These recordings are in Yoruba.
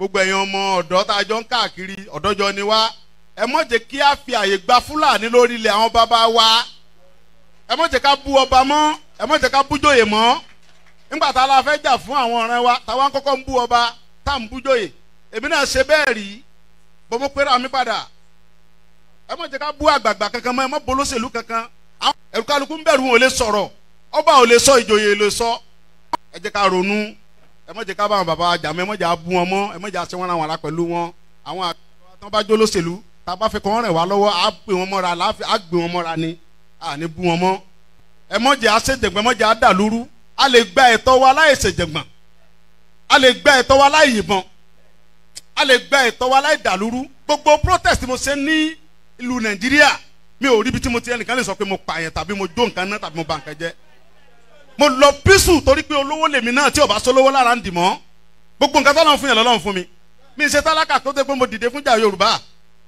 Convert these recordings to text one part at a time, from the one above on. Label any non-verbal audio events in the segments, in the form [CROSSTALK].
gbogbo ẹ̀yin ọmọ ọ̀dọ́ tá a jọ ń káàkiri ọ̀dọ́jọ ni wá ẹ mọ̀ jẹ́ kí a fi àyè gba fúlàní lórí ilẹ̀ àwọn bàbá wa ẹ mọ̀ jẹ́ ká bú ọba mọ́ ẹ mọ̀ jẹ́ ká bújòyè mọ́ nígbà tá a la fẹ́ jà fún àwọn ọ̀rẹ́ wa táwa ń kọ́kọ́ ń bú ọba tá à ń bújòyè èmi náà ṣe bẹ́ẹ̀ rí bọ́mọ pẹ́rọ àmì padà ẹ mọ̀ jẹ́ ká bú àgbààgbà kankan mọ́ ẹ mọ̀ bolóṣèlú kankan ẹ̀rù kálukú ń bẹ̀rù wọn ò lè sọ̀rọ̀ ọba ò lè sọ ìjòyè ò lè sọ ẹ jẹ́ ká ronú ẹ mọ̀jẹ̀ ká bá àwọn bàbá àjà mọ́ ẹ mọ̀jẹ̀ abú wọn mọ́ ẹ mọ̀jẹ̀ àṣẹ wọn làwọn ará pẹ̀lú wọn àwọn àtọ́ bá jó lóṣèlú tá a bá fẹ́ kàn rẹ̀ wá lọ́wọ́ á pè wọn mọ́ra láàfin á gbé wọn mọ́ra ni à ní bú wọn mọ́ ẹ mọ̀jẹ̀ àṣẹjẹ̀gbọ̀n mọ̀jẹ̀ àdàlúrú a lè gba ẹ̀tọ́ wa láì ṣèjẹ̀gbọ̀n a lè gba ẹ̀tọ́ wa láì yìnbọn a lè gba ẹ̀tọ́ wa láì dàlúrú gbogbo protest mo ṣe ní ìlú Nàìjíríà mi ò ríbi tí mo ti ẹnìkan lè sọ pé mo pààyàn tàbí mo jó nǹkan náà tàbí mo bà nǹkan jẹ́ mo lọ písù torí pé olówó lèmi náà tí ò bá sólówó lára ń dì mọ́ gbogbo nǹkan tọ́lọ́run fún yẹn lọ́lọ́run fún mi mi ṣe tálákà tó tẹ́ pé mo dìde fúnjà Yorùbá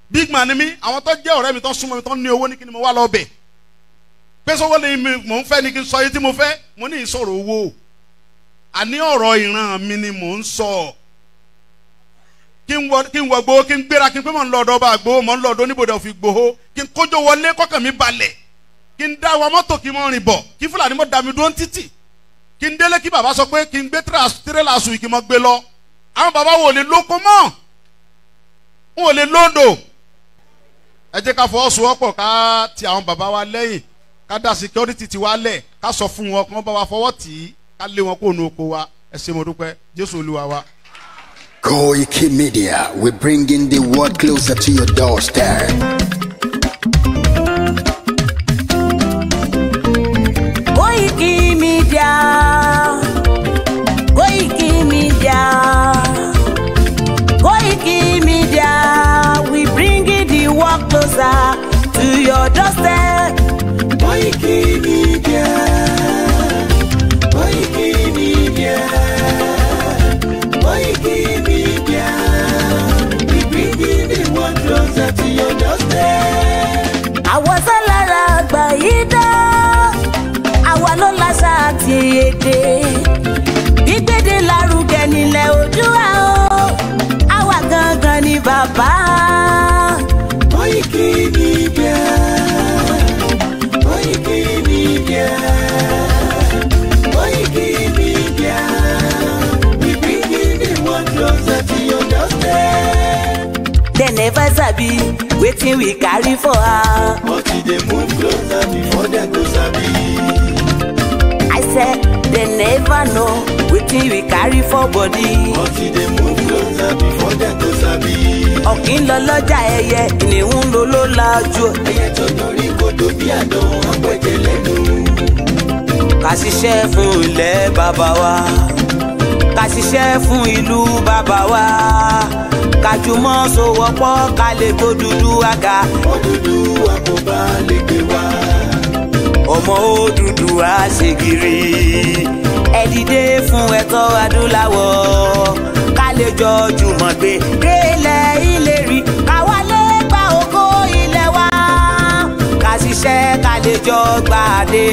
big man ni àwọn tó jẹ́ ọ̀rẹ́ mi tó súnmọ́ mi tó ní owó ní kí ni mo wá lọ bẹ̀ pé sọ́wọ́ ni mò ń fẹ́ ni kí n sọ yìí tí mo fẹ́ mo ní ìsọ̀rọ̀ owó àní ọ̀rọ̀ ìran mi ni mò ń sọ kí n wọ kí n wọ gbowó kí n gbéra kí n pé mò ń lọ ọ̀dọ̀ ọba àgbowó mò ń lọ ọ̀dọ̀ oníbodè òfin gbowó kí n kójó wọlé kọ́kàn mi balẹ̀ kí n dá wa mọ́tò kí n mọ́ rìn bọ̀ kí fúlàní mọ́ dàmí dúró ń títì kí n délé kí bàbá sọ pé kí n gbé tírélà sùn kí n mọ́ gbé lọ àwọn bàbá wò lè lóko mọ́ n lè lóńdò ẹ jẹ́ ká fọwọ́sowọ́pọ̀ ká ti àwọn bàbá wa lẹ́yìn ká dá security ti wa lẹ̀ ká sọ fún wọn kí wọ́n bá wa fọwọ́ tì í ká lé wọn kó nu oko wa ẹ ṣé mo dúpẹ́ Jésù Olúwa wa. Koiki Media, we're bringing the world closer to your doorstep. Koiki Media, Koiki Media, we bring the world closer to your doorstep. Koiki. bàbá. Koiki Media. Koiki Media. Koiki Media. We bringing the world closer to your doorstep. Dem never sabi wetin we carry for her. But e dey move closer before dem go sabi. I said never know wetin we carry for body. wọ́n ti dey move closer before dem go sabi. ọ̀kìn lọ lọ́jà ẹyẹ ìníhùn ló ló lajú. ẹyẹ tó dorí kodò bí àdán wọn gbẹ̀jẹ̀ lẹ́nu. ká ṣiṣẹ́ fún ilẹ̀ bàbá wa ká ṣiṣẹ́ fún ìlú bàbá wa ká jùmọ̀ sowọ́pọ̀ ká lè gbódúdú àga. òdúdú àkóbá lè gbé wa ọmọ òdúdú àṣegiri ẹ dìde fún ẹ̀tọ́ adúláwọ̀ ká lè jọ jùmọ̀ gbé délẹ̀ ìlérí káwa lè gba ògo ilẹ̀ wa ká ṣiṣẹ́ ká lè jọ gbàdé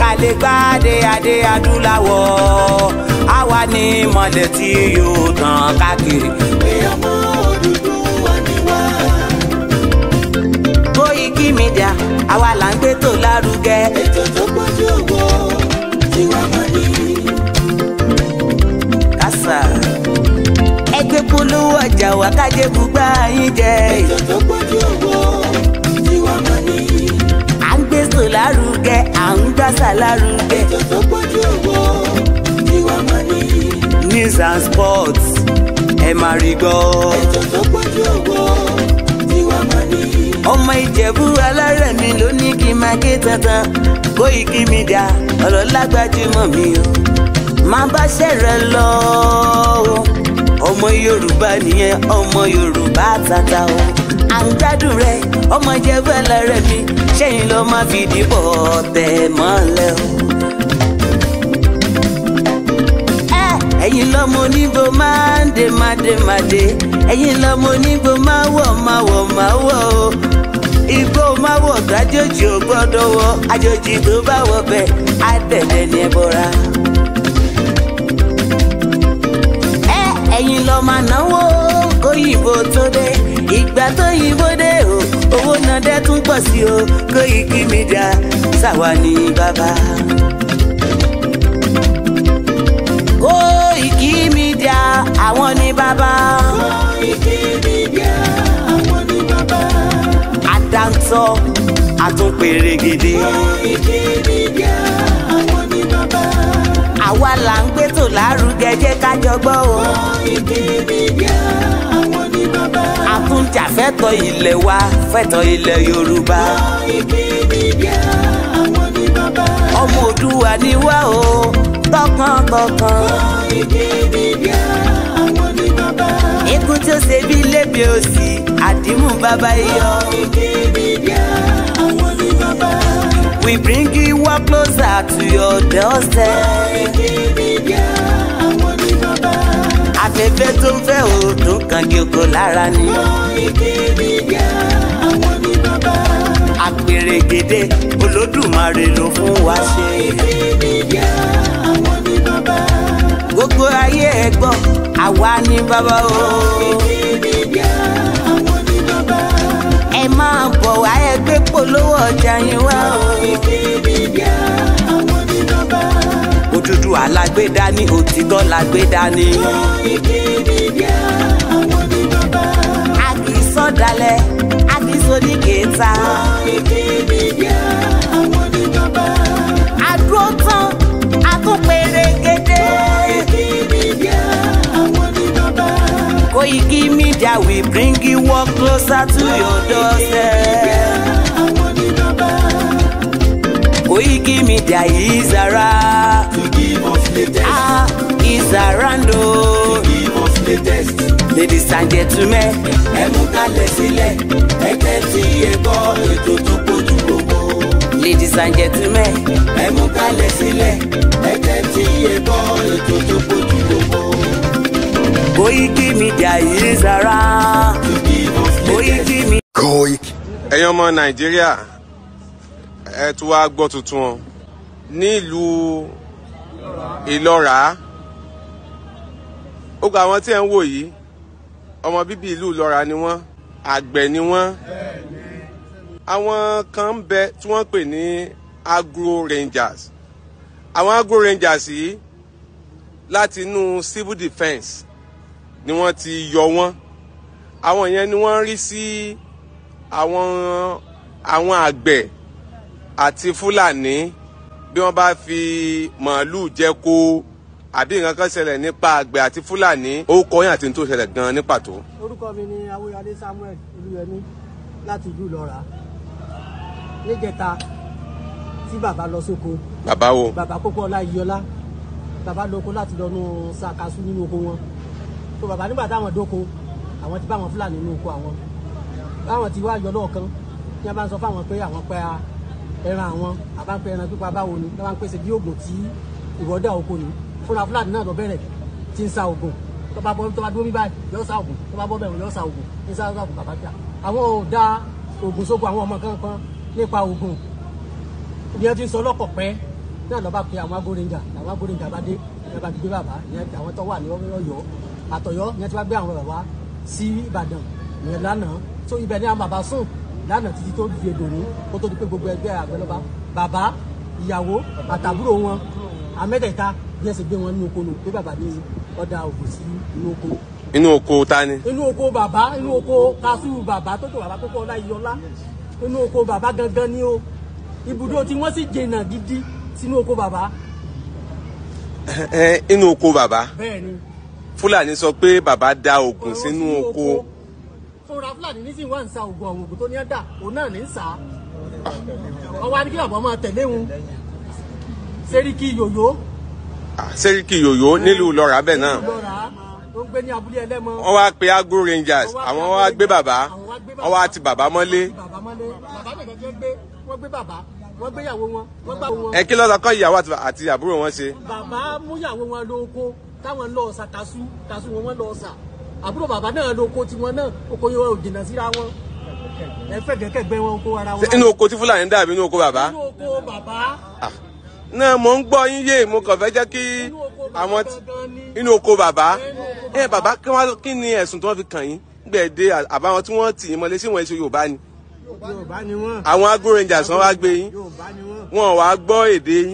ká lè gbàdé adé adúláwọ̀ àwa ní mọ̀lẹ̀ tí yóò tàn káàkiri. èèyàn Media àwa là ń gbé tó lárugẹ. ètò tó pọ̀jù owó tí wọ́n mọ̀ ní. kásà. ẹgbẹ́ polówó ọjà wà kájé bùgbà yín jẹ. ètò tó pọ̀jù owó tí wọ́n mọ̀ ní. à ń gbé tó lárugẹ à ń gbàsà lárugẹ. ètò tó pọ̀jù owó tí wọ́n mọ̀ ní. news and sports ẹ máa rí gbọ́. ètò tó pọ̀jù owó ọmọ ìjẹ̀bú alárẹ̀mí ló ní kí n máa ké tantan Koiki Media ọ̀rọ̀ lágbájúmọ̀ mi o máa bá ṣẹ̀rẹ̀ lọ o ọmọ Yorùbá nìyẹn ọmọ Yorùbá tata o à ń gbádùn rẹ ọmọ ìjẹ̀bú alárẹ̀mí ṣẹ́yìn ló máa fìdí bọ̀ ọ̀tẹ̀ mọ́lẹ̀ o. ẹ̀yin lọ́mọ onígbò máa ń dé màdé màdé ẹ̀yin lọ́mọ onígbò máa wọ̀ máa wọ̀ máa wọ̀ o igbó máa wọ̀ tó àjòjì ò gbọ́dọ̀ wọ àjòjì tó bá wọ bẹ́ẹ̀ á tẹ̀lé ní ẹbọra. ẹ ẹ̀yin lọ máa náwó kóyìnbó tó dé ìgbà tó yìnbó dé o owó náà dẹ́ tún pọ̀ sí o kóyìkí mi dá sáwa ní bàbá. Koiki Media àwọn ni bàbá. Koiki Media àwọn ni bàbá. àdáńtọ́ àtúnpèrè gidi. Koiki Media àwọn ni bàbá. àwa là ń gbẹ́tò lárugẹ jẹ́ ká jọ gbọ́ o. Koiki Media àwọn ni bàbá. àtúntà fẹ́tọ̀ ilẹ̀ wa fẹ́tọ̀ ilẹ̀ Yorùbá. Koiki Media ọmọ òdùwà ni wá o tọkàntọkàn. ìdí bíbí àwọn ní bàbá. ikú tí ó ṣe bí lébi òsì àdìmú bàbá iyọ. ìdí bíbí àwọn ní bàbá. we bring you one closer to your doorstep. ìdí bíbí àwọn ní bàbá. afẹ́fẹ́ tó ń fẹ́ òòtún kan kí o kò lára ni. ìdí bíbí àpèrègèdè olódùmarè ló fún wa ṣe. ìbílíbíyà àwọn ní bàbá. gbogbo ayé ẹ gbọ́ àwa ní bàbá o. ìbílíbíyà àwọn ní bàbá. ẹ máa bọ̀ wá ẹ gbé polówó ọjà yín wá o. ìbílíbíyà àwọn ní bàbá. òdúdú alágbèdá ní òtítọ́ lágbèdá ní. ìbílíbíyà àwọn ní bàbá. a kì í sọ̀dálẹ̀ oníkẹta. wọ́n ní kí ni bíà àwọn ní bàbá. àdúró tán a tún perégedé. wọ́n ní kí ni bíà àwọn ní bàbá. Koiki Media we bring you work closer to Koiki your doorstep. Koiki Media is around. To give us the test. Ah, is around. To give us the test ladies and gentlemen. ẹ mú kalẹ̀ sílẹ̀ ẹ tẹ́tí ẹ̀kọ́ ètò tó kojú gbogbo. ladies and gentlemen. ẹ mú kalẹ̀ sílẹ̀ ẹ tẹ́tí ẹ̀kọ́ ètò tó kojú gbogbo. Koiki Media is around. Koiki Media. Koiki. ẹ̀yin ọmọ nàìjíríà ẹ tún wá gbọ́ tuntun nílùú ìlọ́ra ó gba àwọn tí ẹ ń wò yìí ọmọ bíbí ìlú ìlọ́ra ni wọ́n àgbẹ̀ ni wọ́n àwọn kan ń bẹ tí wọ́n pè ní agro rangers àwọn agro rangers yìí láti inú civil defence ni wọ́n ti yọ wọ́n àwọn yẹn ni wọ́n rí sí àwọn àwọn àgbẹ̀ àti fúlàní bí wọ́n bá fi màálù jẹko àbí nǹkan kan ṣẹlẹ̀ nípa àgbẹ̀ àti fúlàní orúkọ yín àti tó ṣẹlẹ̀ gan ní pàtó. orúkọ mi ni awóyalé samuel olúyẹmí láti ìlú ìlọra níjẹta tí bàbá lọ sóko. bàbá wo. bàbá kókó ọlá iyọlá bàbá lóko láti lọ nu sakasu nínú oko wọn tó bàbá nígbà táwọn dóko àwọn ti bá àwọn fúlàní nínú oko àwọn báwọn ti wá yọ lọ́ọ̀kan tí wọ́n bá ń sọ fáwọn pé àwọn pẹ́ ẹran àwọn àbá ń pẹ́ ẹran pípa báwo ni wọ́n bá ń pèsè bí oògùn tí ìwọ́dà oko ni fúnra fúlàní náà lọ bẹ̀rẹ̀ tí ń sa oògùn tó bá bọ́ tó bá dúró bí báyìí yọ sa oògùn tó bá bọ́ bẹ̀rẹ̀ yọ sa oògùn ń sa oògùn bàbá jà àwọn ò da oògùn sógun àwọn ọmọ kankan nípa oògùn ìyẹn ti ń sọ lọ́kọ̀ pẹ́ náà lọ́ba pe àwọn agbórinjà àwọn agbórinjà bá dé ìyẹn bá gbé bàbá ìyẹn àwọn tó wà ní Ọ̀yọ́ àtọ̀yọ́ ìyẹn ti wá gbé àwọn bàbá sí Ìbàdàn ìyẹn lánàá tó ibẹ̀ ní àwọn bàbá sùn lánàá títí tó di èdò ní kó tó di pé gbogbo ẹgbẹ́ àgbẹ̀lọ́ba bàbá ìyàwó àtàbúrò wọn àmẹ́tẹ̀ẹ̀ta bí ẹ ṣe gbé wọn nínú oko nù pé bàbá ní ọ̀dà òkú sí inú oko. inú oko ta ni. inú oko bàbá inú oko kasu bàbá tó tó bàbá tó tó ọlá ìyọlá inú oko bàbá gangan ni o ibùdó tí wọ́n sì jìnnà gidi sínú oko bàbá. inú oko bàbá. bẹ́ẹ̀ni. fúlàní sọ pé bàbá da oògùn sínú oko. fúnra fúlàní ní sì wá ń sa oògùn àwọn oògùn tó ní ẹ dà òun náà ní ń sà á ọwọ́ adigun àbọ̀ máa tẹ̀lé wọn Sẹ́ríkì yòyó Ah, sẹ́ríkì yòyó nílùú lọ́ra bẹ́ẹ̀ náà wọ́n wá pe agro rangers àwọn wá gbé bàbá wọ́n wá ti bàbá mọ́lé. ẹ kí lọ́sọ̀ kọ́ ìyàwó àti àbúrò wọn ṣe. bàbá múyàwó wọn lóko táwọn lọ ọ̀sà tasú tasú wọn wọn lọ ọ̀sà àbúrò bàbá náà lóko tiwọn náà oko yóò jìnnà síra wọn ẹ fẹ́ gẹ́gẹ́ gbẹ́ wọn oko ara wọn. inú oko tí fúlàní dàbí inú oko bàbá. inú oko bàbá. Ah náà mò ń gbọ́ yín yé mo kàn fẹ́ jẹ́ kí àwọn inú oko bàbá ẹ bàbá kí wọ́n kí ni ẹ̀sùn tí wọ́n fi kàn yín gbẹ̀dẹ àbáwọn tí wọ́n tì yín mọ́lé sí wọn èso Yorùbá ni àwọn agbo rangers wọn wá gbé yín wọn wá gbọ́ èdè yín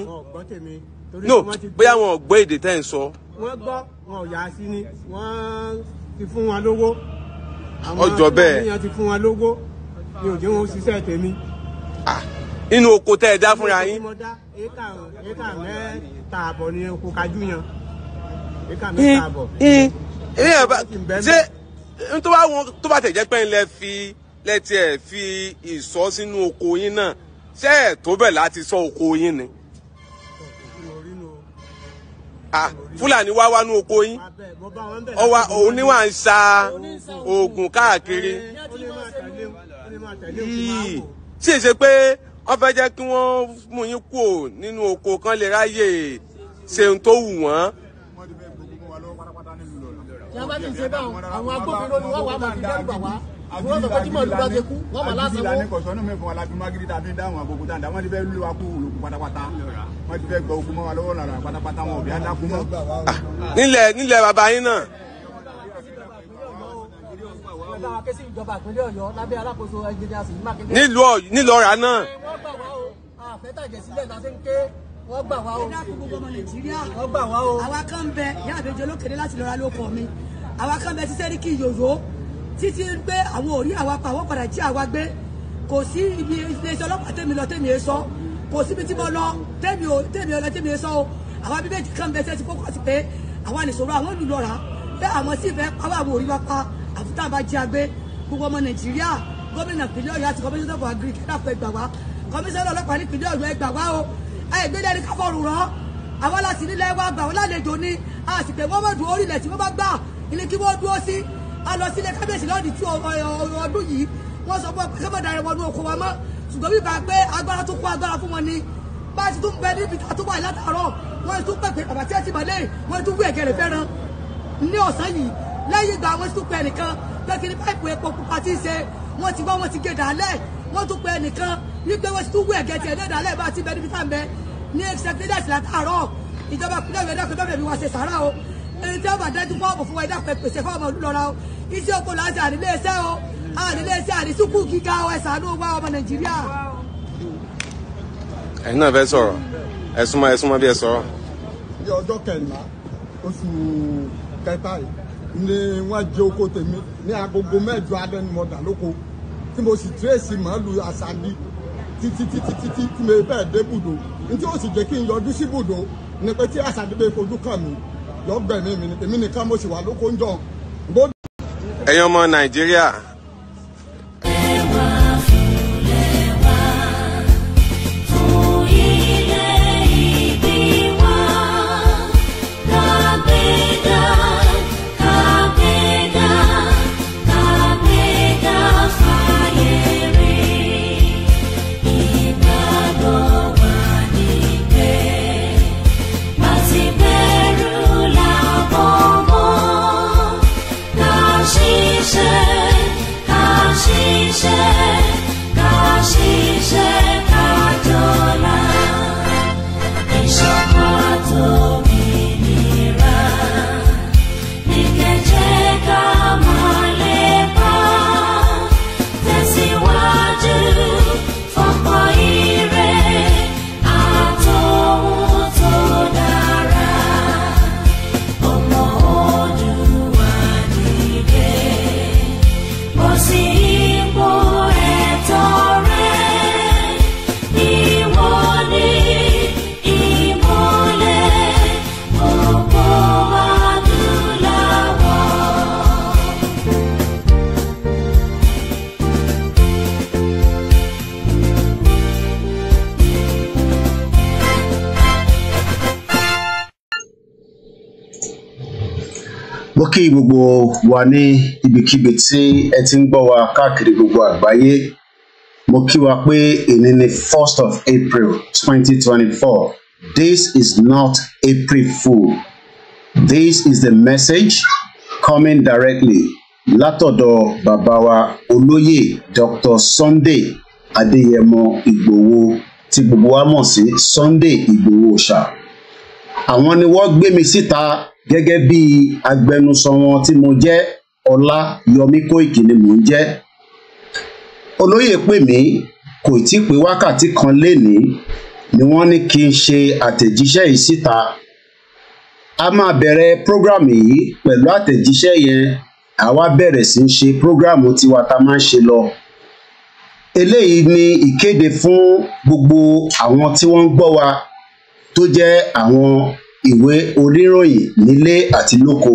no bóyá wọn ò gbọ́ èdè tẹ́ ń sọ. wọ́n gbọ́ wọn ò yà á sí ni wọ́n ti fún wọn lówó àwọn ọmọ yẹn ti fún wọn lówó ni òjò wọn ó ṣiṣẹ́ tèmi. Ah inú oko tẹ́ ẹ dá fúnra yín. éka éka mẹ́ta àbọ̀ ni oko kájú yan éka mẹ́ta àbọ̀. ṣé tó bá wọn tó bá tẹ̀ jẹ́ pé ńlẹ̀ fi lẹ́tí ẹ̀ fi ìsọ́ sínú oko yín náà ṣé ẹ̀ tó bẹ̀ láti sọ oko yín ni. fúlàní wá wá nú oko yín ọwá òun ni wà ń sa oògùn káàkiri. tí èsè pé wọ́n fẹ́ jẹ́ kí wọ́n mú yín kú nínú oko kan lè ráyè ṣe ohun tó wù wọ́n nílẹ̀ nílẹ̀ bàbá yín náà dáa ké sí ìjọba ìpínlẹ̀ Ọ̀yọ́ nílùú Ọ̀yọ́ nílùú Ọ̀rá náà. wọ́n gbà wá o ẹ dákun gbogbo ọmọ Nàìjíríà. wọ́n gbà wá o. àwa kan ń bẹ yá àbẹjọ olókèrè láti lọ́ra lóko mi àwa kan bẹ sísẹ́ rí kí yòyó títí pé àwọn ò àwa pa àwọn padà jí àwa gbé kò sí ibi iléeṣẹ́ ọlọ́pàá tèmi lọ tèmi é sọ kò síbi tí mo lọ tèmi ò lọ tèmi é sọ o àwa bíbélì kan bẹ sẹ́sì fọ́kọ̀ pé àwa nìṣòro àwọn olùlọ́ra pé àwọn sì fẹ́ pa àwọn òrí wa pa àfi tá a bá jí agbé gbogbo ọmọ nàìjíríà gómìnà ìpínlẹ̀ ọ̀yọ́ àti kọmíṣánná ọ̀fọ̀ agri kẹ́dàpọ̀ ẹgbà wá kọmíṣánná ọlọ́pàá nípínlẹ̀ ọ̀yọ́ ẹgbà wá o ẹgbẹ́dẹ́ ní káfọ́ọ̀rù rán àwọn láti nílẹ̀ wá gbà wọ́n lálejò ni a sì pé wọ́n mọ̀dù orílẹ̀ tí wọ́n bá gbà ilé kí wọ́n dúró sí a lọ sílé kábíyèsí lọ́ọ̀dì tí ọdún yìí wọ́n sọ fún ọ pé kẹ́mọ̀dà rẹ̀ wọnú oko wa mọ́ ṣùgbọ́n bí bàá pé agbára tó kó agbára fún wọn ni bá a ti tún bẹ níbi tá a tún wà látàárọ̀ wọ́n ti tún pẹ̀pẹ̀ bàbá tí a ti mọ̀ lé wọ́n ti tún wú ẹ̀gẹ̀rẹ̀ fẹ́ràn ní ọ̀sán yìí lẹ́yìn ìgbà àwọn tún pe ẹnìkan pé kí ni páìpù epo pupa ti ṣe wọ́n ti wá wọ́n ti gé dàálẹ̀ wọ́n tún pe ẹnìkan wípé wọ́n ti tún wú ẹ̀gẹ́ tiẹ̀ náà dàálẹ̀ bá ti bẹ níbi táǹbẹ̀ ní sẹkítẹ́dẹ̀sì látàárọ̀ ìjọba ìpínlẹ̀ ìwé dákọ̀ bẹ́ẹ̀ mi wá ṣe sàárà o ẹni tí wọ́n bá dájú fọ́ọ̀mù fún wa ẹ̀dá pèsè fọ́ọ̀mù ọdún lọ́ra o iṣẹ́ oko láti àdìléeṣẹ́ o àdìléeṣẹ́ àdìsúkú gíga o ẹ ṣàánú wa ọmọ Nàìjíríà. ẹ̀yin náà fẹ́ sọ̀rọ̀ ẹ súnmọ́ ẹ súnmọ́ bí ẹ sọ̀rọ̀. bí ọjọ́ kẹrìnlá oṣù kẹta yìí ni wọ́n jẹ oko tèmi ní agogo mẹ́jọ alẹ́ ni mo dà lóko tí mo sì tírèsì màálù àṣàlì títí títí títí tí mo bẹ́ẹ̀ dé bùdó ní tí sì jẹ́ kí n yọjú sí bùdó ni pé tí àṣàlì bẹ́ẹ̀ fojú kàn mí lọ́gbẹ̀mí mi ni èmi nìkan mo sì wà lóko ń jọ. ẹ̀yin ọmọ nàìjíríà shine. kí gbogbo wa ní ibikíbi tí ẹ ti ń gbọ́ wa káàkiri gbogbo àgbáyé mo kí wa pé èní ni first of April twenty twenty four this is not April fool this is the message coming directly látọ̀dọ̀ bàbá wa olóyè Dr. Sunday Adéyẹmọ Ìgbòho tí gbogbo wa mọ̀ sí Sunday Ìgbòho ṣá àwọn ni wọ́n gbé mi síta gẹ́gẹ́ bí agbẹnusọ wọn tí mo jẹ́ Ọláyọmí Kóìkì ni mò ń jẹ́ olóyè pè mí kò tí pé wákàtí kan lénìí ni wọ́n ní kí n ṣe àtẹ̀jíṣẹ́ yìí síta a máa bẹ̀rẹ̀ prógrámù yìí pẹ̀lú àtẹ̀jíṣẹ́ yẹn àwa bẹ̀rẹ̀ sí ń ṣe prógrámù tiwa tá máa ń ṣe lọ eléyìí ni ìkéde fún gbogbo àwọn tí wọ́n ń gbọ́ wa tó jẹ́ àwọn ìwé oníròyìn nílé àti lóko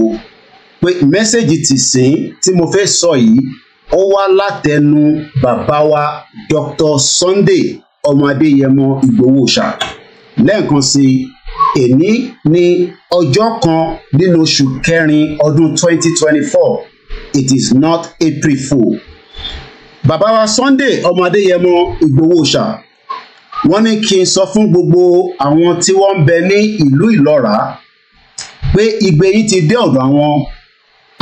pé mẹ́sẹ̀gì tìsín tí mo fẹ́ sọ yìí ó wá látẹnu bàbá wa Dr. Sunday ọmọ Adéyẹmọ Ìgbòho ṣá lẹ́ẹ̀kan sí èní ní ọjọ́ kan nínú oṣù kẹrin ọdún 2024 it is not April fool bàbá wa Sunday ọmọ Adéyẹmọ Ìgbòho ṣá wọ́n ní kí n sọ fún gbogbo àwọn tí wọ́n ń bẹ ní ìlú ìlọ́ra pé igbe yìí ti dé ọ̀dọ̀ àwọn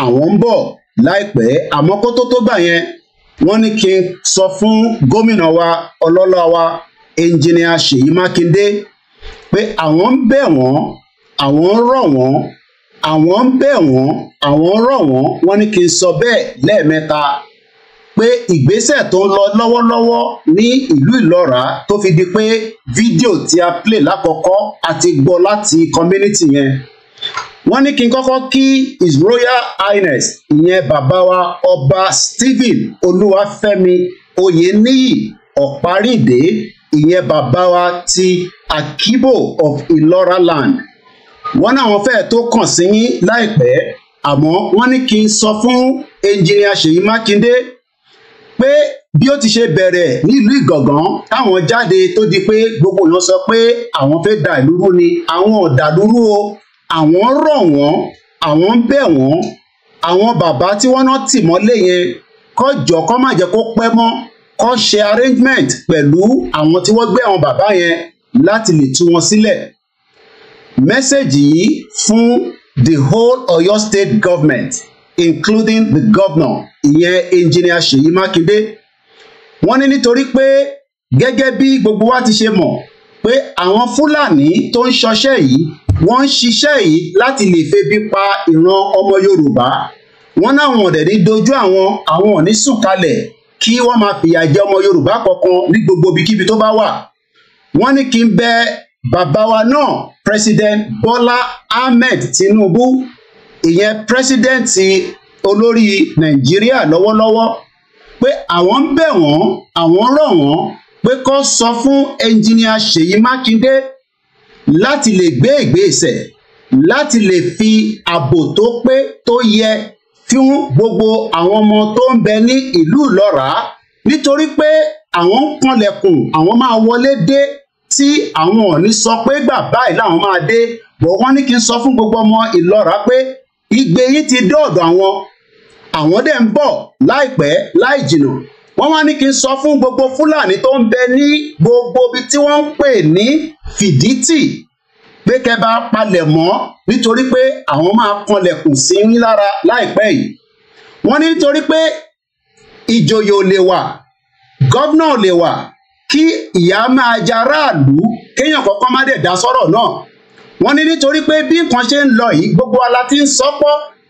àwọn ń bọ̀ láìpẹ́ àmọ́ kó tó tó gbà yẹn wọ́n ní kí n sọ fún gómìnà wa ọlọ́lá wa ẹnjìnìà Ṣèyí Mákindé pé àwọn ń bẹ̀ wọ́n àwọn ń rọ̀ wọ́n àwọn ń bẹ̀ wọ́n àwọn ń rọ̀ wọ́n wọ́n ní kí n sọ bẹ́ẹ̀ lẹ́ẹ̀mẹ́ta pé ìgbésẹ̀ tó ń lọ lọ́wọ́lọ́wọ́ ní ìlú Ìlọ́ra tó fi di pé fídíò tí a play lákọ̀ọ́kọ́ àti gbọ́ láti community yẹn wọ́n ní kí n kọ́kọ́ kí his royal highness ìyẹn bàbá wa ọba Stephen Olúwafẹ́mi Oyèníyì Ọ̀párìdé ìyẹn bàbá wa ti Akibo of Ìlọ́ra land wọ́n náà wọ́n fẹ́ẹ̀ tó kàn sí yín láìpẹ́ àmọ́ wọ́n ní kí n sọ fún ẹnjìnìà Ṣèyí Mákindé pé bí ó ti ṣe bẹ̀rẹ̀ nílùú Ìgàngán táwọn jáde tó di pé gbogbo èèyàn sọ pé àwọn fẹ́ da ìlú rú ni àwọn ò dà ìlú rú o àwọn rọ̀ wọ́n àwọn ń bẹ̀ wọ́n àwọn bàbá tí wọ́n náà tì mọ́lé yẹn kọjọ kó má jẹ́ kó pẹ́ mọ́ kó ṣe arrangement pẹ̀lú àwọn tí wọ́n gbé àwọn bàbá yẹn láti lè tú wọn sílẹ̀ mẹ́sẹ̀gì yìí fún the whole Ọ̀yọ́ state government including the governor ìyẹn engineer Ṣèyí Mákindé wọ́n ní nítorí pé gẹ́gẹ́ bí gbogbo wa ti ṣe mọ̀ pé àwọn Fúlàní tó ń ṣọṣẹ́ yìí wọ́n ń ṣiṣẹ́ yìí láti lè febi pa ìran ọmọ Yorùbá wọ́n náwọn ọ̀dẹ̀ ní dojú àwọn àwọn ò ní sùn kalẹ̀ kí wọ́n máa fìyà jẹ ọmọ Yorùbá kankan ní gbogbo ibikíbi tó bá wà wọ́n ní kí n bẹ bàbá wa náà President Bola Ahmed Tinubu ìyẹn pírẹsidẹ́ǹtì olórí nàìjíríà lọ́wọ́lọ́wọ́ pé àwọn ń bẹ̀ wọ́n àwọn rọ̀ wọ́n pé kó sọ fún ẹnjìníà ṣèyí mákindé láti lè gbé ìgbésẹ̀ láti lè fi ààbò tó pé tó yẹ fún gbogbo àwọn ọmọ tó ń bẹ ní ìlú ìlọ́ràá nítorí pé àwọn ń kanlẹ̀kùn àwọn máa wọlé dé tí àwọn ò ní sọ pé gbà báyìí làwọn máa dé bọ̀ wọ́n ní kí n sọ fún gbogbo ọmọ ìlọ́ràá pé igbe yín ti dọ́ọ̀dọ̀ àwọn àwọn dẹ̀ ń bọ̀ láìpẹ́ láì jìnnà wọ́n wá ní kí n sọ fún gbogbo fúlàní tó ń bẹ ní gbogbo ibi tí wọ́n ń pè ní fìdítì pé kẹ́ bá palẹ̀ mọ́ nítorí pé àwọn máa kanlẹ̀kùn sí yín lára láìpẹ́ yìí wọ́n ní nítorí pé ìjòyè ò lè wà gọ́vnà ò lè wà kí ìyá máa jẹ kéèyàn kọ́kọ́ má dẹ̀ dá sọ́rọ̀ náà wọ́n ní nítorí pé bí nǹkan ṣe ń lọ yìí gbogbo ala ti ń sọpọ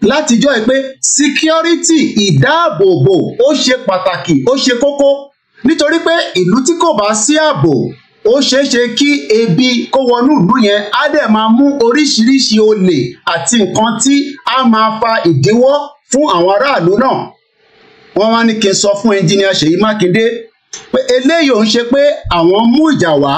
látijọ́ ẹ pé security ìdáàbòbò ó ṣe pàtàkì ó ṣe kókó nítorí pé ìlú tí kò bá sí ààbò ó ṣeé ṣe kí ebi kó wọnú ìlú yẹn á dẹ̀ máa mú oríṣiríṣi olè àti nǹkan tí á máa fa ìdíwọ́ fún àwọn aráàlú náà wọ́n wá ní kí n sọ fún ẹnjìníà Ṣèyí Mákindé pé eléyìí ò ń ṣe pé àwọn mú ìjà wá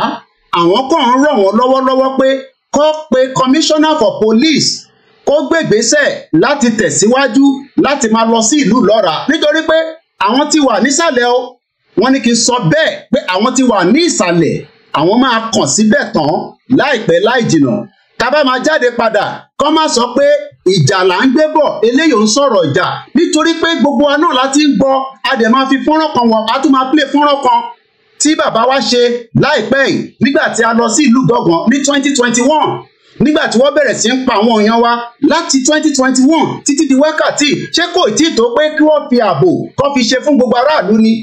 àwọn kàn ń ràn wọ́n lọ́wọ́lọ́wọ́ pé kó pe commissioner for police kó gbègbésẹ̀ láti tẹ̀síwájú láti máa lọ sí ìlú lọ́ra nítorí pé àwọn ti wà nísàlẹ̀ o wọ́n ní kí n sọ bẹ́ẹ̀ pé àwọn ti wà ní ìsàlẹ̀ àwọn máa kàn síbẹ̀ tán láìpẹ́ láì jìnà tábà máa jáde padà kọ́ máa sọ pé ìjà là ń gbé bọ̀ eléyìí ń sọ̀rọ̀ ìjà nítorí pé gbogbo wa náà láti ń gbọ́ a dẹ̀ máa fi fọ́nrán kan wọ̀ a tún máa plé fọ́nrán kan tí bàbá wa ṣe láìpẹ́ yìí nígbà tí a lọ sí ìlú Dọ̀gàn ní twenty twenty one nígbà tí wọ́n bẹ̀rẹ̀ sí ń pa àwọn èèyàn wa láti 2021 títí di wákàtí ṣé kò tí ì tó pé kí wọ́n fi ààbò kọ́ fi ṣe fún gbogbo aráàlú ni.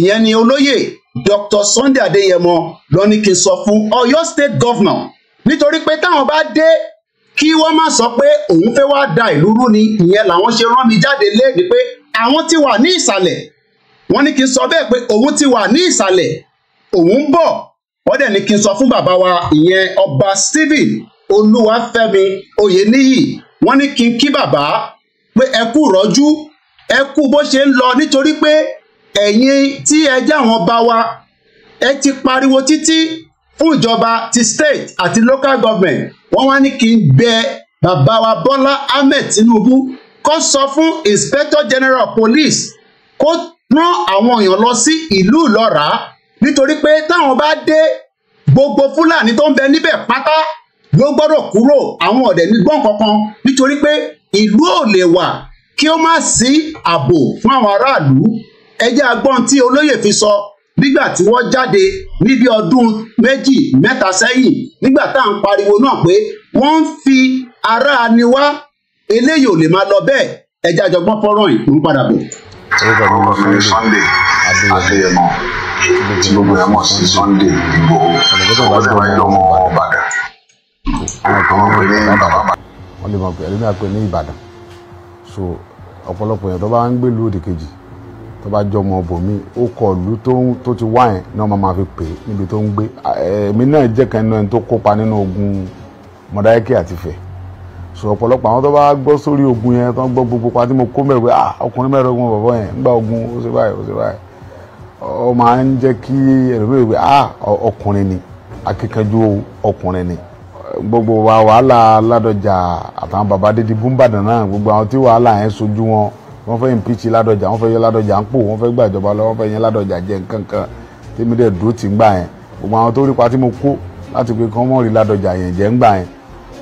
ìyẹn ni olóyè Dr. Sunday Adéyẹmọ ló ní kí n sọ fún Ọ̀yọ́ state governor nítorí pé táwọn bá dé kí wọ́n má sọ pé òun fẹ́ wá da ìlú rú ni ìyẹn làwọn ṣe rán mi jáde léèdí pé àwọn ti wà ní ìsàlẹ̀ wọ́n ní kí n sọ bẹ́ẹ̀ pé òun ti wà ní ìsàlẹ̀ òun ń bọ̀ wọ́n ní kí n sọ fún bàbá wa ìyẹn ọba Stephen Olúwafẹ́mi Oyèníyì wọ́n ní kí n kí bàbá pé ẹ kú rọ́jú ẹ kú bó ṣe ń lọ nítorí pé ẹ̀yin tí ẹ jẹ́ àwọn ọba wa ẹ ti pariwo títí fún ìjọba ti state àti local government wọ́n wá ní kí n bẹ bàbá wa Bọ́lá Ahmed Tinubu kó sọ fún inspector general police kó rán àwọn èèyàn lọ sí ìlú ìlọ́ràá nítorí pé táwọn bá dé gbogbo fúlàní tó ń bẹ níbẹ̀ pátá ló gbọ́dọ̀ kúrò àwọn ọ̀dẹ̀ ní gbọ́n kankan nítorí pé ìlú ò lè wà kí ó má sí ààbò fún àwọn aráàlú ẹjẹ́ agbọ́n tí olóyè fi sọ nígbà tí wọ́n jáde níbi ọdún méjì mẹ́ta sẹ́yìn nígbà tá à ń pariwo náà pé wọ́n ń fi ara ni wá eléyìí ò lè máa lọ bẹ́ẹ̀ ẹjẹ́ àjọgbọ́n fọ́rọ̀ yìí ń padà bọ̀ orúkọ mi ni Sunday Adéyẹmọ tí gbogbo ẹ mọ̀ sí Sunday Ìgbòho ọ̀rẹ́ wa yọ ọmọ Ìbàdàn orúkọ wọn pè ní bàbá. wọ́n lè mọ̀ pé ẹlẹ́mìí àpè ní Ìbàdàn so ọ̀pọ̀lọpọ̀ yẹn tó bá ń gbé ìlú òdì kejì tó bá jọ ọmọ ọbọ̀mí ó kọ ìlú tó ti wá yẹn náà máa fi pè é níbi tó ń gbé èmi náà jẹ́ kan tó kópa nínú ogun Mọdákẹ́kẹ́ àti sọ ọ̀pọ̀lọpọ̀ àwọn tó bá gbọ́ sórí ogun yẹn tó ń gbọ́ gbogbo pa tí mo kó mẹ́rin pé ah ọkùnrin mẹ́ẹ̀ẹ́dọ́gbọ̀n bàbá yẹn ń gba ogun ó ṣe báyìí ó ṣe báyìí ọ máa ń jẹ́ kí ẹlòmíràn pé ah ọkùnrin ni akíkanjú ọkùnrin ni gbogbo wa wàhálà ládọjà àtàwọn bàbá dédé búmbàdàn náà gbogbo àwọn tí wàhálà yẹn sojú wọn wọn fẹ́ ìmpíìtì ládọjà wọn fẹ́ yọ ládọjà ń pò wọn fẹ́ gba ìjọba lọ wọn fẹ́ yẹn ládọjà jẹ nǹkan kan tèmi dẹ̀ dúró tì ń gbà yẹn gbogbo àwọn tó rí pa tí mo kó láti pé kán ládọjà yẹn jẹ́ ń gbà yẹn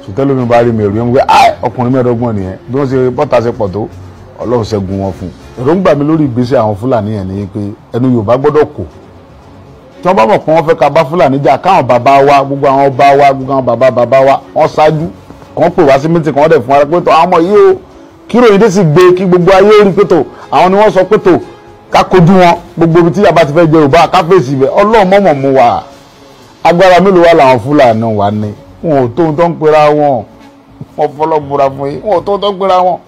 sùtẹ́lù mi bá rí mi èrò yẹn mo pé ai ọkùnrin mẹ́ẹ̀ẹ́dọ́gbọ̀n nìyẹn bí wọ́n ṣe bọ́ta ṣe pọ̀ tó ọlọ́run ṣẹ́gun wọn fún un èròǹgbà mi lórí ìgbésẹ̀ àwọn fúlàní yẹn ni pé ẹnu yorùbá gbọ́dọ̀ kò tí wọ́n bá mọ̀ pé wọ́n fẹ́ ka bá fúlàní jà káwọn bàbá wa gbogbo àwọn bá wa gbogbo àwọn bàbá bàbá wa wọ́n ṣáájú kàn pè wá sí mítì kàn wọ́n dẹ̀ fún wa pé tó àwọn wọn ò tó ń tán pera wọn wọn fọlọ́ búra fún yín wọn ò tó ń tán pera wọn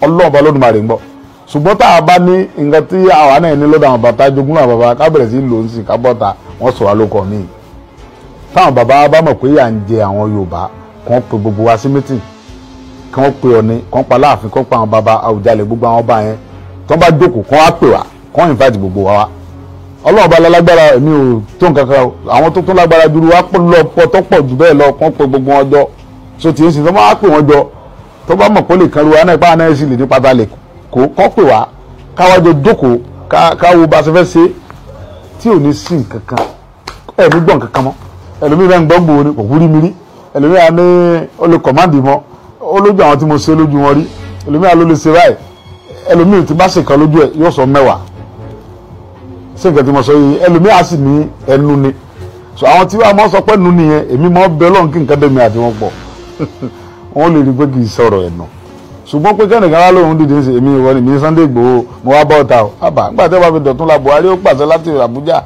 ọlọ́run ọba lódùmarè ń bọ̀ ṣùgbọ́n tá a bá ní nǹkan tí àwa náà ní lọ́dọ̀ àwọn bàtà jogún náà bàbá ká bẹ̀rẹ̀ sí lò ń sìn ká bọ́ta wọ́n sọ wá lóko míì táwọn bàbá bá mọ̀ pé yà ń jẹ àwọn yorùbá kàn pé gbogbo wa sí mítìn kàn pé ọ̀ni kàn pa láàfin kàn pa àwọn bàbá àwùjalè gbogbo àwọn ọba yẹn tó bá jókòó kàn wá pè wá kàn invite gbogbo wa wá ọlọ́run bá lálágbára èmi ò tó nǹkan kan àwọn tó tún lágbára dúró wá pọ̀ lọ́pọ̀ tó pọ̀ jù bẹ́ẹ̀ lọ kán pé gbogbo wọn jọ so tí èsì tó máa pè wọn jọ tó bá mọ̀ pé lè kan ru wa náà ipá náà sì lè ní pátá lè kó kán pè wá káwájọ jókòó káwo bá a ṣe fẹ́ ṣe tí ò ní sí nǹkan ẹ̀mí gbọ̀n kankan mọ́ ẹlòmíì náà ń gbọ́ gbòó ni kò wúrí mi rí ẹlòmíì náà ní ó mọ́ ó àwọn tí mo ṣe lójú wọn rí ẹlòmíì náà ló lè ṣe báyìí ẹlòmíì tí bá ṣèkan lójú ẹ yóò sọ mẹ́wàá sí nǹkan tí mo sọ yìí ẹlòmíà sì ní ẹnu ni so àwọn tí wàá mọ sọ pé ẹnu nìyẹn èmi mọ bẹ Ọlọ́run kí nǹkan bẹ̀mí àti wọn pọ̀ [LAUGHS] wọn lè rí pé kì í sọ̀rọ̀ ẹnu ṣùgbọ́n pé kẹ́nìkan wá lóhun dìde ṣe èmi ìwọ ni mi Sunday Igboho mo wá bọ́ ọ̀tá o àbá nígbà tí wọ́n fi dọ̀tún la Buhari ó pàṣẹ láti Àbújá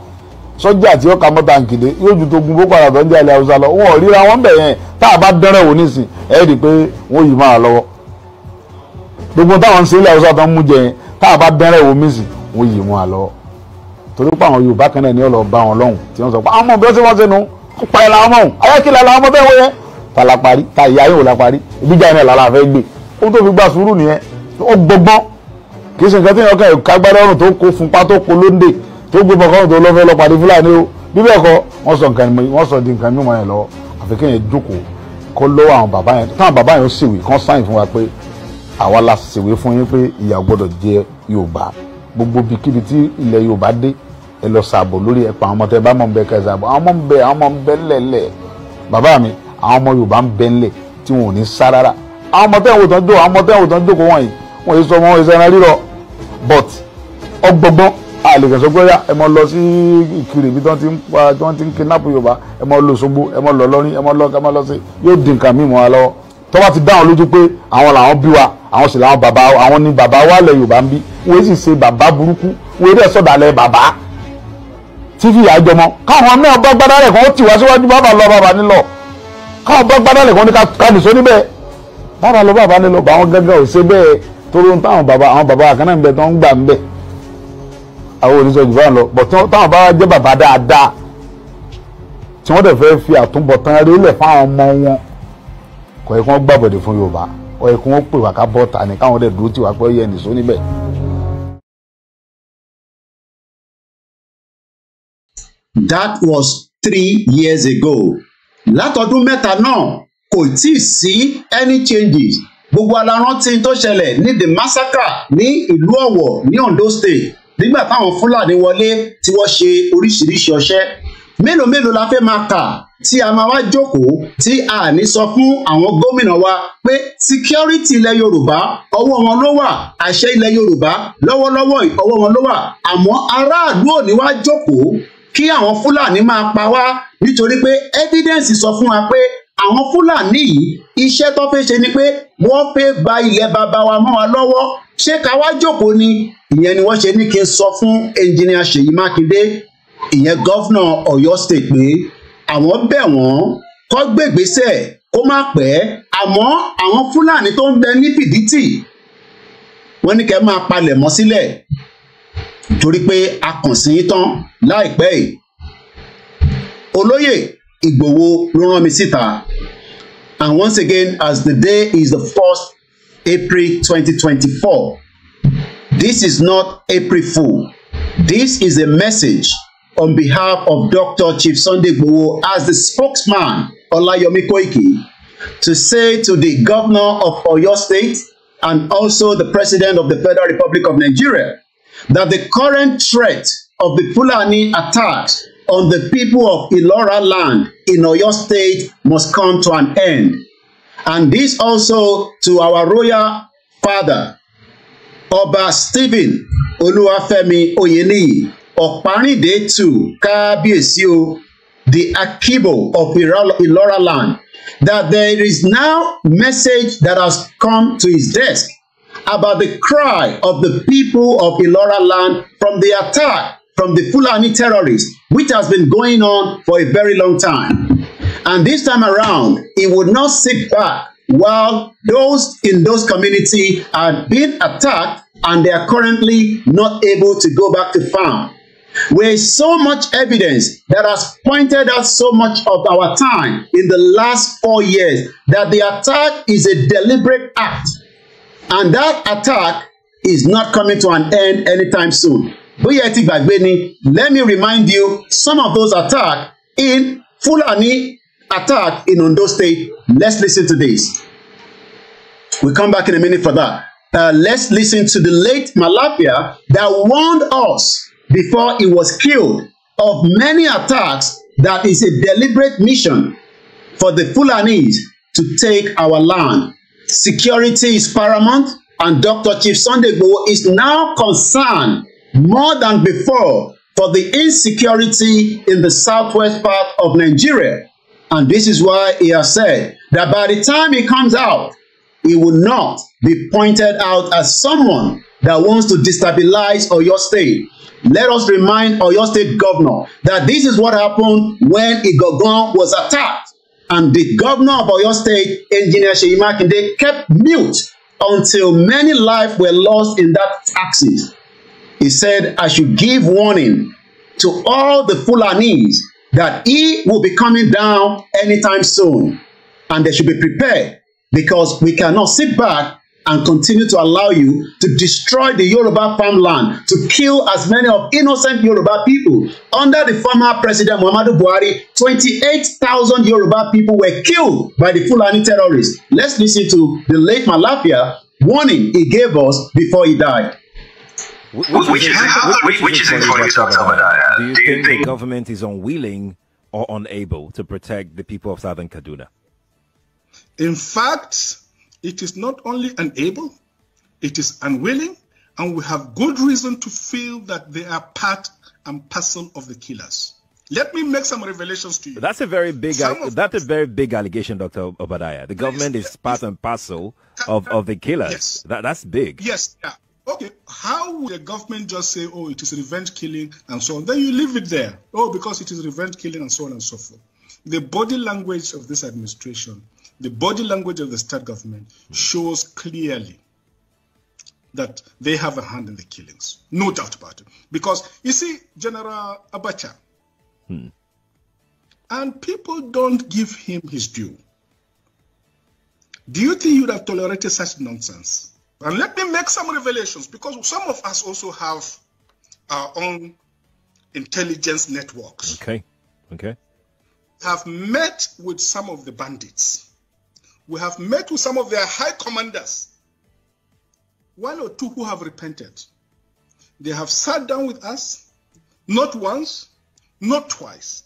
sọ́jà tí ó ka mọ́ta nkìdé yóò ju tó gun boko haram tó ń jalè haúsá lọ wọn ò ríra wọn bẹ̀ yẹn tá a bá dẹ́rẹ̀ wò nísìn ẹ̀ rí i pé wọ́n yìí máa lọ́wọ́ gbogbo táwọn ń ṣe ilé haúsá tó ń mú jẹ yẹn tá a bá dẹ́rẹ̀ wò nísìn wọ́n yìí máa lọ́wọ́ torí pé àwọn Yorùbá kan náà ni ọlọ́ọ̀ bá wọn lọ́hùn tí wọ́n sọ pé àwọn ọmọ bí wọ́n ṣe wọ́n ṣe nu pa ẹ̀ làwọn ọmọ ọ̀hún ayákìlá làwọn ọmọ bẹ́ẹ̀ wọ́n ta la parí ta ìyá yóò la parí ìbíjà iná làlá fẹ́ gbé ó tó fi gba sùúrù nìyẹn ó gbọgbọ́n kì í ṣe nǹkan tí yẹn ọkàn ìkágbára ọrùn tó kó funpa tó kó lóńdè tó gbé bọ̀kọ́rùn tó lọ́fẹ́ lọ́pàdé Fúlàní o bí bẹ́ẹ̀ kọ́ wọ́n sọ nǹkan wọ́n sọ di nǹkan mímọ́ yẹn lọ́wọ́ àfi gbogbo bíkíbi tí ilẹ̀ Yorùbá dé ẹ lọ sàbò lórí ẹ pa àwọn ọmọ tẹ bá mọ̀ ń bẹ ká ẹ sàbò àwọn ọmọ ń bẹ àwọn ọmọ ń bẹ ńlẹ̀ńlẹ̀ bàbá mi àwọn ọmọ Yorùbá ń bẹ ńlẹ̀ tí wọn ò ní sá rárá àwọn ọmọ tẹ́wọ̀n tán jó àwọn ọmọ tẹ́wọ̀n tán jókòó wọ̀nyí wọn yìí sọ wọn yìí sẹ́ran rírọ̀ but ọgbọgbọ́n àlèkẹ́sọ pé ẹ mọ lọ sí ìkiri ibi tí wọ́n ti ń pa tí wọ́n ti ń kidnap Yorùbá ẹ mọ lọ Òṣogbo ẹ mọ lọ lọ́rin ẹ mọ lọ ká mọ lọ sí yóò di nǹkan míì mọ́ wa tó bá ti dá àwọn lójú pé àwọn làwọn bí wa àwọn sì làwọn bàbá àwọn ni bàbá wa lẹ̀ Yorùbá ń bí wọ́n sì ṣe bàbá burúkú wọ́n eré ẹ̀sọ́dà lẹ̀ bàbá tí fi àjọ mọ káwọn náà bá gbádá rẹ̀ kàn ó tì wá síwájú bàbá lọ bàbá nílọ káwọn bá gbádá rẹ̀ kàn ó ní ká nìṣó níbẹ̀ bàbá lọ bàbá nílọ bá wọn gángan ò ṣe bẹ́ẹ̀ torí ohun táwọn bàbá àwọn bàbá àkànnà ń bẹ tó ń gbà ń bẹ àwọn oníṣẹ́ jù fáwọn lọ bọ̀ táwọn bá jẹ́ bàbá dáadáa tí wọ́n dẹ̀ fẹ́ fi àtúbọ̀tán rélẹ̀ fáwọn ọmọ wọn kọ̀ ẹ̀kún gbàbọ̀dẹ̀ fún Yorùbá kọ̀ ẹ̀kún pè wá ká bọ́ta ní káwọn dẹ̀ dúró tì wá pé ó yẹ nìṣó níbẹ̀. that was three years ago látọdún mẹ́ta náà kò tí ì sí any changes gbogbo alárántí tó ṣẹlẹ̀ ní the massacre ní ìlú Ọ̀wọ̀ ní Ondo state nígbà táwọn Fúlàní wọlé tí wọ́n ṣe oríṣiríṣi ọṣẹ́ mélòó mélòó la fẹ́ máa kà tí a máa wá jókòó tí a ní sọ fún àwọn gómìnà wa pé security ilẹ̀ Yorùbá ọwọ́ wọn ló wà àṣẹ ilẹ̀ Yorùbá lọ́wọ́lọ́wọ́ ọwọ́ wọn ló wà àmọ́ aráàlú ò ní wá jókòó kí àwọn fúlàní máa pa wá nítorí pé evidence sọ fún wa pé àwọn fúlàní yìí iṣẹ́ tó fẹ́ ṣe ni pé wọ́n fẹ́ gba ilẹ̀ bàbá wa mọ́ wa lọ́wọ́ ṣé ká wá jókòó ni ìyẹn ni wọ́n ṣe ní kí n sọ fún ẹnjìnìà Ṣèyí Mákindé ìyẹn gọ́fúnà Ọ̀yọ́ state pé àwọn bẹ̀ wọ́n kó gbègbèsẹ̀ kó má pẹ́ àmọ́ àwọn fúlàní tó ń bẹ ní fìdítì wọ́n ní kẹ́ máa palẹ̀ mọ́ sílẹ̀ torí pé a kàn sí tán láìpẹ́ yìí olóyè Ìgbòho ló rán mi síta and once again as the day is the first April twenty twenty four this is not April fool this is a message on behalf of Dr. Chief Sunday Igboho as the spokesman Olayomi Koiki to say to the governor of Oyo State and also the president of the Federal Republic of Nigeria that the current threat of the Fulani attacks on the people of Ilora land in Oyo State must come to an end. And this also to our royal father, Oba Stephen Oluwafemi Oyeni, Oparinde II Kábíyèsí the Akibo of Ilora land, that there is now message that has come to his desk about the cry of the people of Ilora land from the attack from the Fulani terrorists, which has been going on for a very long time. And this time around, it would not sit back while those in those community are being attacked and they are currently not able to go back to farm. With so much evidence that has pointed out so much of our time in the last four years that the attack is a deliberate act and that attack is not coming to an end anytime soon. Bóyá ẹ ti gbàgbé ni, let me remind you some of those attacks in Fulani attack in Ondo State. Let's listen to this. We come back in a minute for that. Uh, let's listen to the late Malapia that warned us before he was killed of many attacks that is a deliberate mission for the Fulanis to take our land security is paramount, and Dr. Chief Sunday Igboho is now concerned more than before for the insecurity in the southwest part of Nigeria. And this is why he has said that by the time he comes out, he will not be pointed out as someone that wants to destabilize Oyo State. Let us remind Oyo State governor that this is what happened when Igogon was attacked and the governor of Oyo State, Engineer Seyi Makinde, kept mute until many lives were lost in that accident. He said, I should give warning to all the Fulanis that he will be coming down anytime soon and they should be prepared because we cannot sit back and continue to allow you to destroy the Yoruba farmland, to kill as many of innocent Yoruba people. Under the former president Muhammadu Buhari, 28,000 Yoruba people were killed by the Fulani terrorists. Let's listen to the late Malafia warning he gave us before he died. Which, which, is, which, which is, is important South South Do you, Do you think the government is unwilling or unable to protect the people of Southern Kaduna? In fact, it is not only unable, it is unwilling, and we have good reason to feel that they are part and parcel of the killers. Let me make some revelations to you. That's a very big that's a very big allegation, Doctor Obadiah. The government is, is part and parcel of, of the killers. Yes. That, that's big. Yes. Yeah. Okay. How would the government just say, oh, it is revenge killing and so on? Then you leave it there. Oh, because it is revenge killing and so on and so forth. The body language of this administration the body language of the state government shows clearly that they have a hand in the killings. No doubt about it. Because you see, General Abacha, hmm. and people don't give him his due. Do you think you'd have tolerated such nonsense? And let me make some revelations because some of us also have our own intelligence networks. Okay. Okay. Have met with some of the bandits we have met with some of their high commanders, one or two who have repented. They have sat down with us, not once, not twice.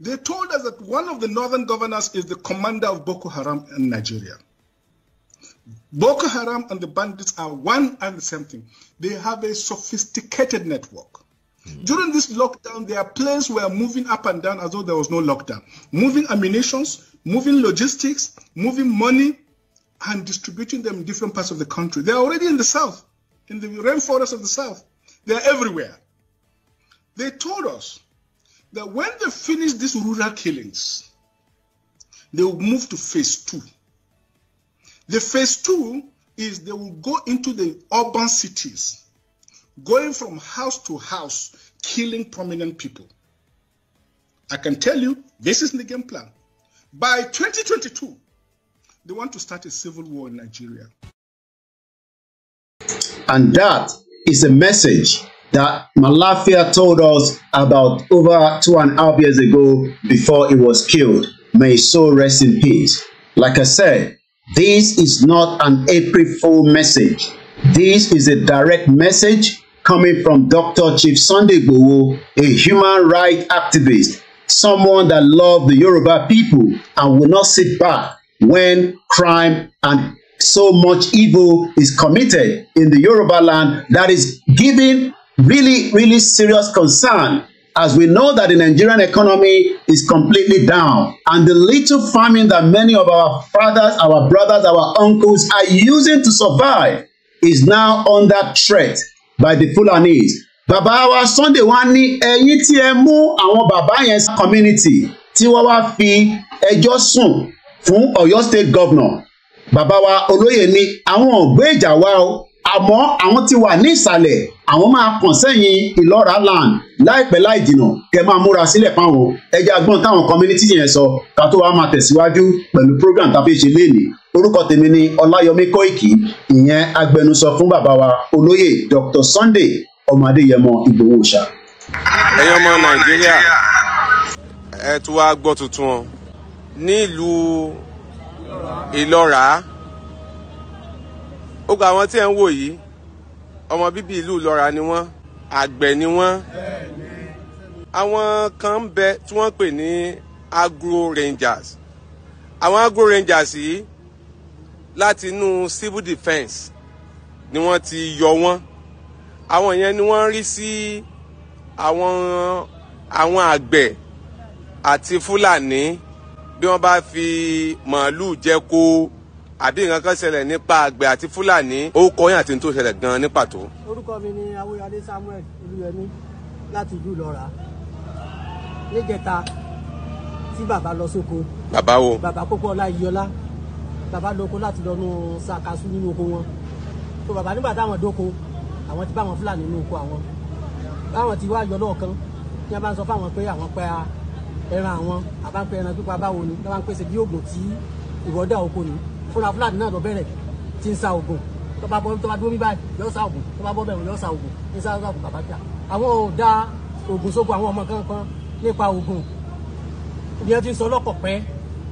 They told us that one of the northern governors is the commander of Boko Haram in Nigeria. Boko Haram and the bandits are one and the same thing. They have a sophisticated network. Hmm. During this lockdown, their planes were moving up and down as though there was no lockdown, moving ammunitions, moving logistics, moving money, and distributing them in different parts of the country. They are already in the south, in the rainforest of the south. They are everywhere. They told us that when they finish these rural killings, they will move to phase two. The phase two is they will go into the urban cities, going from house to house, killing prominent people. I can tell you, this is the game plan. By 2022, they want to start a civil war in Nigeria. And that is a message that Malafia told us about over two and a half years ago before he was killed. May his soul rest in peace. Like I said, this is not an April Fool message. This is a direct message coming from Dr. Chief Sunday Gbowo, a human rights activist someone that loved the Yoruba people and will not sit back when crime and so much evil is committed in the Yoruba land that is giving really, really serious concern as we know that the Nigerian economy is completely down and the little farming that many of our fathers, our brothers, our uncles are using to survive is now under threat by the Fulanese bàbá wa Sunday wá ní ẹ̀yin tí ẹ mú àwọn bàbá yẹn community tí wọ́n wá fi ẹjọ́ sùn fún Ọ̀yọ́ state governor bàbá wa olóyè ni àwọn ògbé ìjà wa o àmọ́ àwọn ti wà ní ìsàlẹ̀ àwọn máa kàn sẹ́yìn ìlọ́ra land láìpẹ́ láì jìnà kẹ́ máa múra sílẹ̀ fáwọn ẹja gbọ́n táwọn community yẹn sọ ká tó wàá máa tẹ̀síwájú pẹ̀lú program tàbí ṣe léèlì orúkọ tèmi ni Ọláyọmí Kóìkì ìyẹn agbẹnusọ fún bàbá wa olóyè Dr. Sunday ọmọ adéyẹmọ ìgbòho ṣá. ẹ̀yin ọmọ nàìjíríà ẹ tún wá gbọ́ tuntun nílùú ìlọ́ra ó àwọn tí ẹ̀ ń wò yìí ọmọ bíbí ìlú ìlọ́ra ni wọ́n àgbẹ̀ ni wọ́n àwọn kan ń bẹ tí wọ́n pè ní agro rangers àwọn agro rangers yìí láti inú civil defence ni wọ́n ti yọ wọ́n àwọn yẹn ni wọ́n ń rí sí àwọn àwọn àgbẹ̀ àti fúlàní bí wọ́n bá fi màálù jẹko àbí nǹkan kan ṣẹlẹ̀ nípa àgbẹ̀ àti fúlàní orúkọ yẹn àti ní tó ṣẹlẹ̀ gan-an ní pàtó. orúkọ mi ni awuyade samuel olúyẹmí láti ìlú ìlọra níjẹta tí bàbá lọ sóko. bàbá wo. bàbá kókó ọlá iyọlá bàbá lóko láti lọ nu sàkásù nínú oko wọn tó bàbá nígbà táwọn dóko àwọn ti bá àwọn fúlàní inú oko àwọn báwọn ti wá yọ lọ́ọ̀kan tí wọ́n ń sọ fáwọn pé àwọn pa ẹran àwọn àbáńpẹ ẹran pípa báwo ni wọ́n ń pèsè bí oògùn tí ìwọ́dà oko ni fúnra fúlàní náà lọ bẹ̀rẹ̀ tí ń sa oògùn tó bá bọ́ tó bá dúró bí báyìí yọ sa oògùn tó bá bọ́ bẹ̀rù yọ sa oògùn ní sa oògùn bàbá kíá àwọn ò da oògùn sóko àwọn ọmọ kankan nípa oògùn ìyẹn ti sọ lọ́kọ̀ pẹ́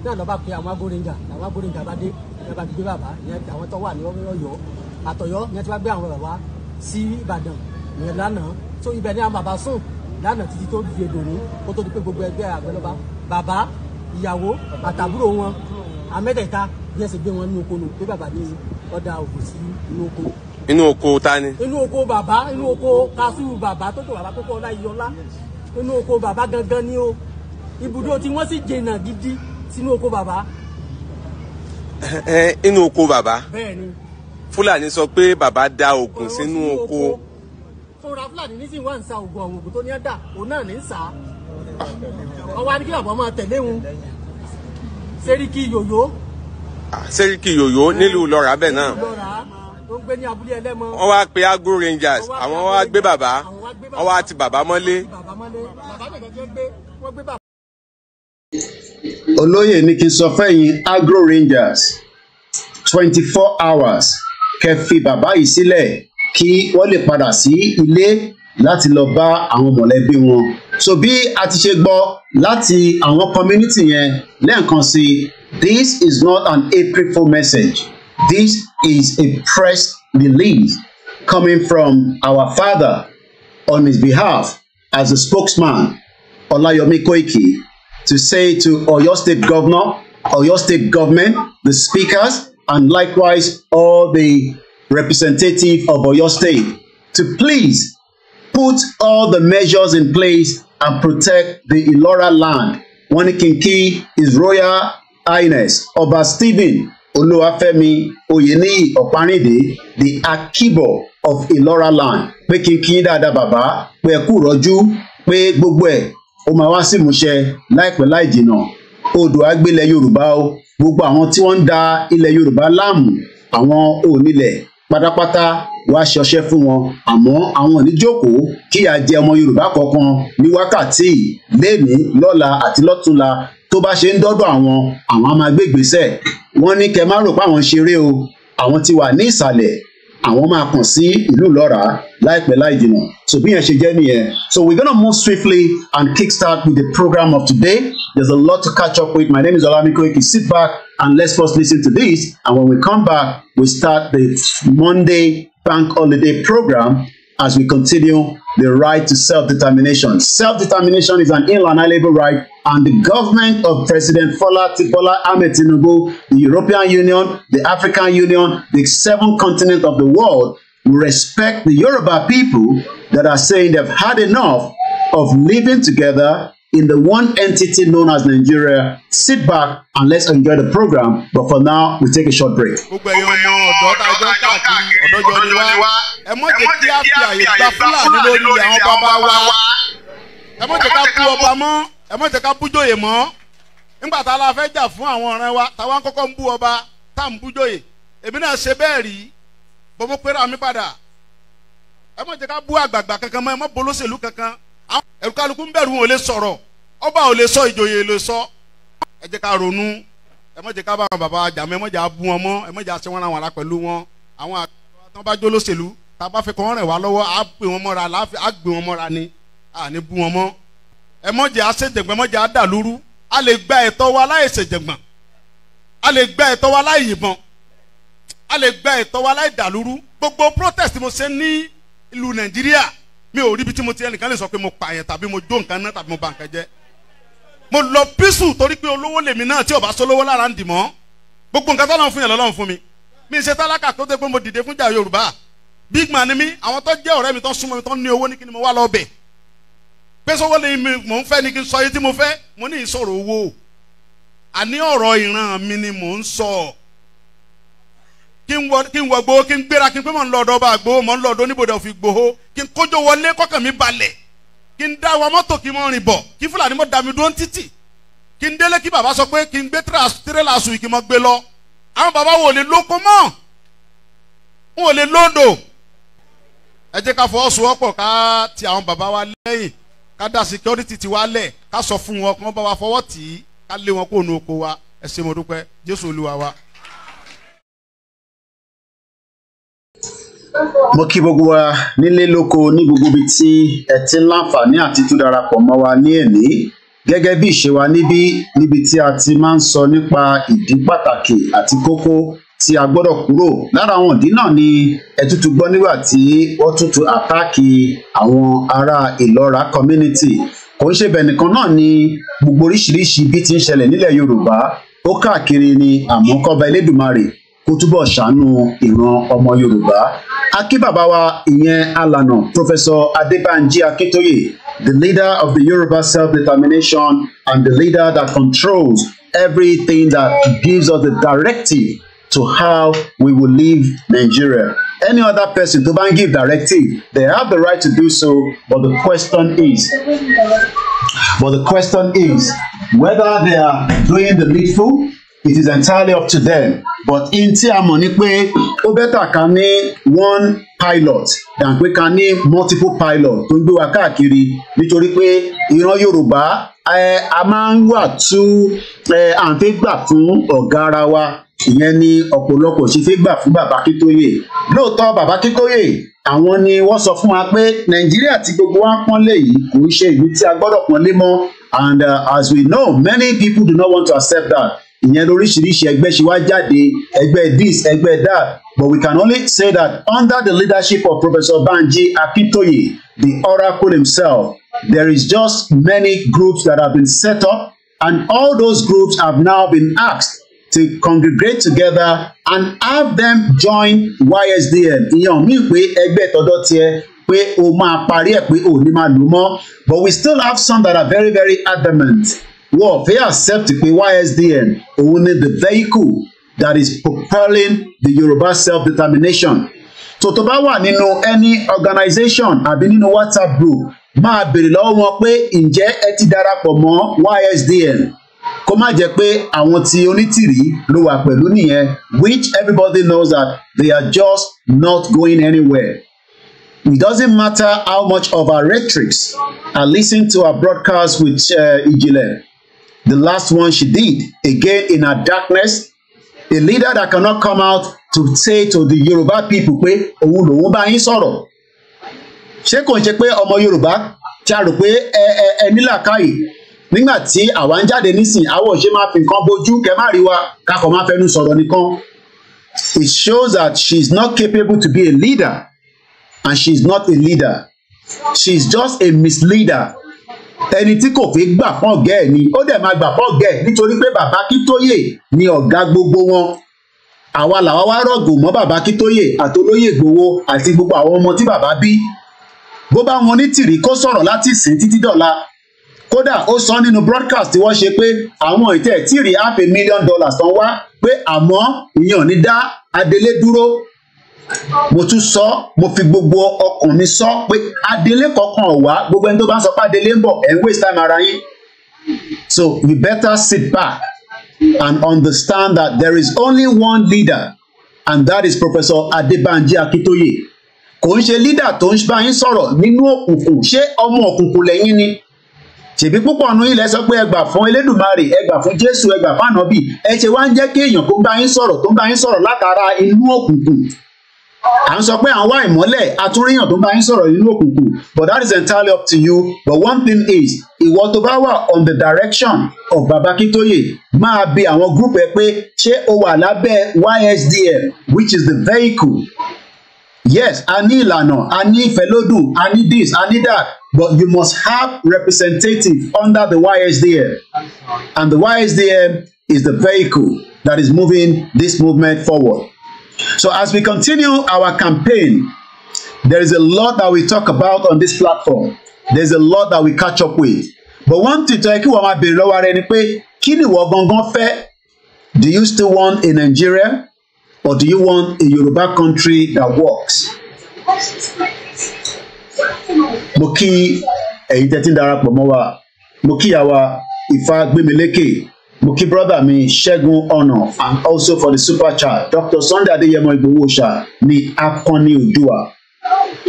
náà lọ́ba pe àwọn agbórinjà àwọn agbórinjà bá dé ìyẹn bá ti bàbá ìyẹn àwọn tó wà ní Ọ̀yọ́ àtọ̀yọ́ ìyẹn ti wá gbé àwọn bàbá sí ìbàdàn yẹn lánàá tó ibẹ̀ ní àwọn bàbá sùn lánàá títí tó di èdòní kó tó di pé gbogbo ẹgbẹ́ àgbẹ̀lọ́ba bàbá ìyàwó àtàbúrò wọn àmẹ́tẹ̀ẹ̀ta ní ẹsẹ̀ gbé wọn nínú oko nù pé bàbá ní ọ̀dà òkú sí inú oko. inú oko ta ni. inú oko bàbá inú oko kasu bàbá tó tó bàbá tó tó ọlá ìyọlá inú oko bàbá gangan ni o ibùdó tí wọ́n sì jìnnà gidi sínú oko bàbá. ẹ eh, ẹ inú oko bàbá. bẹ́ẹ̀ni fúlàní sọ pé bàbá da oògùn sínú oko. fúnra fúlàní nísìnyí wà ń sa oògùn àwọn oògùn tó ní ẹ̀dà òun náà ní ń sá ọwọ́ adé kí ọ̀bọ máa tẹ̀lé wọn sẹ́ríkì yòyó. Ah, sẹ́ríkì yòyó nílùú lọ́ra bẹ́ẹ̀ náà. wọ́n wá pe agro rangers àwọn wá gbé bàbá wọ́n wá ti bàbá mọ́lé. olóyè ní kí n sọ fẹ́yìn agro rangers twenty four hours kẹ́ fi bàbá yìí sílẹ̀ kí wọ́n lè padà sí ilé láti lọ bá àwọn mọ̀lẹ́bí wọn so bí a ti ṣe gbọ́ láti àwọn community yẹn lẹ́ẹ̀kan sí this is not an April fool message this is a press release coming from our father on his behalf as a spokesman Olayomi Koiki to say to Oyo State Governor Oyo State government the speakers and likewise all the representative of Oyo State to please put all the measures in place and protect the Ilora land. Wọ́n ní Kinki is Royal Highness Ọba Stephen Olúwafẹ́mi Oyeniyi Ọ̀párìndé the Akibo of Ilora land pé Kinki dáadáa bàbá pé ẹkú rọ́jú pé gbogbo ẹ̀ ó máa wá sí ìmúṣẹ láìpẹ́ láì jìnnà odò àgbélẹ̀ Yorùbá o gbogbo àwọn tí wọ́n ń da ilẹ̀ yorùbá láàmú àwọn onílẹ̀ pátápátá wàá ṣọṣẹ́ fún wọn àmọ́ àwọn oníjókòó kí a jẹ ọmọ yorùbá kankan ní wákàtí lẹni lọ́la àti lọ́túnla tó bá ṣe ń dọdọ àwọn àwọn á máa gbé ìgbésẹ̀ wọ́n ní kẹ́ má rò pé àwọn ṣeré o àwọn ti wà ní ìsàlẹ̀ àwọn máa kàn sí ìlú ìlọ́ra láìpẹ́ láì jìnnà so bí yẹn ṣe jẹ́ nìyẹn so we're gonna move swiftly and kickstart with the program of today there's a lot to catch up with my name is Olami Koiki sit back and let's first listen to this and when we come back we start the Monday bank holiday program as we continue the right to self-determination. Self-determination is an inalienable right and the government of President Bola Tibola Ahmed the European Union, the African Union, the seven continents of the world will respect the Yoruba people that are saying they've had enough of living together in the one entity known as Nigeria. Sit back and let's enjoy the program. But for now, we take a short break. nígbà tá a la fẹ́ jà fún àwọn ọ̀rẹ́ wa táwa kọ́kọ́ ń bú ọba tá à ń bújòyè èmi náà ṣe bẹ́ẹ̀ rí bọ́bọ́ pẹ́rọ mi padà ẹ mọ̀ jẹ́ ká bú àgbààgbà kankan mọ́ ẹ mọ̀ bolóṣèlú kankan ẹ̀rù kálukú ń bẹ̀rù wọn ò lè sọ̀rọ̀ ọba ò lè sọ ìjòyè ò lè sọ ẹ jẹ́ ká ronú ẹ má jẹ́ ká bá àwọn bàbá ajá mọ́ ẹ má jẹ́ abú wọn mọ́ ẹ má jẹ́ aṣẹ́ wọn ra wọn ara pẹ̀lú wọn àwọn àtọ́ bá jó lóṣèlú tá a bá fẹ́ kọ́ wọn rìn wá lọ́wọ́ á gbé wọn mọ́ra láàfin á gbé wọn mọ́ra ni à ní bú wọn mọ́ ẹ má jẹ́ aṣèjẹ̀gbọ́n ẹ má jẹ́ adàlúrú a lè gba ẹ̀tọ́ wa láì mi ò rí ibi tí mo ti ẹnìkan lè sọ pé mo pààyàn tàbí mo jó nǹkan náà tàbí mo bà nǹkan jẹ́ mo lọ písù torí pé olówó lèmi náà tí ò bá sólówó lára ń dì mọ́ gbogbo nǹkan tọ́lọ́run fún yàn lọ́lọ́run fún mi mi ṣe tálákà tó dé pé mo dìde fúnjà Yorùbá big man ni mi àwọn tó jẹ́ ọ̀rẹ́ mi tó súnmọ́ mi tó ní owó ní kí ni mo wá lọ bẹ̀ pé sọ́wọ́ ni mò ń fẹ́ ni kí n sọ yìí tí mo fẹ́ mo ní ìsọ̀rọ̀ owó àní ọ̀rọ̀ ìran mi ni mò ń sọ kí n wọ kí n wọ gbowó kí n gbéra kí n pé mọ̀ ń lọ ọ̀dọ̀ ọba gbowó mọ̀ ń lọ ọ̀dọ̀ oníbodè òfin gbowó kí n kójó wọlé kọ́kàn mi balẹ̀ kí n dá wa mọ́tò kí n mọ̀ rìn bọ̀ kí fúlàní mọ̀ dàmí dúró títì kí n délé kí bàbá sọ pé kí n gbé tírélà sùn kí n mọ̀ gbé lọ àwọn bàbá wo lè lóko mọ́ n ò lè lóńdò ẹ jẹ́ ká fọwọ́sowọ́pọ̀ ká ti àwọn bàbá wa lẹ́yìn ká dá security ti wa lẹ̀ ká sọ fún wọn kí wọ́n bá wa wa ẹ ṣé mo dúpẹ́ Jésù mo kí gbogbo wa nílé lóko ní gbogbo ibi tí ẹ ti ń láǹfààní àti tún darapọ̀ mọ́ wa ní ẹ̀mí gẹ́gẹ́ bí ìṣe wa níbí níbi tí a ti máa ń sọ nípa ìdí pàtàkì àti kókó tí a gbọ́dọ̀ kúrò lára àwọn ìdí náà ni ẹtútù gbọ́ nígbà tí wọ́n tútù àtáàkì àwọn ará ìlọ́ra community kò ń ṣe bẹ́ẹ̀ nìkan náà ni gbogbo oríṣiríṣi bí ti ń ṣẹlẹ̀ nílẹ̀ yorùbá ó káàkiri ni àmọ́ kọ́ba elédùnmarè kó túbọ̀ ṣàánú ìran ọmọ Yorùbá akí bàbá wa ìyẹn alànà Professor Adébánjí Akíntóyè the leader of the Yoruba self-determination and the leader that controls everything that gives us the directive to how we will live Nigeria any other person to ban give directive they have the right to do so but the question is but the question is whether they are doing the needful it is entirely up to them but in tí a mọ̀ ni pé ó bẹ́tà ká ní one pilot than pé ká ní multiple pilot tó ń gbé wa káàkiri nítorí pé ìran Yorùbá a máa ń wà tú à ń fẹ́ gbà fún ọ̀gá ara wa ìyẹn ni ọ̀pọ̀lọpọ̀ ṣe fẹ́ gbà fún bàbá Akíntóyè lóòótọ́ bàbá Akíntóyè àwọn ni wọ́n sọ fún wa pé Nàìjíríà tí gbogbo wa pọ́nlé yìí kò ń ṣe ìlú tí a gbọ́dọ̀ pọ́nlé mọ́ and uh, as we know many people do not want to accept that ìyẹn lóríṣiríṣi ẹgbẹ́ ṣe wá jáde ẹgbẹ́ this ẹgbẹ́ that but we can only say that under the leadership of Professor Banji Akintoye the oracle himself there is just many groups that have been set up and all those groups have now been asked to congregate together and have them join YSDM ìyẹn mi pé ẹgbẹ́ tọ́dọ̀ tiẹ̀ pé o máa parí ẹ̀ pé o ní máa lò mọ́ but we still have some that are very very adamant wọn fẹ́ accept pé YSDN òun ni the vehicle that is propelling the Yorùbá self-determination tó tó bá wà nínú any organization àbí nínú WhatsApp group máa béèrè lọ́wọ́ wọn pé ǹjẹ́ ẹ ti darapọ̀ mọ́ YSDM kó má jẹ́ pé àwọn tí onítìrí ló wà pẹ̀lú nìyẹn which everybody knows that they are just not going anywhere. It doesn't matter how much of our rhetorics are listened to our broadcast with uh, the last one she did, again in her darkness, a leader that cannot come out to say to the Yoruba people pé òun lòun bá yín sọ̀rọ̀ ṣé kò ń ṣe pé ọmọ Yorùbá tí a rò pé ẹ ẹ ẹ nílàkàyè nígbà tí àwa ń jáde nísìn àwọ̀ ṣe máa fi nǹkan bojú kẹ má rí wa kakọ̀ máa fẹnu sọ̀rọ̀ nìkan it shows that she is not capable to be a leader and she is not a leader she is just a misleader ẹni tí kò fi gbà fún ọ̀gá ẹ̀ ni ó dẹ̀ máa gbà fún ọ̀gá ẹ̀ nítorí pé bàbá Akíntóyè ni ọ̀gá gbogbo wọn àwa làwa wá rọ̀gùn mọ́ bàbá Akíntóyè àtolóyè Ìgbòho àti gbogbo àwọn ọmọ tí bàbá bí bó bá wọn ní tìrí kó sọ̀rọ̀ láti sìn títí dọ̀la kódà ó sọ nínú broadcast tí wọ́n ṣe pé àwọn ìtẹ̀ tìrí half a million dollars tán wá pé àmọ́ ìyẹn ò ní dá Adelé dúró mo tún sọ mo fi gbogbo ọkàn mi sọ pé adelé kankan wá gbogbo ẹni tó bá ń sọ pé adelé ń bọ̀ ẹ̀ ń waste time ara yín so we better sit back and understand that there is only one leader and that is Professor Adebanji Akintoye kò ń ṣe leader tó ń bá yín sọ̀rọ̀ nínú òkùnkùn ṣé ọmọ òkùnkùn lẹ́yìn ni ṣèbí púpọ̀ nu ilẹ̀ sọ pé ẹgbà fún elédùnmarè ẹgbà fún jésù ẹgbà fún ànábì ẹ ṣe wá ń jẹ́ kí èèyàn tó ń bá yín sọ̀rọ̀ tó ń bá yín sọ̀rọ̀ látara inú òkùnkùn à ń sọ pé à ń wá ìmọ́lẹ̀ àtúnríyàn tó bá ń sọ̀rọ̀ nínú òkùnkùn but that is entirely up to you but one thing is ìwọ tó bá wà on the direction of Baba Akintoye máa bi àwọn group ẹ pé ṣé o wà lábẹ́ YSDM which is the vehicle yes a ní ìlànà a ní ìfẹ́lódùn a ní this a ní that but you must have representative under the YSDM and the YSDM is the vehicle that is moving this movement forward. So as we continue our campaign, there is a lot that we talk about on this platform. There's a lot that we catch up with. But one thing tó yẹ kí wọ́n máa béèrè lọ́wọ́ ara ẹni pé kí Do you still want a Nigeria or do you want a Yoruba country that works? Mo kí ẹ̀yin tẹ́tí darapọ̀ mọ́ ifa mo kí Muki brother mi Ṣẹ́gun Ọ̀nà and also for the super chat Dr. Sunday Adeyemo Igbowosha ni Akànnì Òdùà.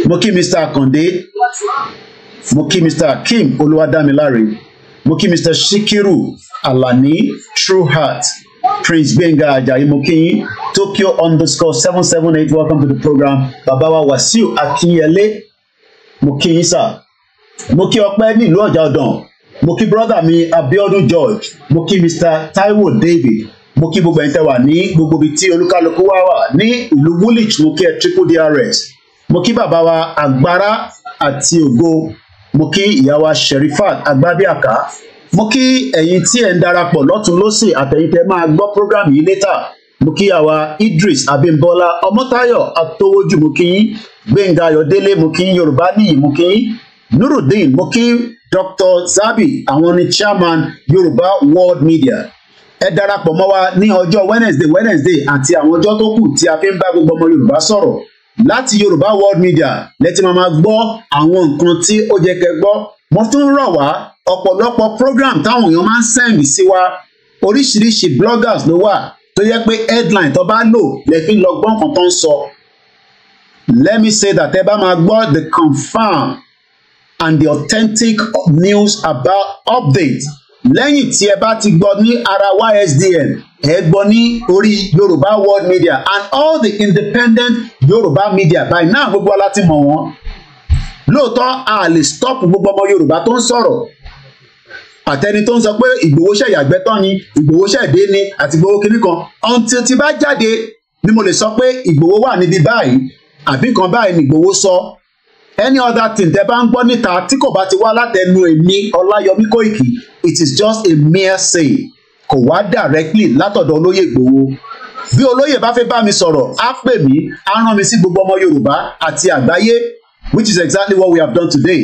Mo kí Mr. Akande. Mo kí Mr. Akeem Olúwadámiláre. Mo kí Mr. Shikiru Alani True Heart. Prince Benga Ajayi mo kí yín Tokyo underscore seven seven eight welcome to the program Babawa wasiu Wàsíù Akínyẹlé mo kí yín sà. Mo kí ọpẹ́ nílùú ọ̀jà ọ̀dàn mo kí brọ́dà mi Abiodun George mo kí Mr Taiwo David mo kí gbogbo ẹ̀yin tẹ́ wà ní gbogbo ibi tí olúkálukú wá wà ní ìlú woolwich mo kí ẹ triple drs mo kí bàbá wa agbára àti ògo mo kí ìyá wa sherifat agbábíàká mo kí ẹ̀yin tí ẹ ń darapọ̀ lọ́tún lọ́sẹ̀ àtẹ̀yin tẹ́ máa gbọ́ program yìí létà mo kí àwa idris abimbola ọmọtayọ atọwọjú mo kí yín gbẹngà ayọdẹlẹ mo kí yorùbá nìyí mo kí yín nurudeen mo kí Dr. Zabi àwọn ni chairman Yorùbá World Media ẹ darapọ̀ mọ́ wa ní ọjọ́ Wednesday Wednesday àti àwọn ọjọ́ tó kù tí a fi ń bá gbogbo ọmọ Yorùbá sọ̀rọ̀ láti Yorùbá World Media lẹ́tí máa gbọ́ àwọn nǹkan tí ó jẹ́ kẹ́ gbọ́ mo tún rọ̀ wá ọ̀pọ̀lọpọ̀ program táwọn èèyàn máa ń sẹ́ǹdì sí wa oríṣiríṣi bloggers ló wà tó yẹ pé headline tó bá lò lè fi lọ gbọ́n kan tó ń sọ let me say that ẹ bá máa gbọ́ the confam and the authentic news about update lẹ́yìn tí ẹ bá ti gbọ́ ní ara YSDN, ẹ gbọ́ ní orí Yorùbá World Media and all the independent Yorùbá media by now gbogbo aláti mọ̀ wọ́n lóòótọ́ a lè stop gbogbo ọmọ Yorùbá tó ń sọ̀rọ̀ àtẹni tó ń sọ pé Ìgbòho ṣe ìyàgbẹ́tọ́ ni Ìgbòho ṣe èdè ni àti Ìgbòho kìíní kan ohun tí ti bá jáde ni mo lè sọ pé Ìgbòho wà níbi báyìí àbí nǹkan báyìí ni Ìgbòho sọ any other thing tẹ́ bá ń gbọ́ níta tí kò bá ti wá látẹnu èmi ọláyọmí kóìkì it is just a mere say kò wá directly látọ̀dọ̀ olóyè Ìgbòho bí olóyè bá fẹ́ bá mi sọ̀rọ̀ á pè mí á rán mi sí gbogbo ọmọ yorùbá àti àgbáyé which is exactly what we have done today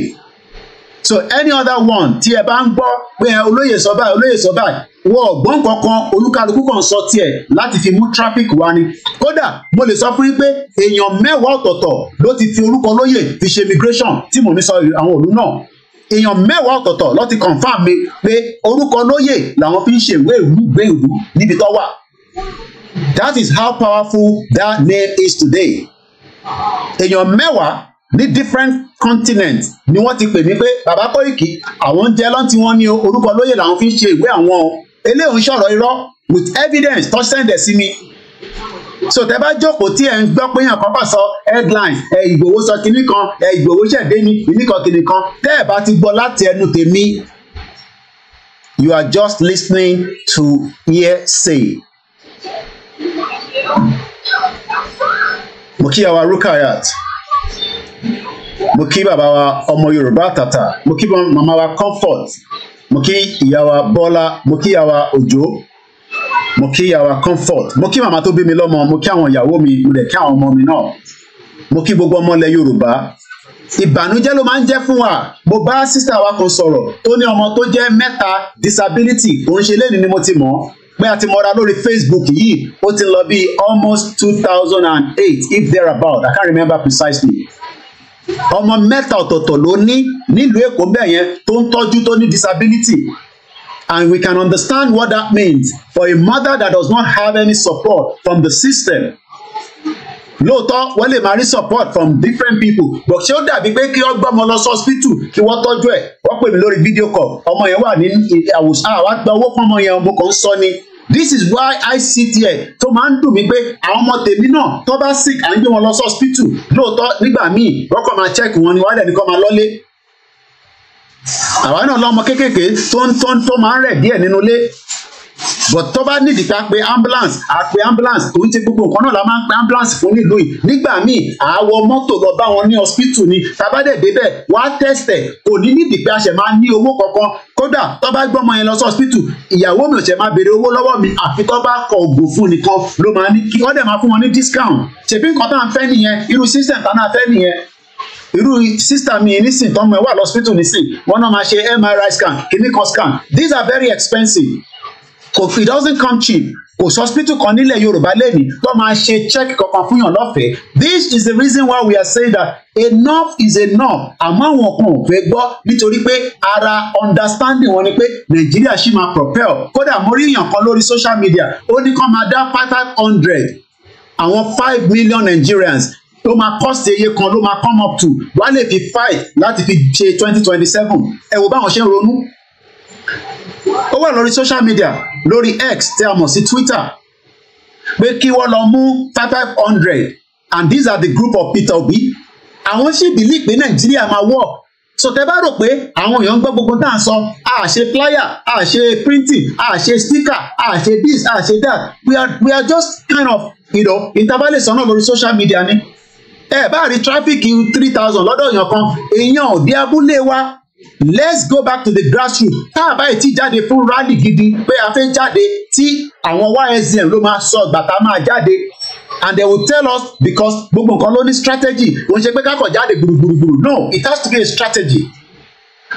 so any other one tí ẹ bá ń gbọ́ pé olóyè sọ báyìí olóyè sọ báyìí wọ́n ọ̀gbọ́n kankan olúkálukú kan sọ tiẹ̀ láti fi mú traffic wá ni kódà mo lè sọ fún yín pé èèyàn mẹ́wàá ọ̀tọ̀ọ̀tọ̀ ló ti fi orúkọ olóyè fi ṣe immigration tí mò ń sọ àwọn òlu náà èèyàn mẹ́wàá ọ̀tọ̀ọ̀tọ̀ ló ti confam mi pé orúkọ olóyè làwọn fi ń ṣe ìwé ìlú gbé ìlú níbi tó wà that is how powerful that name is today èèyàn mẹ́wàá ní different continent ni wọ́n ti pè mí pé bàbá Koiki àwọn jẹ́ lọ́ntì wọn ní orúkọ lóyè làwọn fi ń ṣe ìwé àwọn o eléyìí ń sọ̀rọ̀ irọ́ with evidence tó ṣẹ̀ǹdẹ̀ sí mi so tẹ bá jókòó tí ẹ ń gbọ́ pé yàn kan bá sọ headline ẹ Ìgbòho sọ kinní kan ẹ Ìgbòho ṣẹ̀dé ní ìníkan kinní kan tẹ́ ẹ bá ti gbọ́ láti ẹnu tèmi you are just listening to hearsay mo kí àwa Rukayat mo kí bàbá wa ọmọ yorùbá àtàtà mo kí màmá wa comfort mo kí ìyá wa bọ́lá mo kí ìyá wa òjó mo kí ìyá wa comfort mo kí màmá tó bí mi lọ́mọ mo kí àwọn ìyàwó mi mo dẹ̀ kí àwọn ọmọ mi náà mo kí gbogbo ọmọ ilẹ̀ yorùbá ìbànújẹ́ ló máa ń jẹ́ fún wa mo bá sísá wa kan sọ̀rọ̀ tó ní ọmọ tó jẹ́ mẹ́ta disability òun ṣe lẹ́nu ni mo ti mọ̀ pé a ti mọra lórí Facebook yìí ó ti lọ bí almost two thousand and eight if there about I can't remember precisely ọmọ mẹ́ta ọ̀tọ̀ọ̀tọ̀ ló ní nílùú èkó bẹ́ẹ̀ yẹn tó ń tọ́jú tó ní disability and we can understand what that means for a mother that does not have any support from the system lóòótọ́ wọ́n lè máa rí support from different people but ṣé ó dàbí pé kí wọ́n gbọ́mọ lọ sọ́spítù kí wọ́n tọ́jú ẹ̀ wọ́n pè mí lórí video call ọmọ yẹn wà ní àwòsàn àwa gba owó pọ́nmọ yẹn ọmọ kan sọ ni this is why ICTN tó máa ń dùn mí pé àwọn ọmọ tèmi náà tó bá sick à ń gbé wọn lọ sọ́spítù lóòótọ́ nígbà míì wọ́n kàn máa check wọn ni wọ́n á dẹ̀ ní kọ́ máa lọ́lé àwa náà lọ́mọ kéékèèké tó ń tó ń tó máa ń rẹ̀ díẹ̀ nínú ilé but tó bá nídìí ká pe ambulance à pe ambulance tó ń ṣe gbogbo nǹkan náà la máa ń pe ambulance fún nílùú yìí nígbà míì à wọ mọ́tò lọ bá wọn ní hospital ni tabadẹ̀ débẹ̀ wọ́n á tẹ̀sẹ̀ kò ní nídìí pé a ṣẹ̀ máa ní owó kankan kódà tó bá gbọ́mọ yẹn lọ sí hospital ìyàwó mi ò ṣẹ̀ máa béèrè owó lọ́wọ́ mi àfi tó bá kọ ògùn fún nìkan ló máa ní kí wọ́n dẹ̀ máa fún wọn ní discount ṣèbí nǹkan tá à ń fẹ́ nìyẹn irú system tá à ń fẹ́ nìyẹn irú sísítà mi nísìn tọ́mọ ẹ̀ wà lọ́sítù nísìn wọ́n náà máa ṣe MRI scan kìnnìkan scan these are very expensive kò it doesn't come cheap kò sí hospital kan nílẹ̀ yorùbá lẹ́nìí tó máa ṣe check kankan fún yàn lọ́fẹ̀ẹ́ this is the reason why we are saying that enough is enough àmọ́ àwọn kan ò fẹ́ gbọ́ nítorí pé ara understanding wọn ni pé nàìjíríà ṣì máa propel kódà mo rí èèyàn kan lórí social media ó ní kàn máa dá five hundred àwọn five million nigerians ló máa cost eye kan ló máa come up to wàá lè fi fight láti fi ṣe twenty twenty seven ẹ wo báwọn ṣe ń ronú ó wà lórí social media lórí X tí a mọ̀ sí Twitter pé kí wọ́n lọ mú five five hundred and these are the group of Peter Obi àwọn sì bìlí pé Nàìjíríà máa work so tẹ bá rò pé àwọn èèyàn ń gbọ́ gbogbo tá à ń sọ a ṣe flyer a ṣe printing a ṣe sticker a ṣe this a ṣe that we are we are just kind of you know intervale sọ náà lórí social media ni ẹ bá rí tráfíkì three thousand lọ́dọ̀ èèyàn kan èèyàn òbí abúlé wa let's go back to the grassroots tá a báyìí ti jáde fún rally gidi pé a fẹ́ jáde tí àwọn YSDM ló máa sọ ìgbà tá a máa jáde and they will tell us because gbogbo nǹkan ló ní strategy kò ń ṣe pé kákọ̀ jáde gbùrùgbùrù no it has to be a strategy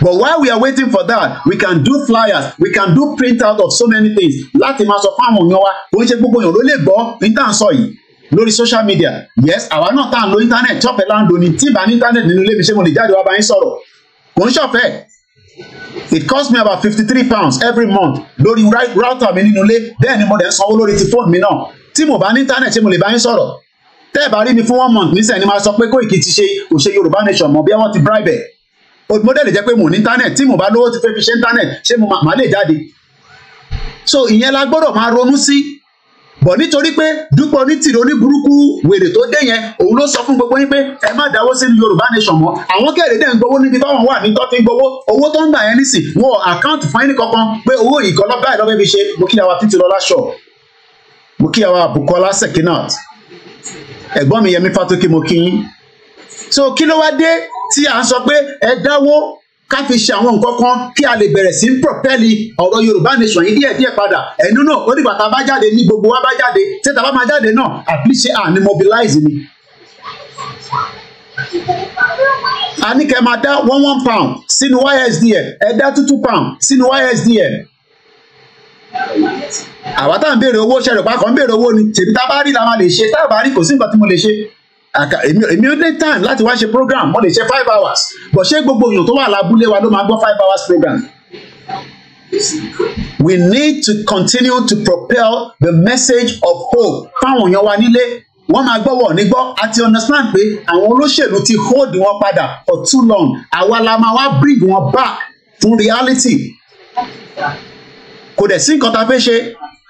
but while we are waiting for that we can do flyers we can do printout of so many things láti máa sọ fún àwọn èèyàn wa kò ń ṣe gbogbo èèyàn ló lè gbọ́ ní tá à ń sọ yìí lórí social media yes àwa náà tá à ń lo internet chop ẹ̀ láǹdó ni tí ìbá ní internet nínú ilé mi ṣé mo lè jáde wá bá yín sọ̀rọ̀ kò ń ṣọ̀fẹ́ it cost me about fifty three pounds every month lórí router mi nínú ilé bẹ́ẹ̀ ni mo dẹ̀ ń sanwó lórí ti fóònù mi náà tí mo bá ní internet ṣé mo lè bá yín sọ̀rọ̀ tẹ́ ẹ̀ bá rí mi fún one month nísìnyí ni máa sọ pé Koiki ti ṣe kò ṣe Yorùbá nation mọ́ bí wọ́n ti bribe ẹ̀ mo dẹ̀ lè jẹ́ pé mo ní internet tí mo bá lówó ti fẹ́ fi ṣe internet ṣé mo máa lè jáde so ìyẹn la gbọ́dọ̀ máa ronú sí bọ̀ nítorí pé dúpọ̀ ní tìrì oníburúkú wèrè tó dé yẹn òun ló sọ fún gbogbo yín pé ẹ má dáwọ́ sínú Yorùbá nation mọ́ àwọn kẹ̀rẹ́ dẹ̀ ń gbowó níbi táwọn wà ní tọ́tí ń gbowó owó tó ń gbà yẹn nísìn wọn àkáǹtì fún ẹnì kankan pé owó ìkọlọ́ báyìí lọ́bẹ̀ fi ṣe mo kí àwa títí lọ láṣọ mo kí àwa Bukola Sekinat ẹ̀gbọ́n mi Yẹmí Fátókè mo kí yín so kí ló wá dé tí à ń sọ pé ẹ dáwó ká fi ṣe àwọn nǹkan kan kí a lè bẹ̀rẹ̀ sí pọ̀pẹ́lì ọ̀rọ̀ yorùbá nation yìí díẹ̀ díẹ̀ padà ẹ̀nu náà ó dìgbà tá a bá jáde ní gbogbo wa bá jáde tí tá a bá máa jáde náà at least ṣe àní mobilize ni. a ní kẹ́ máa dá one one pound sínú ysdm ẹ dá two two pound sínú ysdm àwa tá à ń béèrè owó ṣẹlẹ̀ pàápàá ń béèrè owó ni tèmi tá a bá rí la máa lè ṣe tá a bá rí kò sí nǹkan tí mo lè ṣe èmi ò dé time láti wá ṣe program mo lè ṣe five hours but ṣé gbogbo èèyàn tó wà lábúlé wa ló máa gbọ́ five hours program. We need to continue to propel the message of hope fáwọn èèyàn wa nílé wọ́n máa gbọ́ wọ̀ ní gbọ́ àti understand pé àwọn olóṣèlú ti hold wọn padà for too long àwa la máa wá bring wọn back fún reality kò dẹ̀ sí nǹkan tá fẹ́ ṣe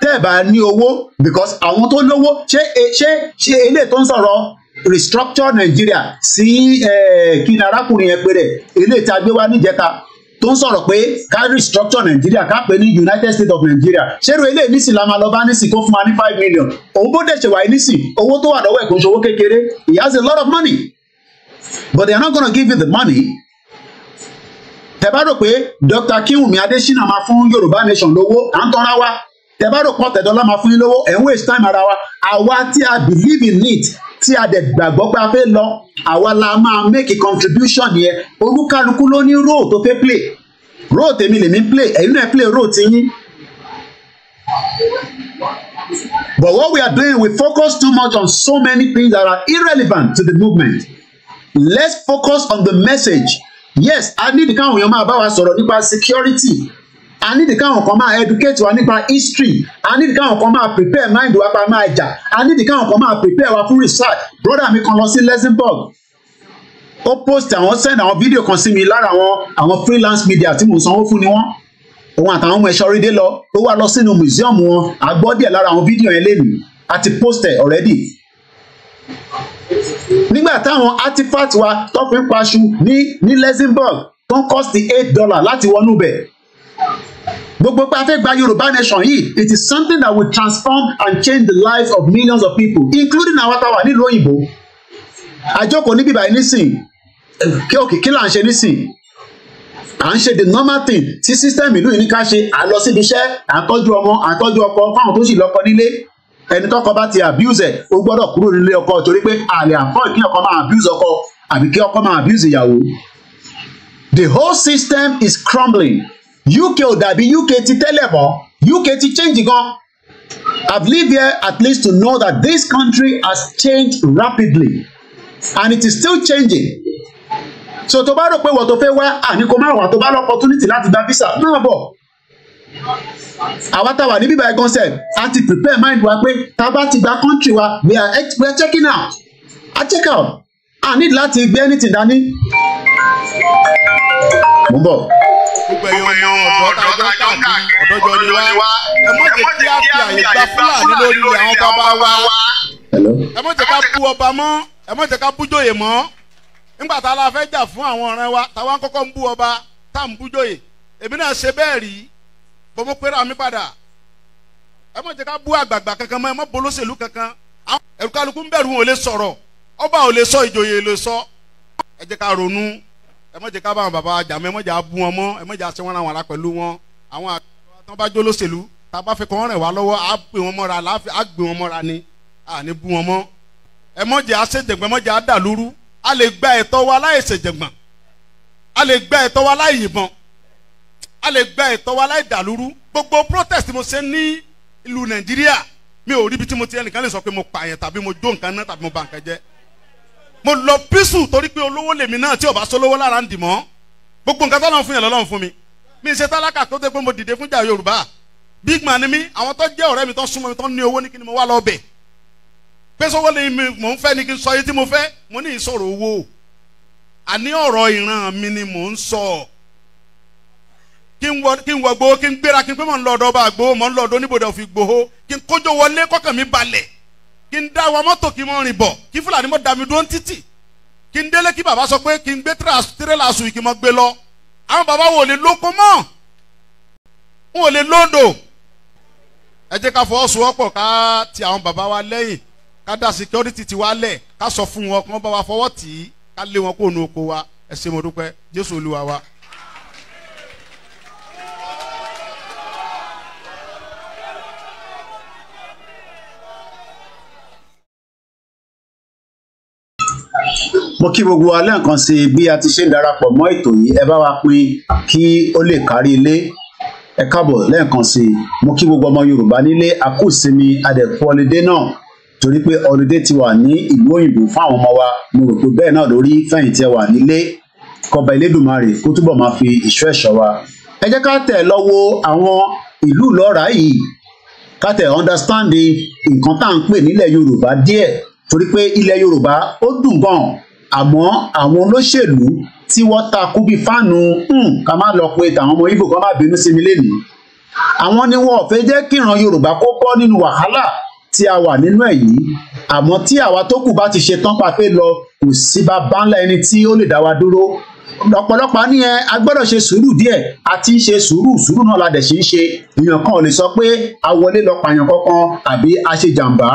tẹ́ ẹ̀ bá ní owó because àwọn tó lówó ṣé ṣé ṣé ilé tó ń sọ̀rọ̀ restructure Nigeria sí eh, kí ni arákùnrin yẹn pé rẹ̀ eléyìí tá a gbé wá níjẹta tó ń sọ̀rọ̀ pé ká restructure Nigeria ká pè ní United States of Nigeria ṣérú eléyìí nísì la máa lọ bá nísì kó fún wa ní five million òun bó dẹ̀ ṣe wáyé nísì owó tó wà lọ́wọ́ ẹ̀ owó kékeré he has a lot of money but they are not gonna give you the money tẹ bá rò pé Dr. Kinwumi Adesina máa fún Yorùbá Nation lówó à ń tọ́ra wa tẹ bá rò pọ̀ tẹ̀dọ́lá máa fún yín lówó ẹ̀ ń waste time ara wa àwa tí a believe in it tí a dẹ̀ gbàgbọ́ pé a fẹ́ lọ àwa la máa make a contribution yẹn olúkálukú ló ní role tó fẹ́ play role tèmi lèmi play ẹ̀yin náà play role tiyín. But what we are doing, we focus too much on so many things that are irrelevant to the movement. Let's focus on the message. Yes, a ní ìdíkàwọn èèyàn máa bá wa sọ̀rọ̀ nípa security a nídìí káwọn kan máa educate wa nípa history a nídìí káwọn kan máa prepare mind wa pa máa jà a nídìí káwọn kan máa prepare wa fún research broda mi kan lọ sí Luxembourg ó post àwọn send àwọn video kan sí mi lára àwọn àwọn freelance media tí mò ń sanwó fún ni wọ́n òun àtàwọn ọmọ ẹ̀ṣọ́ rédé lọ ló wà lọ sínú museum wọn a gbọ́ díẹ̀ lára àwọn fídíò yẹn lẹ́nu àti post already nígbà táwọn artifact wa tó fi ń paṣu ní ní Luxembourg tó ń cost eight dollars láti wọnú bẹ̀ gbogbo pé a fẹ́ gba yorùbá nation yìí it is something that will transform and change the lives of millions of people including our táwa nílùú òyìnbó àjọkò níbí báyìí nísìn òkè kí là ń ṣe nísìn à ń ṣe the normal thing tí system ìlú yìí ní ká ṣe à lọ síbi iṣẹ́ à ń tọ́jú ọmọ à ń tọ́jú ọkọ fáwọn tó sì lọ́kọ nílé ẹni tọ́kọ bá ti abuse ẹ̀ ó gbọ́dọ̀ kúrò nílé ọkọ torí pé àlè àfọyín kí ọkọ máa abuse ọkọ àbí kí ọkọ máa abuse ìyàwó the whole system is crumbling UK ò dàbí UK ti tẹ́lẹ̀ mọ́ UK ti change gan I've lived here at least to know that this country has changed rapidly and it is still changing. So tó bá rò pé wọ́n tó fẹ́ wá àní kó má wà tó bá lọ opportunity láti gba visa náà bọ̀. Àwa tá a wà ní bíbá ẹ̀ concept a ti prepare mind wa pé tá a bá ti gba country wa we are, we are checking out. A check out. I need láti gbé anything dání. Mo ń bọ̀ gbogbo ẹ̀yàn ọmọ ọ̀dọ́ tájọ́ káàkiri ọ̀dọ́jọ́ ni wá ẹ má jẹ́ kí á fi àyè gba fúlàní lórí àwọn bàbá wa ẹ má jẹ́ ká bú ọba mọ́ ẹ má jẹ́ ká bújòyè mọ́ nígbà tá a la fẹ́ jà fún àwọn ọ̀rẹ́ wa táwa kọ́kọ́ ń bú ọba tá à ń bújòyè èmi náà ṣe bẹ́ẹ̀ rí bó mo pera mi padà ẹ má jẹ́ ká bú àgbààgbà kankan mọ́ ẹ má bolóṣèlú kankan ẹ̀rù kálukú ń bẹ̀rù wọn ò lè sọ̀rọ̀ ọba ò lè sọ ìjòyè lè sọ ẹ jẹ́ ká ronú ẹ má jẹ́ ká bá àwọn bàbá àjàmọ́ ẹ má jẹ́ abú wọn mọ́ ẹ má jẹ́ aṣẹ́ wọn làwọn ará pẹ̀lú wọn àwọn àtọ́ bá jó lóṣèlú tá a bá fi kàn rẹ̀ wá lọ́wọ́ á gbé wọn mọ́ra láàfin á gbé wọn mọ́ra ni à ní bú wọn mọ́ ẹ má jẹ́ aṣèjẹ̀gbọ́n adàlúrú a lè gba ẹ̀tọ́ wa láì ṣèjẹ̀gbọ́n a lè gba ẹ̀tọ́ wa láì yìnbọn a lè gba ẹ̀tọ́ wa láì dàlúrú gbogbo protest mo ṣe ní ìlú Nàìjíríà mi ò ríbi tí mo ti ẹnìkan lè sọ pé mo pààyàn tàbí mo jó nǹkan náà tàbí mo bà nǹkan jẹ́ mo lọ písù torí pé olówó lèmi náà tí ò bá sólówó lára ń dì mọ́ gbogbo nǹkan tọ́lọ́run fún yàn lọ́lọ́run fún mi mi ṣe tálákà tó tẹ́ pé mo dìde fúnjà Yorùbá big man ni mi àwọn tó jẹ́ ọ̀rẹ́ mi tó súnmọ́ mi tó ní owó ní kí ni mo wá lọ bẹ̀ pé sọ́wọ́ lè mi mò ń fẹ́ ni kí n sọ yìí tí mo fẹ́ mo ní ìṣòro owó àní ọ̀rọ̀ ìran mi ni mò ń sọ kí n wọ kí n wọ gbowó kí n gbéra kí n pé mò ń lọ ọ̀dọ̀ ọba àgbowó mò ń lọ ọ̀dọ̀ oníbodè òfin gbowó kí n kójó wọlé kọ́kàn mi balẹ̀ kí n dá wa mọ́tò kí n mọ rìn bọ̀ kí fúlàní mọ́ dàmí dúró ń títì kí n délé kí bàbá sọ pé kí n gbé tírélà sùn kí n mọ gbé lọ àwọn bàbá wò lè lóko mọ́ n ò lè lóńdò ẹ jẹ́ ká fọwọ́sowọ́pọ̀ ká ti àwọn bàbá wa lẹ́yìn ká da security ti wa lẹ̀ ká sọ fún wọn kí wọ́n bá wa fọwọ́ tì í ká lé wọn kó nu oko wa ẹ ṣé mo dúpẹ́ Jésù Olúwa wa. mo kí gbogbo wa lẹ́ẹ̀kan sí i bí a ti ṣe ń darapọ̀ mọ́ ètò yìí ẹ bá wa pín kí ó lè kárí ilé ẹ káàbọ̀ lẹ́ẹ̀kan sí i mo kí gbogbo ọmọ Yorùbá nílé àkósinmi adẹ̀kú ọlẹ́dẹ́ náà torí pé ọlẹ́dẹ́ ti wà ní ìlú òyìnbó fún àwọn ọmọ wa mo rò pé bẹ́ẹ̀ náà lórí fẹ̀yìntì ẹ wà nílé kọba Elédùmarè kó túbọ̀ máa fi ìṣọ́ ẹ̀ṣọ́ wa ẹ jẹ́ ká tẹ̀ lọ́wọ́ àwọn ìlú lọ́ra yìí ká tẹ̀ understand nǹkan tá à ń pè nílẹ̀ Yorùbá díẹ̀ torí pé ilẹ̀ Yorùbá ó dùn gan-an àmọ́ àwọn olóṣèlú tí wọ́n ta kú bíi fáànù hmm, ká má lọ pé tàwọn ọmọ ibo kan má bínú sí mi lénìí àwọn ni wọn ò fẹ́ jẹ́ kíran yorùbá kó bọ́ nínú wàhálà tí a wà nínú ẹ̀ yìí àmọ́ tí àwa tó kù bá ti ṣe tán pàpé lọ kò sí bàbá ńlá ẹni tí ó lè dá wa dúró ọ̀pọ̀lọpọ̀ ní ẹ a gbọ́dọ̀ ṣe sùúrù díẹ̀ àti ṣe sùúrù sùúrù náà la dẹ̀ ṣe ń ṣe èèyàn kan ò lè sọ pé a wọlé lọ pààyàn kankan àbí a ṣe jàǹbá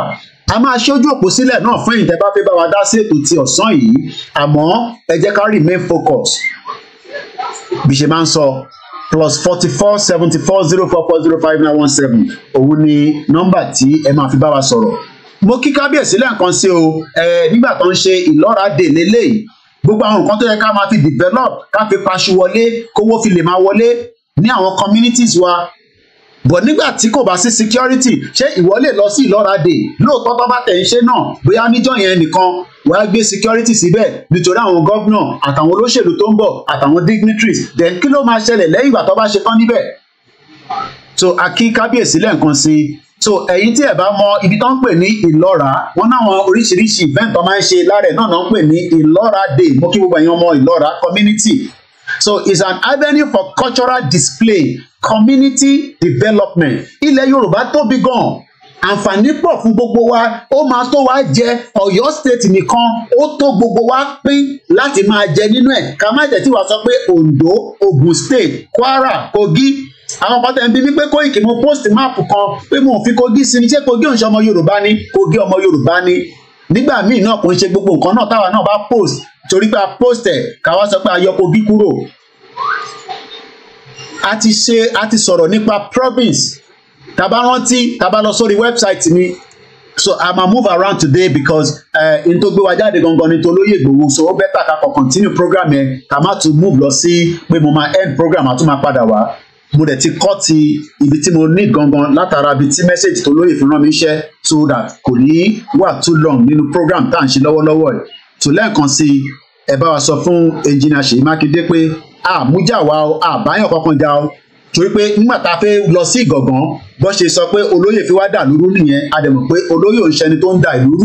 a máa ṣojú òpó sílẹ̀ náà fún ìtẹ́ bá fẹ́ bá wa dá sí ètò ti ọ̀sán yìí àmọ́ ẹ jẹ́ ká remain focus bí ṣe máa ń sọ plus forty four seventy four zero four four zero five nine one seven òun ni nọ́mbà tí ẹ máa fi bá wa sọ̀rọ̀ mo kí kábíyèsí lẹ́ẹ̀kan sí o nígbà tó ń ṣe ìlọ́ra dè lélẹ́yìí gbogbo àwọn nǹkan tó yẹ ká máa fi develop ká fi paṣu wọlé kówó fi lè máa wọlé ní àwọn communities wa bọ̀ nígbà tí kò bá sí security ṣé ìwọ lè lọ sí ìlọ́radè lóòótọ́ tó bá tẹ̀ ń ṣe náà bóyá níjọ́ yẹn nìkan wàá gbé security síbẹ̀ nítorí àwọn gómìnà àtàwọn olóṣèlú tó ń bọ̀ àtàwọn dignitaries then kí ló máa ṣẹlẹ̀ lẹ́yìn ìgbà tó bá ṣe tán níbẹ̀ so a kí kábíyèsí lẹ́ẹ̀kan sí i so ẹ̀yin tí ẹ̀ bá mọ ibi tó ń pè ní ìlọ́ra wọn náwọn oríṣiríṣi event tó máa ń ṣe láàrẹ̀ náà náà ń pè ní ìlọ́ra day mo kí gbogbo ẹ̀yin community so it's an avenue for cultural display community development ilẹ̀ yorùbá tóbi gan àǹfààní pọ̀ fún gbogbo wa ó máa tó wa jẹ ọ̀yọ́ state nìkan ó tó gbogbo wa pín láti máa jẹ nínú ẹ̀ ká má jẹ́ tí wàá sọ pé ondo ogun state kwara kogi àwọn kan tẹ̀ ń bí mi pé Koiki mo post map kan pé mo fi kogi sí ni ṣé kogi òun ṣe ọmọ yorùbá ni kogi ọmọ yorùbá ni nígbà míì náà kò ń ṣe gbogbo nǹkan náà táwa náà bá post torí pé a post ẹ̀ káwa sọ pé a yọ kogi kúrò a ti ṣe a ti sọ̀rọ̀ nípa province tàbá rántí tàbá lọ sórí website mi so I ma move around today because eh, n tó gbé wa jáde gangan ni tolóyè gbòòwò so ó bẹ́tà ká kàn continue program yẹn ká má tún move lọ sí pé mo máa end program àtún máa padà wá mo dẹ̀ ti kọ́ ti ibi tí mo need gangan látara ibi tí mẹ́sẹ̀gì tó lóye fún mi ṣẹ́ so that kò ní wà too long nínú program tá à ń ṣe lọ́wọ́lọ́wọ́ ẹ̀ tó lẹ́ẹ̀kan sí ẹ bá wa sọ fún engineer Ṣèyí Mákindé pé àmújà wa o àbáyàn kankan já o torí pé nígbà tá a fẹ́ lọ sí ìgàngán bó ṣe sọ pé olóyè fi wá dà lúrú nìyẹn a dẹ̀ mọ̀ pé olóyè ò ń ṣẹni tó ń dà ìlú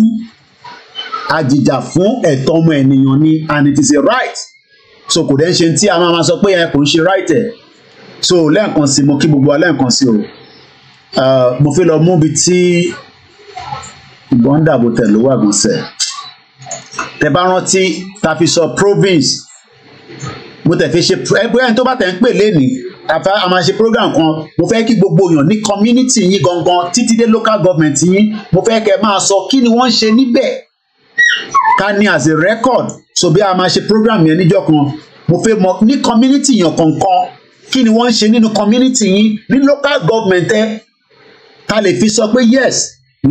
àjìjà fún ẹ̀tọ́ ọmọ ènìyàn ni and it is a right so kò dẹ́n ṣe tí a máa ma sọ pé ẹ kò ń ṣe right ẹ̀ so lẹ́ẹ̀kan sí mo kí gbogbo wa lẹ́ẹ̀kan sí o mo fi lọ mú bi tí ìbọn dàbò tẹ̀ ló wà gbọ̀nsẹ̀ tẹ bá rántí ta fi sọ province mo tẹ̀ fi ṣe ẹni tó bá tẹ̀ ń pè léni àfa a máa ṣe program kan mo fẹ́ kí gbogbo èèyàn ní community yín gangan títí dé local government yín mo fẹ́ kẹ́ máa sọ kí ni wọ́n ń ṣe níbẹ̀ ká ní as a record so bí a máa ṣe program yẹn níjọ́ kan mo fẹ́ mọ̀ ní community yẹn kankan kí ni wọ́n ń ṣe nínú community yín ní local government ẹ ká lè fi sọ pé yes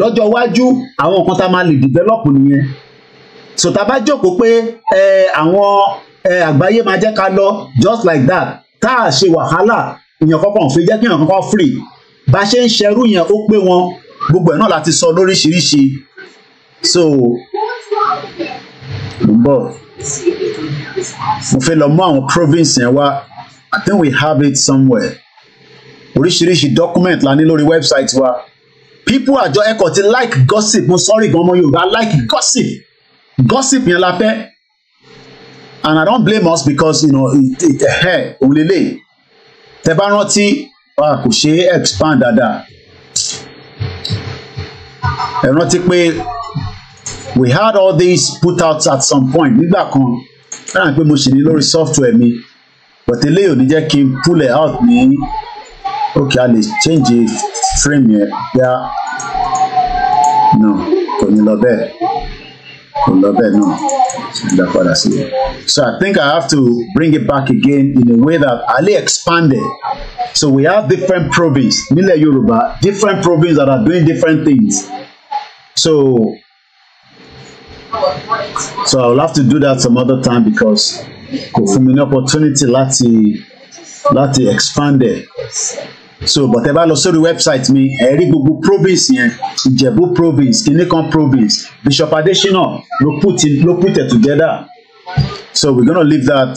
lọ́jọ́ iwájú àwọn nǹkan tá a máa lè develop nìyẹn so tá a bá jókòó pé àwọn àgbáyé máa jẹ́ ká lọ just like that tá a ṣe wàhálà èèyàn kankan ò fi jẹ́ kí èèyàn kankan free bá a ṣe ń ṣerú yẹn ó pé wọn gbogbo ẹ̀ náà láti sọ lóríṣiríṣi so bọ́ mo fẹ́ lọ mú àwọn province yẹn wá I think we have it somewhere oríṣiríṣi document la ní lórí website wa people àjọ ẹ̀kọ́ ti like gossip mo sorry gan ọmọ Yorùbá like gossip gossip yẹn la fẹ́ and I don't blame us because you know it it ẹ eh, òun lélẹ̀ tẹ bá rántí kò ṣe é expand dáadáa ẹ rántí pé we had all these put out at some point nígbà kan fẹ́ràn pé mo ṣì ní lórí software mi but eléyìí ò ní jẹ́ kí n pull it out ní ok I lè change the frame yẹn yá no kò ní lọ bẹ́ẹ̀ kò ní lọ bẹ́ẹ̀ náà. No that father said. So I think I have to bring it back again in a way that Ali expanded. So we have different provinces, Nile Yoruba, different provinces that are doing different things. So, so I'll have to do that some other time because kò fún mi ní opportunity láti láti expand so but ẹ bá lọ sórí website mi ẹ rí gbogbo province yẹn ìjẹ̀bú province kìnní kan province bishop adesina ló put it ló put it together so we're gonna leave that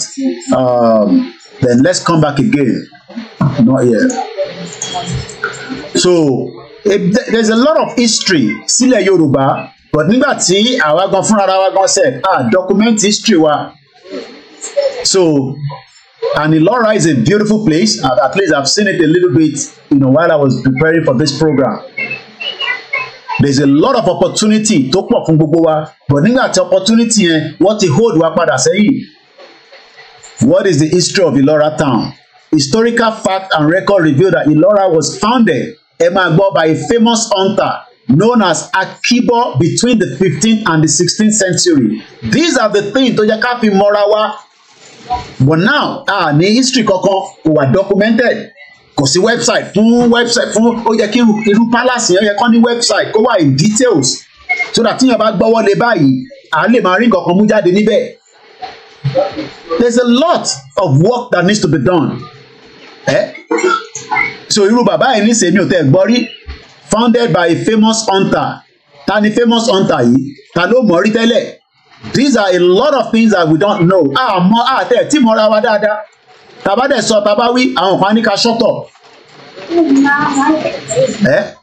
um, then let's come back again not yet so if eh, there's a lot of history sílẹ̀ yorùbá but nígbà tí àwa gan fúnra wa gan sẹ̀ ah document history wa so And Elora is a beautiful place. At, at least I've seen it a little bit, you know, while I was preparing for this program. There's a lot of opportunity tó pọ̀ fún gbogbo wa, but nígbà tí opportunity yẹn wọ́n ti hold wa padà sẹ́yìn. What is the history of Elora town? Historical fact and record reveal that Elora was founded, ẹ máa gbọ́, by a famous hunter known as Akibo between the 15th and the 16th century. These are the things tó yẹ ká fi mọ́ra wa but now a ní history kankan kò wà documented kò sí website fún website fún ó yẹ kí irú palace yẹn yẹ kán ní website kó wà in details so that tíyẹn bá gbọ́wọ́ lé báyìí à lè máa rí nǹkan kan mú jáde níbẹ̀ there's a lot of work that needs to be done eh? so irú bàbá yìí ní sèmi ò tẹ́ founded by a famous hunter ta ni famous hunter yìí ta ló mọ̀ tẹ́lẹ̀ these are a lot of things that we don't know àmọ́ àtẹ̀ tí mo ra wa dáadáa tàbá dẹ̀ sọ tàbá wí àwọn kan ní ká ṣọ́tọ̀ ẹ́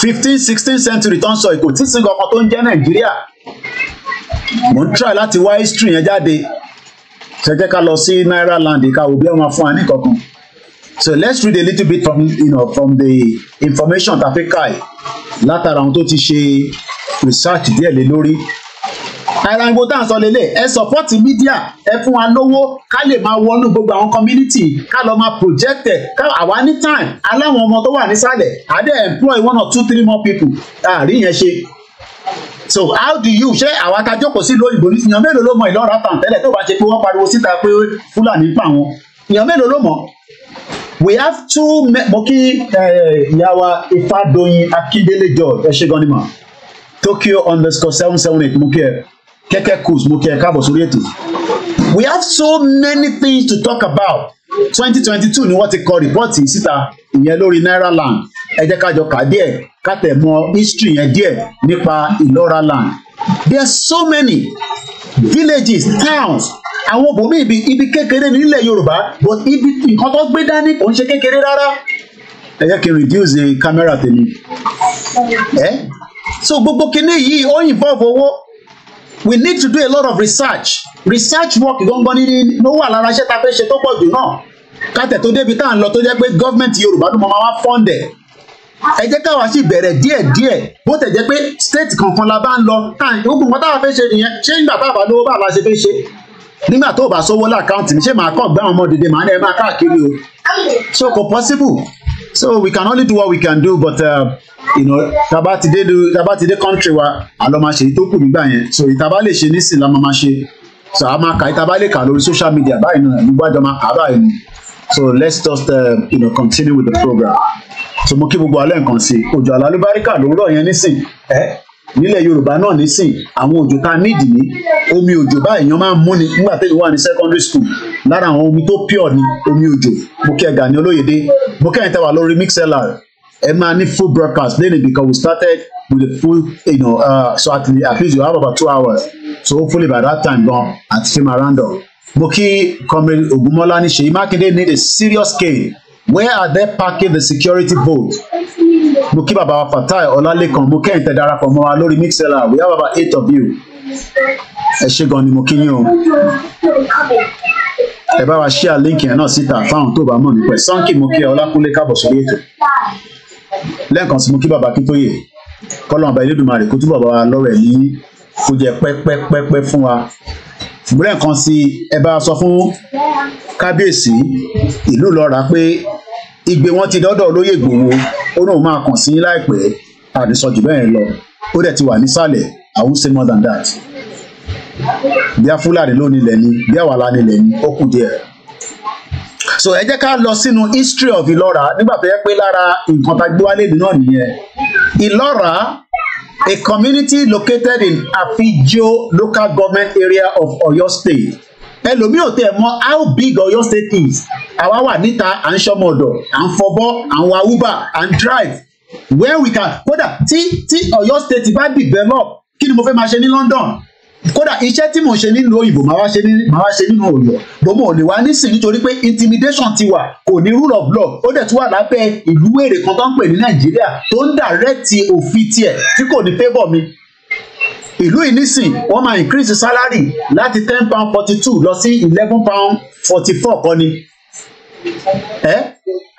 fifteen sixteen century tó ń sọ ìkò tí sinmi ọkàn tó ń jẹ́ nàìjíríà mo ń try láti wá history yẹn jáde ṣe jẹ́ ká lọ sí naira land ká wò bí wọ́n máa fún wa ní kankan so let's read a little bit from, you know, from the information tafe kai látara àwọn tó ti ṣe research díẹ̀ lé lórí àìrangbó tá à ń sọ lélẹ̀ ẹ support media ẹ fún wa lówó ká lè máa wọnú gbogbo àwọn community ká lọ máa project ẹ̀ ká àwa ní time aláwọn ọmọ tó wà nísàlẹ̀ àdé employ one or two three more people àrí yẹn ṣe so how do you ṣé àwọn atajọpọ̀ sí ìlú òyìnbó ní ìyàn mélòó ló mọ ìlọ́ra tàn tẹ́lẹ̀ tó bá ṣe pé wọ́n pariwo síta pé fúlàní pa wọn ìyàn mélòó ló mọ. we have two mo kí ìyàwó Ifádòyìn Akíndélé George ẹ ṣe gan ni mọ Tokyo underscore seven seven eight mo kí ẹ kẹ́kẹ́ cruise mo kí ẹ sórí ètò we have so many things to talk about twenty twenty two ni wọ́n ti kọ rìpọ́ọ̀tì síta ìyẹn lórí naira land ẹ jẹ́ ká jọ kà díẹ̀ ká tẹ̀ mọ history yẹn díẹ̀ nípa ìlọ́ra land there are so many villages towns àwọn bòmí ibi ibi kékeré nílẹ̀ yorùbá but ibi nǹkan tó gbé dání kò ń ṣe kékeré rárá ẹ jẹ́ kí n reduce the camera tèmi ẹ so gbogbo kinní yìí ó involve owó we need to do a lot of research research work gangan ní ló wà lára iṣẹ́ ta fẹ́ ṣe tó pọ̀ jù náà kátẹ̀ tó débi tá à ń lọ tó jẹ́ pé gọ́ọ̀mẹ̀ntì Yorùbá ló mọ máa wá fọ́ǹdẹ̀ ẹ jẹ́ káwa sì bẹ̀rẹ̀ díẹ̀ díẹ̀ bó tẹ̀ jẹ́ pé state kankan la bá ń lọ ogun kan táwa fẹ́ ṣe nìyẹn ṣé nígbà táwa lówó bàbá ṣe fẹ́ ṣe nígbà tó o bá sówó láàkáǹtì mi ṣé màá kàn gbá àwọn ọmọ dìde màá ní ẹ máa káàkiri o so kò possible so we can only do what we can do but uh, you know taba ti dé taba ti dé country wa àlọ́ máa ṣe èyí tó kù nígbà yẹn so ìtaba lè ṣe nísìn la máa máa ṣe so a máa kà ìtaba lè kà lórí social media báyìí náà nígbàjọ máa kà báyìí ni so let's just uh, you know, continue with the program so mo kí gbogbo alẹ́ nǹkan sí òjò àlálùbáríkà lówùrọ̀ yẹn nísìn ẹ́ nílẹ̀ Yorùbá náà nísìn àwọn òjò tá nídìí ní omi òjò báyìí èèyàn máa ń mú ni nígbà téèyàn wà ní secondary school lára àwọn omi tó pure ni omi òjò mo kí ẹ Gani Olóyèdé mo kẹ́yìn tẹ́wà lórí mixlr ẹ máa ní full broadcast lẹ́nu because we started with a full you know, uh, so at, at least you have about two hours so hopefully by that time gan àti fi máa round up mo kí comrade Ògúnmọ́lá ní Ṣèyí Mákindé need a serious scale where are they packing the security boat mo kí bàbá wa Fatai Ọlálẹ́kan mo kẹ́yìn tẹ́ darapọ̀ mọ́ wa lórí mixela we have about eight of you ẹ ṣé gan ni mo kí yín o ẹ bá wa ṣíà líǹkì yẹn náà síta fáwọn tó bá mọ̀ nípa ẹ̀ Sankey mo kí ẹ Ọlákúnlé káàbọ̀ sórí ètò lẹ́ẹ̀kan sí mo kí bàbá Akíntóyè kọ́lọ́n ọba Elédùmarè kó túbọ̀ bá wa lọ́rọ̀ ẹ̀ ní kó jẹ́ pẹ́pẹ́pẹ́pẹ́ fún wa ṣùgbọ́n lẹ́ẹ̀kan sí ẹ bá sọ fún kábíyèsí ìlú lọ́ra pé ìgbé wọn ti dọ́dọ̀ olóyè Ìgbòho ó máa kàn sí láìpẹ́ àdìsọjù bẹ́ẹ̀ lọ ó dẹ̀ ti wà nísàlẹ̀ I will say more than that bí a fúlàní ló nílẹ̀ ni bí àwa la ni ó kù díẹ̀ so ẹ jẹ́ ká lọ sínú history of Ìlọ́ra nígbà tó yẹ pé lára nǹkan tá a gbé wálé náà nìyẹn Ìlọ́ra a community located in Afijio local government area of Oyo State ẹlòmíì ò tẹ̀ mọ̀ how big Oyo State is àwa wà níta à ń ṣọmọ ọ̀dọ̀ à ń fọbọ́ à ń wa uber à ń drive where we can kódà tí tí Ọ̀yọ́ state bá develop kí ni mo fẹ́ máa ṣe ní London kódà iṣẹ́ tí mò ń ṣe nílùú òyìnbó màá wá ṣe ní màá wá ṣe nínú Ọ̀yọ́ gbogbo ò lè wá nísìn nítorí pé intimidation ti wà kò ní rule of law ó dẹ̀ tún wà lábẹ́ ìlú wèrè kan tó ń pè ní Nàìjíríà tó ń dàrẹ́tì òfin tiẹ̀ tí kò ní favour mi ìlú yìí nísìn wọ́n máa increase salary láti ten pound forty two lọ sí eleven pound forty four kan ẹ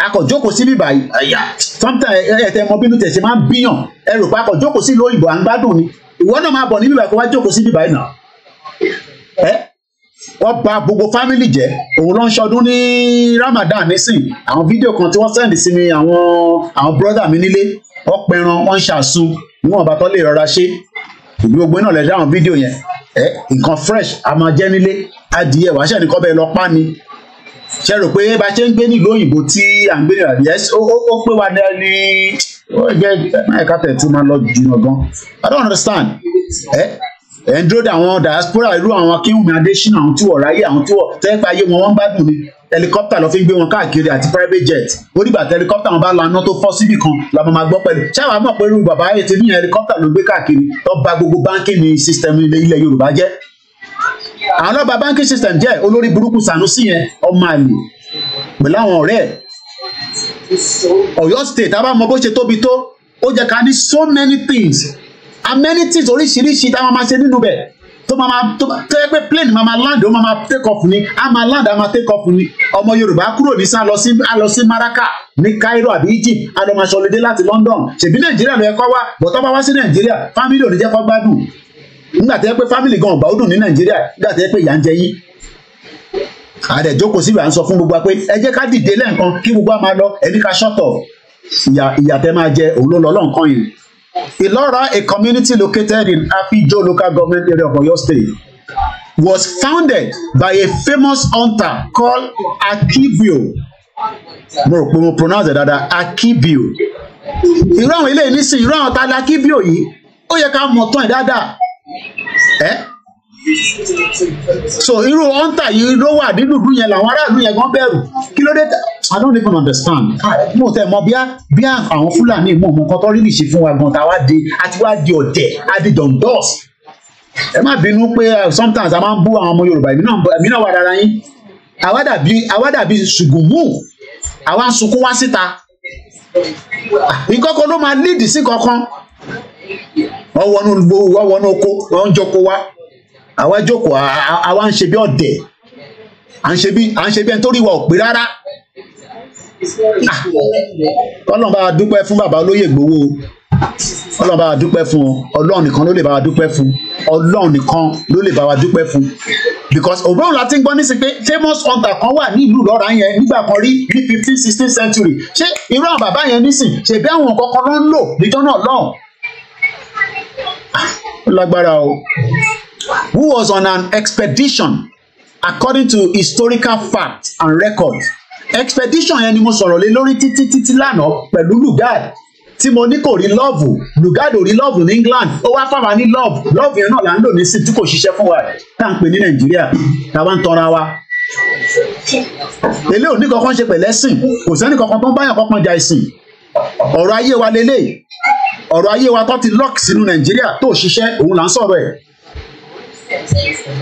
akọ̀jókòó síbí báyìí àyà sometimes ẹ̀tẹ̀ mọ bínú tẹ̀sí máa ń bíyàn ẹ rò pé akọ̀jókòó sí lóyìnbó à ń gbádùn ni ìwọ náà máa bọ̀ níbí báyìí kó wá jókòó síbí báyìí náà ẹ wọ́n bà gbogbo fámìlì jẹ́ òun ló ń ṣọdún ní Ramadan nísìn àwọn fídíò kan tí wọ́n sẹ́ndì sí mi àwọn àwọn bírọ́dà mi nílé wọ́n pẹran wọ́n ń ṣàṣù níwọ̀n bá tọ́ lè rọra ṣe ìlú gbogbo náà lẹ́dá àwọn fídíò yẹn ẹ nǹkan fresh a máa jẹ nílé adìyẹ wàá ṣẹ́ni kọ́ bẹ́ẹ̀ lọ pa ni ṣe rò pé bá ṣe ń gbé nílùú òyìnbó tí à ń gbé nílùú àbí ó pé wa dá ní ó jẹ́ ẹ̀ka tẹ̀tù máa lọ jùlọ gan I don't understand ẹ ẹ ń dúró de àwọn diaspora irú àwọn Akínwùmí Adésínà àwọn tí wọ́n ráyè àwọn tí wọ́n tẹ́pẹ́ ayé wọn wọ́n ń gbádùn ni helicopter lọ fi ń gbé wọn káàkiri àti private jet onígbà tí helicopter wọn bá laná tó fọ́ síbì kan la máa gbọ́ pẹ̀lú ṣáà wàá mọ̀ pé irú bàbá ayé ti ní helicopter ló gbé káàkiri tó bà gbogbo báńkì ní sísítẹ́mù ilẹ̀ Yorùbá jẹ́ àwọn náà bà banking system jẹ́ olórí burúkú Sanusi yẹn ọmọ àlè pẹ̀lú àwọn ọ̀rẹ́ ẹ̀ Ọ̀yọ́ state a bá mọ bó ṣe tóbi tó ó jẹ́ ká ní so many things amenities oríṣiríṣi táwọn máa ṣe nínú bẹ̀ tó máa máa tó yẹ pé plane máa máa land ó máa máa take off ni á máa land á máa take off ni ọmọ Yorùbá kúrò ní sá lọ sí á lọ sí Maraka ní Cairo àbí Egypt á lọ máa ṣọlódé láti London ṣèbí Nàìjíríà ló yẹ kó wá bọ̀tọ́ bá wá sí Nàìjíríà fámílì ò ní jẹ́ kó gbádùn nígbà pé fámìlì gan ọ̀gbà ó ní nàìjíríà nígbà pé ìyà ń jẹ yí ààrẹ jókòó síbi à ń sọ fún gbogbo wa pé ẹ jẹ́ ká dìde lẹ́ǹkan kí gbogbo wa máa lọ ẹbí ká ṣọ́tọ̀ ìyà tẹ́ máa jẹ òun ló lọ lọ́nkàn yìí Ìlọ́ra a community located in Afijo local government area of Oyo State was founded by a famous hunter called Akibio mo rò pé mo pronounce it dáadáa Akibio irú àwọn ilé ìnísìn irú àwọn tá a lè Akibio yìí ó yẹ ká mọ̀ tán ẹ̀ dáadáa ẹ so irú ọ̀ǹtà yìí ló wà nínú ìlú yẹn làwọn aráàlú yẹn gan bẹ̀rù kí ló dé ta i don't even understand ah, mo tẹ mọ bíá bí àwọn fúlàní mọ ọmọ kan tó rí nìṣe fún wa gan ta wá di àti wá di ọ̀dẹ̀ àti dundus ẹ má bínú pé uh, sometimes a máa ń bú àwọn ọmọ yorùbá èmi náà wà rárá yín àwa dàbí àwa dàbí ṣùgùnmù àwa ń sunkún wá síta ah, nǹkan kan ló máa nídìí sí kankan wọ́n wọnú gbowó wọnú oko wọ́n ń jọko wá àwa jókòó àwa ń ṣe bí ọ̀dẹ̀ à ń ṣe bí à ń ṣe bí ẹni tó rí wa ò pé rárá ah, ọlọ́run bá wa dúpẹ́ fún bàbá olóyè Ìgbòho ọlọ́run bá wa dúpẹ́ fún ọlọ́run nìkan ló lè bá wa dúpẹ́ fún ọlọ́run nìkan ló lè bá wa dúpẹ́ fún because òwúrọ̀ la ti ń gbọ́ ní sí famous hunter kan wà ní ìlú Ìlọra yẹn nígbà kan rí ní fifteen sixteen century ṣé irú àwọn bàbá yẹn nísìn ṣèbí àwọn kọ̀ọ̀kan ló ń lò níjọ́ náà lọ́hùn ó o who was on an expedition according to historical facts and records expedition yẹn ni mo sọ̀rọ̀ lé lórí títí títí lánàá pẹ̀lú lugard tí mo ní kò rí lọ́ọ̀bù lugard ò rí lọ́ọ̀bù ní England ó wá fáwa ní lọ́ọ̀bù lọ́ọ̀bù yẹn náà là ń lò ní sí tí kò ṣiṣẹ́ fún wa tá à ń pè ní Nàìjíríà táwa ń tanra wa eléyìí ò ní kankan ṣe pẹ̀lẹ́sìn kò sẹ́ni kankan tó ń báyàn kankan ja ìsìn ọ̀rọ̀ ayé wa lélẹ́yìí ọ̀rọ̀ ayé wa tó ti lock sínú nàìjíríà tó ṣiṣẹ́ òun là ń sọ̀rọ̀ ẹ̀.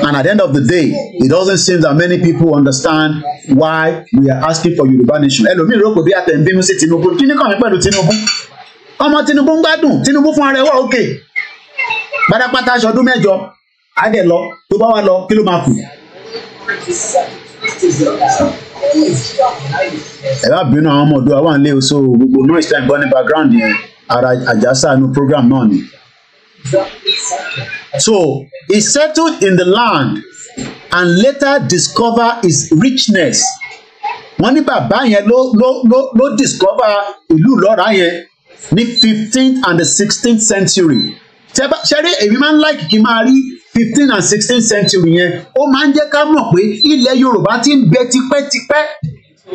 And at the end of the day, it doesn't seem that many people understand why we are asking for Yoruba nation. Ẹlòmíì rò pé bí àtẹ̀bínú sí Tinubu, kí ni kàn mí pẹ̀lú Tinubu? Ọmọ Tinubu ń gbádùn, Tinubu fún ara ẹ̀ wà òkè. Pátápátá aṣọ ọdún mẹ́jọ, àdẹ̀ lọ, tó bá wà lọ, kí ló máa kù? Ẹ bá bínú àwọn ọmọ ọdún wa wà ń lé oṣù gbogbo noise time bọ́ ní background yẹn ara àjàsánú program náà ni. So he settled in the land and later discover his richness. Wọ́n ní bàbá yẹn ló ló ló ló discover ìlú Ìlọ́ra yẹn ní fifteenth and the sixteenth century. Ṣẹ́rí èmi máa ń láìkì kí n máa rí fifteenth and sixteenth century yẹn. Ó máa ń jẹ́ ká mọ̀ pé ilẹ̀ Yorùbá ti ń bẹ tipẹ́tipẹ́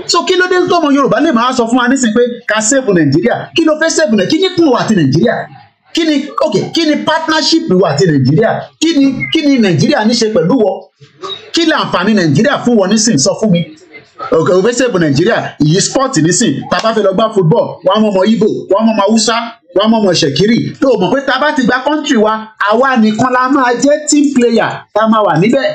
so kí ló dé tọmọ Yorùbá lè máa sọ fún wa nísìnyí pé ká sèbù Nàìjíríà kí ló fẹ́ sèbù Nàìjíríà kí ní kùn wà ti Nàìjíríà kí ni ok kí ni partnership wa àti Nàìjíríà kí ni kí ni Nàìjíríà ní ṣe pẹ̀lú wọ kí ni àǹfààní Nàìjíríà fún wọn nísìnyí sọ fún mi òkè òfé sèbù nàìjíríà ìyí sport nísìn tàbá fẹ́ lọ gbá football wọn mọ ọmọ ibo wọn mọ ọmọ hausa wọn mọ ọmọ ṣèkírì tó o mọ̀ pé tàbá ti gba country wa àwa nìkan la máa jẹ́ team player tá a máa wà níbẹ̀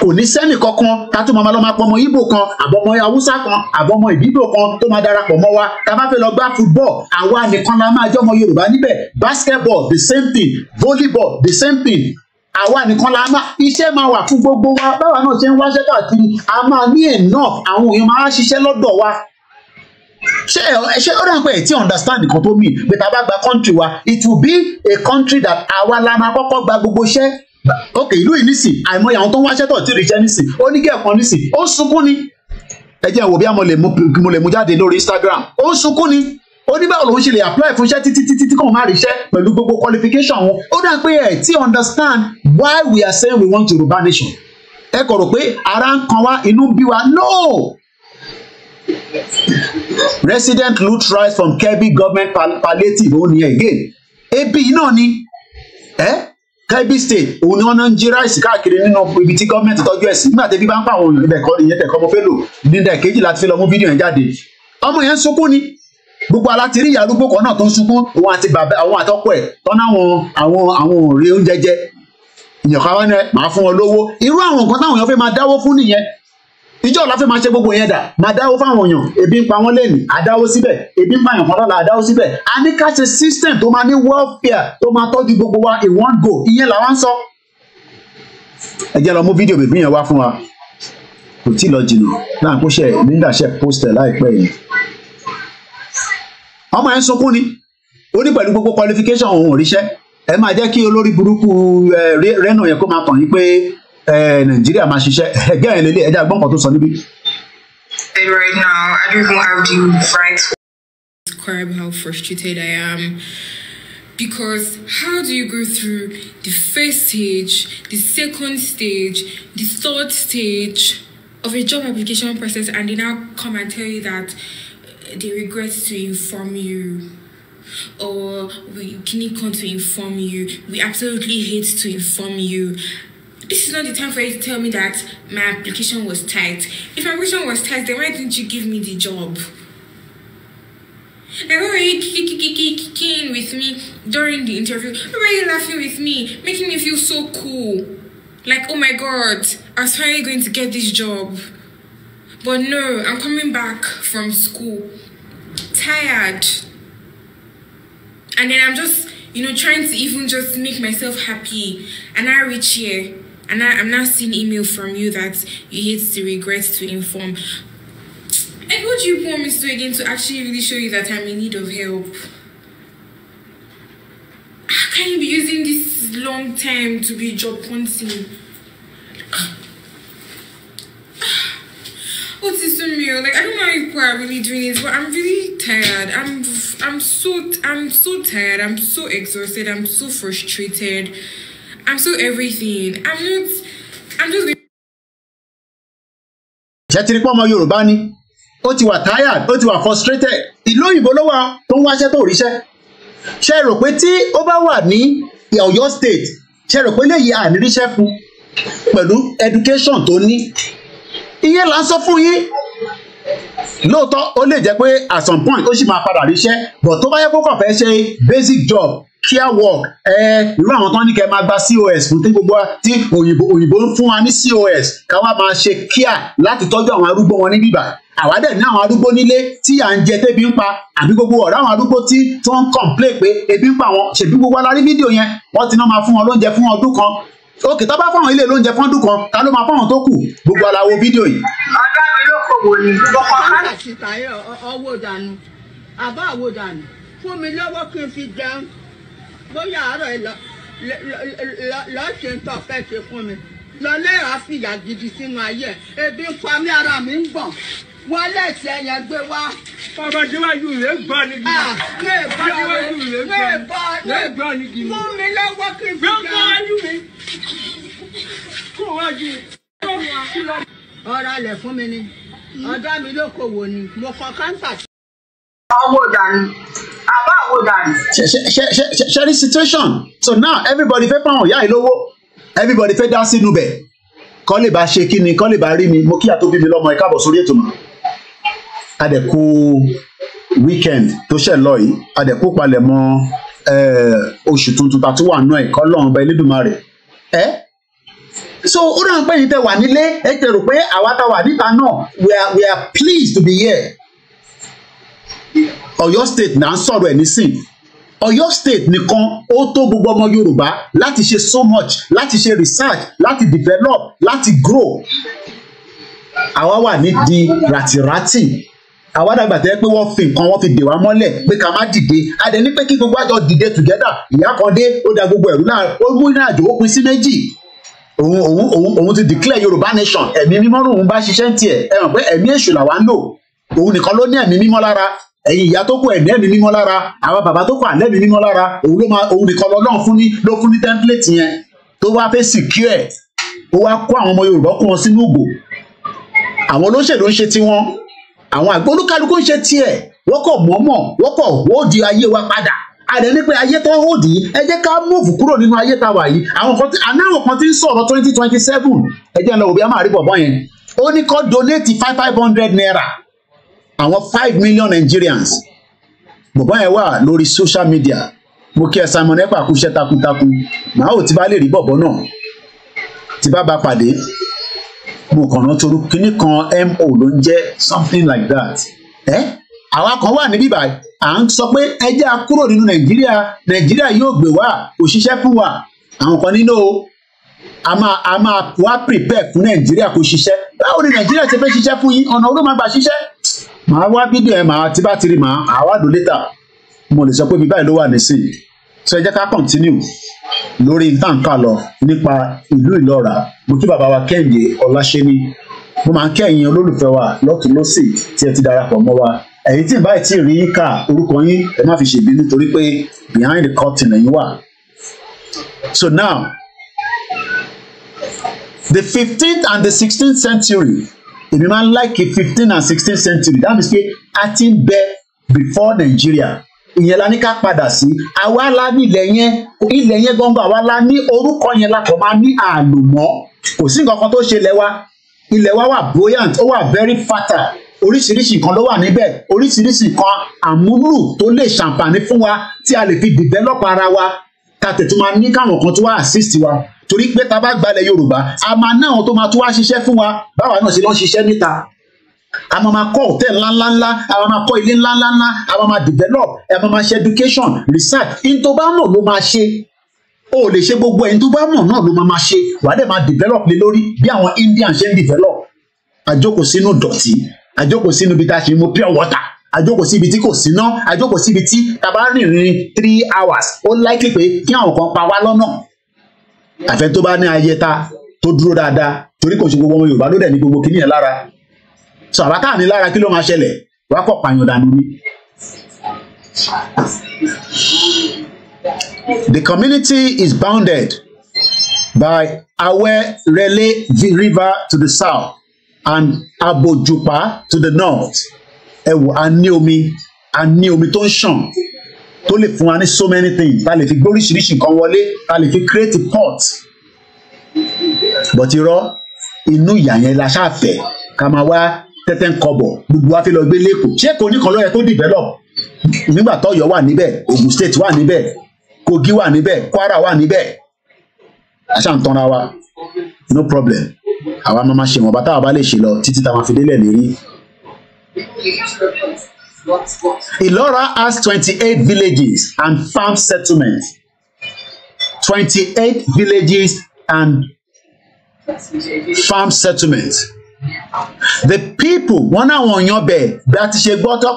kò ní sẹ́nì kankan ká tó máa lọ máa pọmọ ibo kan àbọmọ haúsá kan àbọmọ ìbíbò kan tó máa darapọ̀ mọ́ wa ká bá fẹ́ lọ gbá football àwa nìkan la máa jọmọ yorùbá níbẹ̀ basketball the same thing volleyball the same thing àwa nìkan la máa iṣẹ́ máa wà fún gbogbo wa báwa náà ṣe ń wáṣẹ́ káàkiri a máa ní enough àwọn èèyàn máa ṣiṣẹ́ lọ́dọ̀ wa ṣe ṣe ó dàgbà ẹ̀ tí understand nǹkan tó mean pé tá a bá gba country wa it will be a country that àwa la máa kọ́kọ́ gba gbogbo iṣẹ́ ok ìlú yìí nísìn àìmọye àwọn tó ń wáṣẹ́ tó ti ríṣẹ́ nísìn ó ní kẹ́ẹ̀kan nísìn ó ń sunkún ni ẹ jẹ́ wo bí mo lè mú jáde lórí Instagram ó ń sunkún ni ó ní báwo lòun ṣe lè apply fún iṣẹ́ títí títí tí kò má ríṣẹ́ pẹ̀lú gbogbo qualification wọn ó dà pé ẹ̀ tí understand why we are saying we want Yorùbá nation ẹ kò rò pé ara ń kan wá inú bí wa no resident loot rice from Kebbi government palliative ó ní ẹ̀ again ebi náà ni ẹ́. Eh? Kebbi State òun ni wọ́n náà ń jí ráìsì káàkiri nínú ibi tí gọ́ọ̀mẹ̀ntì tọ́jú ẹ̀ sí nígbà tẹ́bí bá ń pa àwọn èèyàn ibẹ̀ kọ́ ìyẹn tẹ̀kọ́ mo fẹ́ lò nígbà kejì láti fi lọ mú fídíò yẹn jáde ọmọ yẹn ń sunkún ni gbogbo alátìrí ìyá arúgbó kan náà tó ń sunkún òun àti bàbá àwọn àtọ́kọ ẹ̀ tọ́ná àwọn àwọn òrè oúnjẹ jẹ ìyànká wọn máa fún wọn lówó irú àwọn nǹkan táwọn èèyàn fẹ́ máa dáwó fún nìyẹn ìjọ ọ̀la fẹ́ máa ṣe gbogbo yẹn dà máa dáwó fáwọn èèyàn ebi ń pa wọ́n lẹ́nu àdáwó síbẹ̀ ebi ń pa èèyàn kan lọ́la àdáwó síbẹ̀ a ní ká ṣe system tó máa ní welfare tó máa tọ́jú gbogbo wa in one go ìyẹn làwọn ń sọ. ẹ jẹ́ lọ mú fídíò bèbí yẹn wá fún wa kò tí ì lọ jìnnà láàrin kó ṣe nígbà ṣe pósítẹ̀ láìpẹ́ yìí. ọmọ ẹ̀ ń sunkún ni ó ní pẹ̀lú gbogbo qualification òun òríṣẹ́ ẹ máa jẹ́ kí olórí burúkú rẹ́nà yẹn kó máa kàn yín pé Eh, nàìjíríà máa ṣiṣẹ́ eh, ẹgẹ́ ẹ̀ lélẹ̀ ẹjẹ́ agbọ́n kan tó sọ níbí. Right now, I don't even have the right to describe how frustrated I am. because how do you go through the first stage, the second stage, the third stage of a job application process, and they now come and tell you that uh, they regret to inform you? Or we didn't to inform you. We absolutely hate to inform you. this is not the time for you to tell me that my application was tight. If my application was tight, then why didn't you give me the job? And why were you kicking with me during the interview? Why were you laughing with me, making me feel so cool? Like, oh my god, I was finally going to get this job. But no, I'm coming back from school tired. And then I'm just, you know, trying to even just make myself happy. And I reach here and I, am not seeing email from you that you hate to regret to inform. And what do you want me to again to actually really show you that I'm in need of help? How can you be using this long time to be job hunting? [SIGHS] What's this meal? Like I don't know if we're really doing this, but I'm really tired. I'm I'm so I'm so tired. I'm so exhausted. I'm so frustrated. I'm so everything. I'm just, I'm just. ṣé ti rí pọ́nmọ Yorùbá ni ó ti wà tired ó ti wà frustrated ìlú òyìnbó ló wà tó ń wáṣẹ́ tó ríṣẹ́ ṣe rò pé tí ó bá wà ní Ọ̀yọ́ state ṣe rò pé léyìí àníríṣẹ́ fún pẹ̀lú education tó ní iye là ń sọ fún yín lóòótọ́ ó lè jẹ́ pé at some point ó sì máa padà ríṣẹ́ but tó bá yẹ kó kàn fẹ́ ṣe basic job care work ẹ irú àwọn tán ní kẹ́ máa gba cos fún tí gbogbo tí òyìnbó òyìnbó ń fún wa ní cos ká wá máa ṣe care láti tọ́jú àwọn arúgbó wọn ní bíbà àwa dẹ̀ ní àwọn arúgbó nílé tí à ń jẹ tẹ́bi ń pa àbí gbogbo ọ̀rẹ́ àwọn arúgbó tí tó ń kọ̀ǹplé pé ebi ń pa wọn ṣèbí gbogbo alárí fídíò yẹn wọ́n ti náà máa fún wọn lóúnjẹ fún ọdún kan òkè tó bá fáwọn ilé lóúnjẹ fún ọdún kan ta ló máa fáwọn tó kù gbogbo aláwo fídíò yìí. ọ̀gá mi ló kò wò ní gbọ́kọ̀ ká. ọwọ́ dànù àbá àwòdànù fún mi lọ́wọ́ kí n fi jẹun bóyá àárọ̀ ẹ lọ́ọ́ ṣe ń tọ́ fẹ́ ṣe fún mi lọlé àfìyà gidi sínú ayé ebi ń pa mí ara mi ń gbọ̀n wọ́n lẹ́sẹ̀ yẹn gbé wá. ọmọ síwájú rẹ̀ gbọ́ ni gidi. ne bọ́ lè bọ́ lè gbọ́ ni gidi. mú mi lọ́wọ́ kí n fi gbà. lọ́wọ́ mi kó wájú ọ̀rọ̀ alẹ̀ fún mi ni ọ̀dọ́ mi lókòwò ni mo kọ káńtà sí ọwọ́ dànù àbá àwọ̀ dànù. ṣẹ́rí situation so now everybody fẹ́ fáwọn ìyá yìí lówó everybody fẹ́ dá sínú bẹ̀ kọ́ lè bá ṣe kí ni kọ́ lè bá rí mi mo kí àtó bí mi lọ́mọ ẹ káàbọ̀ sórí ètò mọ́ adẹ̀kú weekend tó ṣẹ̀ lọ yìí adẹ̀kú palẹ̀ mọ́ oṣù tuntun tá a tún wà náà ẹ̀kọ́ lọ́run ọba Elédùmarè ẹ́ so ó ràn pé yìí tẹ wà nílé ẹ tẹ pé àwa tá wà níta náà we are pleased to be here Ọ̀yọ́ state náà ń sọ̀rọ̀ ẹ̀ nísìn Ọ̀yọ́ state nìkan ó tó gbogbo ọmọ Yorùbá láti ṣe so much láti ṣe research láti develop láti grow àwa wà nídìí ràtìràtì àwa dàgbà tẹ́ pé wọ́n fi nǹkan wọ́n fi dè wá mọ́lẹ̀ pé ká má dìde adẹ ní pé kí gbogbo àjọ dìde together ìyá kan dé ó da gbogbo ẹ̀rú náà ó mú iná àjò ó pín sí méjì òun òun òun òun ti declare Yorùbá nation ẹ̀mí mímọ́ lòun bá ṣiṣẹ́ ń tiẹ̀ ẹ mọ̀ pé ẹ̀mí èṣù làwa ń lò òun nìkan ló ní ẹ̀mí mímọ́ lára ẹ̀yin ìyá tó kù ẹ̀lẹ́mìí mímọ́ lára àwọn bàbá tó kù àlẹ́mìí mímọ́ lára òun ló máa òun nìkan lọ náà fún ní ló fún ní tẹ́ḿpìlẹ̀tì yẹn tó wá fẹ́ sìkí ẹ̀ ó wá kó àwọn ọmọ Yorùbá kó wọn sínú ògbò àwọn olóṣèlú ń ṣe tiwọn àwọn àgbẹ̀ olúkálukú ń ṣe tiẹ̀ wọ́n kọ̀ mọ́mọ́ wọ́n kọ̀ wọ́n di ayé wa padà àdẹ ní pé ayé tó hò dì í ẹ jẹ́ ká múùfù kúrò nínú ayé tá a wà yìí àwọn kan tí anáwọ̀ kan ti ń sọ̀rọ̀ twenty twenty seven ẹ jẹ́ ń lọ òbí àmàrí bọ̀bọ̀ yẹn ó ní kó donate five five hundred naira àwọn five million Nigerians bọ̀bá yẹn wà lórí social media mo kí ẹ Simon Ekpa kú iṣẹ́ takuntakun màá ò tí bá lè rí bọ̀bọ̀ náà tí bá bá pàdé mo kàn rán torú kinní kan mo ló ń jẹ́ something like that ẹ àwa kan wà níbí báyìí à ń sọ pé ẹ jẹ́ a kúrò nínú Nàìjíríà Nàìjíríà yóò gbé wá òṣìṣẹ́ fún wa àwọn kan nínú o a máa a máa wá prepare fún Nàìjíríà kó ṣiṣẹ́ báwo ni Nàìjíríà ṣe fẹ́ ṣiṣẹ́ fún yín ọ̀nà olóòmà gbà ṣiṣẹ́ màá wá fídíò ẹ màá tí bá ti rí màá àwádùn létà mo lè sọ pé bí báyìí ló wà nísìnyí so ẹ jẹ́ ká kọ́ntínú lórí ntànká lọ nípa ìlú ìlọ́ra mo kí bàbá wa kẹ́hìndé ọláṣẹ́ni mo máa ń kẹ́yìn olólùfẹ́ wa lọ́tún tí ẹ ti darapọ̀ mọ́ wa ẹ̀yin tí ìbáyìí tí rí yín kà orúkọ yín ẹ má fi ṣèbí nítorí pé behind the curtain ẹ̀yin wà. so now the fifteenth and the sixteenth century èmi máa ń láìkí fifteen and sixteen century that means pé a ti ń bẹ before Nigeria ìyẹn la ní ká padà sí àwa la ní ilẹ̀ yẹn ilẹ̀ yẹn gbọ́ngbọ́n àwa la ní orúkọ yẹn la kàn máa ní àlò mọ́ kò sí nǹkan kan tó ṣe ilẹ̀ wa ilẹ̀ wa wà buoyant ó wà very fertile oríṣiríṣi nǹkan ló wà níbẹ̀ oríṣiríṣi nǹkan àmúlù tó lè ṣàǹfààní fún wa tí a lè fi develop ara wa ká tètè máa ní káwọn kan tó wá assist wa torí pé tá a bá gbalẹ̀ yorùbá a máa ná àwọn tó máa tún wá ṣiṣẹ́ fún wa báwa náà ṣe lọ́ ṣiṣẹ́ níta a máa máa kọ́ hòtẹ́ẹ̀ ńláńláńlá a máa máa kọ́ ilé ńláńláńlá a máa máa develop a máa máa ṣe education research in tó bá mọ̀ ló máa ṣe o lè ṣe gbogbo ẹni tó bá mọ̀ náà ló máa máa ṣe wà á dẹ̀ máa develop lé lórí bí àwọn indian ṣe ń develop àjókòó sínú dọ̀tí àjókòó sínú ibi tá a ṣe mú pure water àjókòó síbi tí kò síná àjókòó síbi tí tá a bá rìnrìn three hours ó likely pé kí àwọn kan pa wá lọ́nà àfẹ́ tó bá ní ayẹta tó dúró dáadáa torí kò sí gbogbo ọmọ Yorùbá ló dẹ̀ ní gbogbo kìnìyàn lára sọ àbátà ní lára kí ló máa ṣẹlẹ̀ wàá pọ̀ pààyàn dànù ni. The community is bounded by Awerele River to the south and Abojupa to the north. Ẹ wò, a ní omi, a ní omi tó ń ṣàn tó lè fún wa ní so many things ta lè fi gbóríṣiríṣi nǹkan wọlé ta lè fi create a pot but irọ́ inú ìyà yẹn la ṣáàfẹ́ ká máa wá tẹ́tẹ́ ń kọbọ̀ gbogbo wa fi lọ gbé lẹ́kọ̀ọ́ ṣé kò ní kan ló yẹ tó develop nígbà tọ́yọ́ wà níbẹ̀ Ògùn state wà níbẹ̀ Kogi wà níbẹ̀ Kwara wà níbẹ̀ àṣàǹtanra wa no problem àwa máa ma ṣe wọn bàtà àbá lè ṣe lọ títí táwọn fi délẹ̀ lérí. Ilora has 28 villages and farm settlements. 28 villages and farm settlements. The people wọ́n náà wọ̀n yan bẹ̀ bí a ti ṣe gbọ́ tó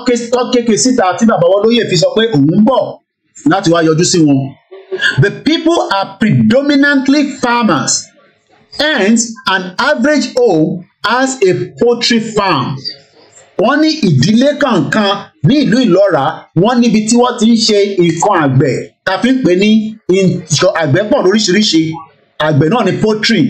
kéke síta tí bàbá wọn lóye fi sọ pé òun ń bọ̀ láti wá yọjú sí wọn. The people are predominantly farmers. Hence, an average home has a poultry farm wọ́n ní ìdílé kankan ní ìlú ìlọ́ra wọ́n níbi tí wọ́n ti ń ṣe nǹkan àgbẹ̀ tàbí pé ní àgbẹ̀ pọ̀ lóríṣiríṣi àgbẹ̀ náà ni poultry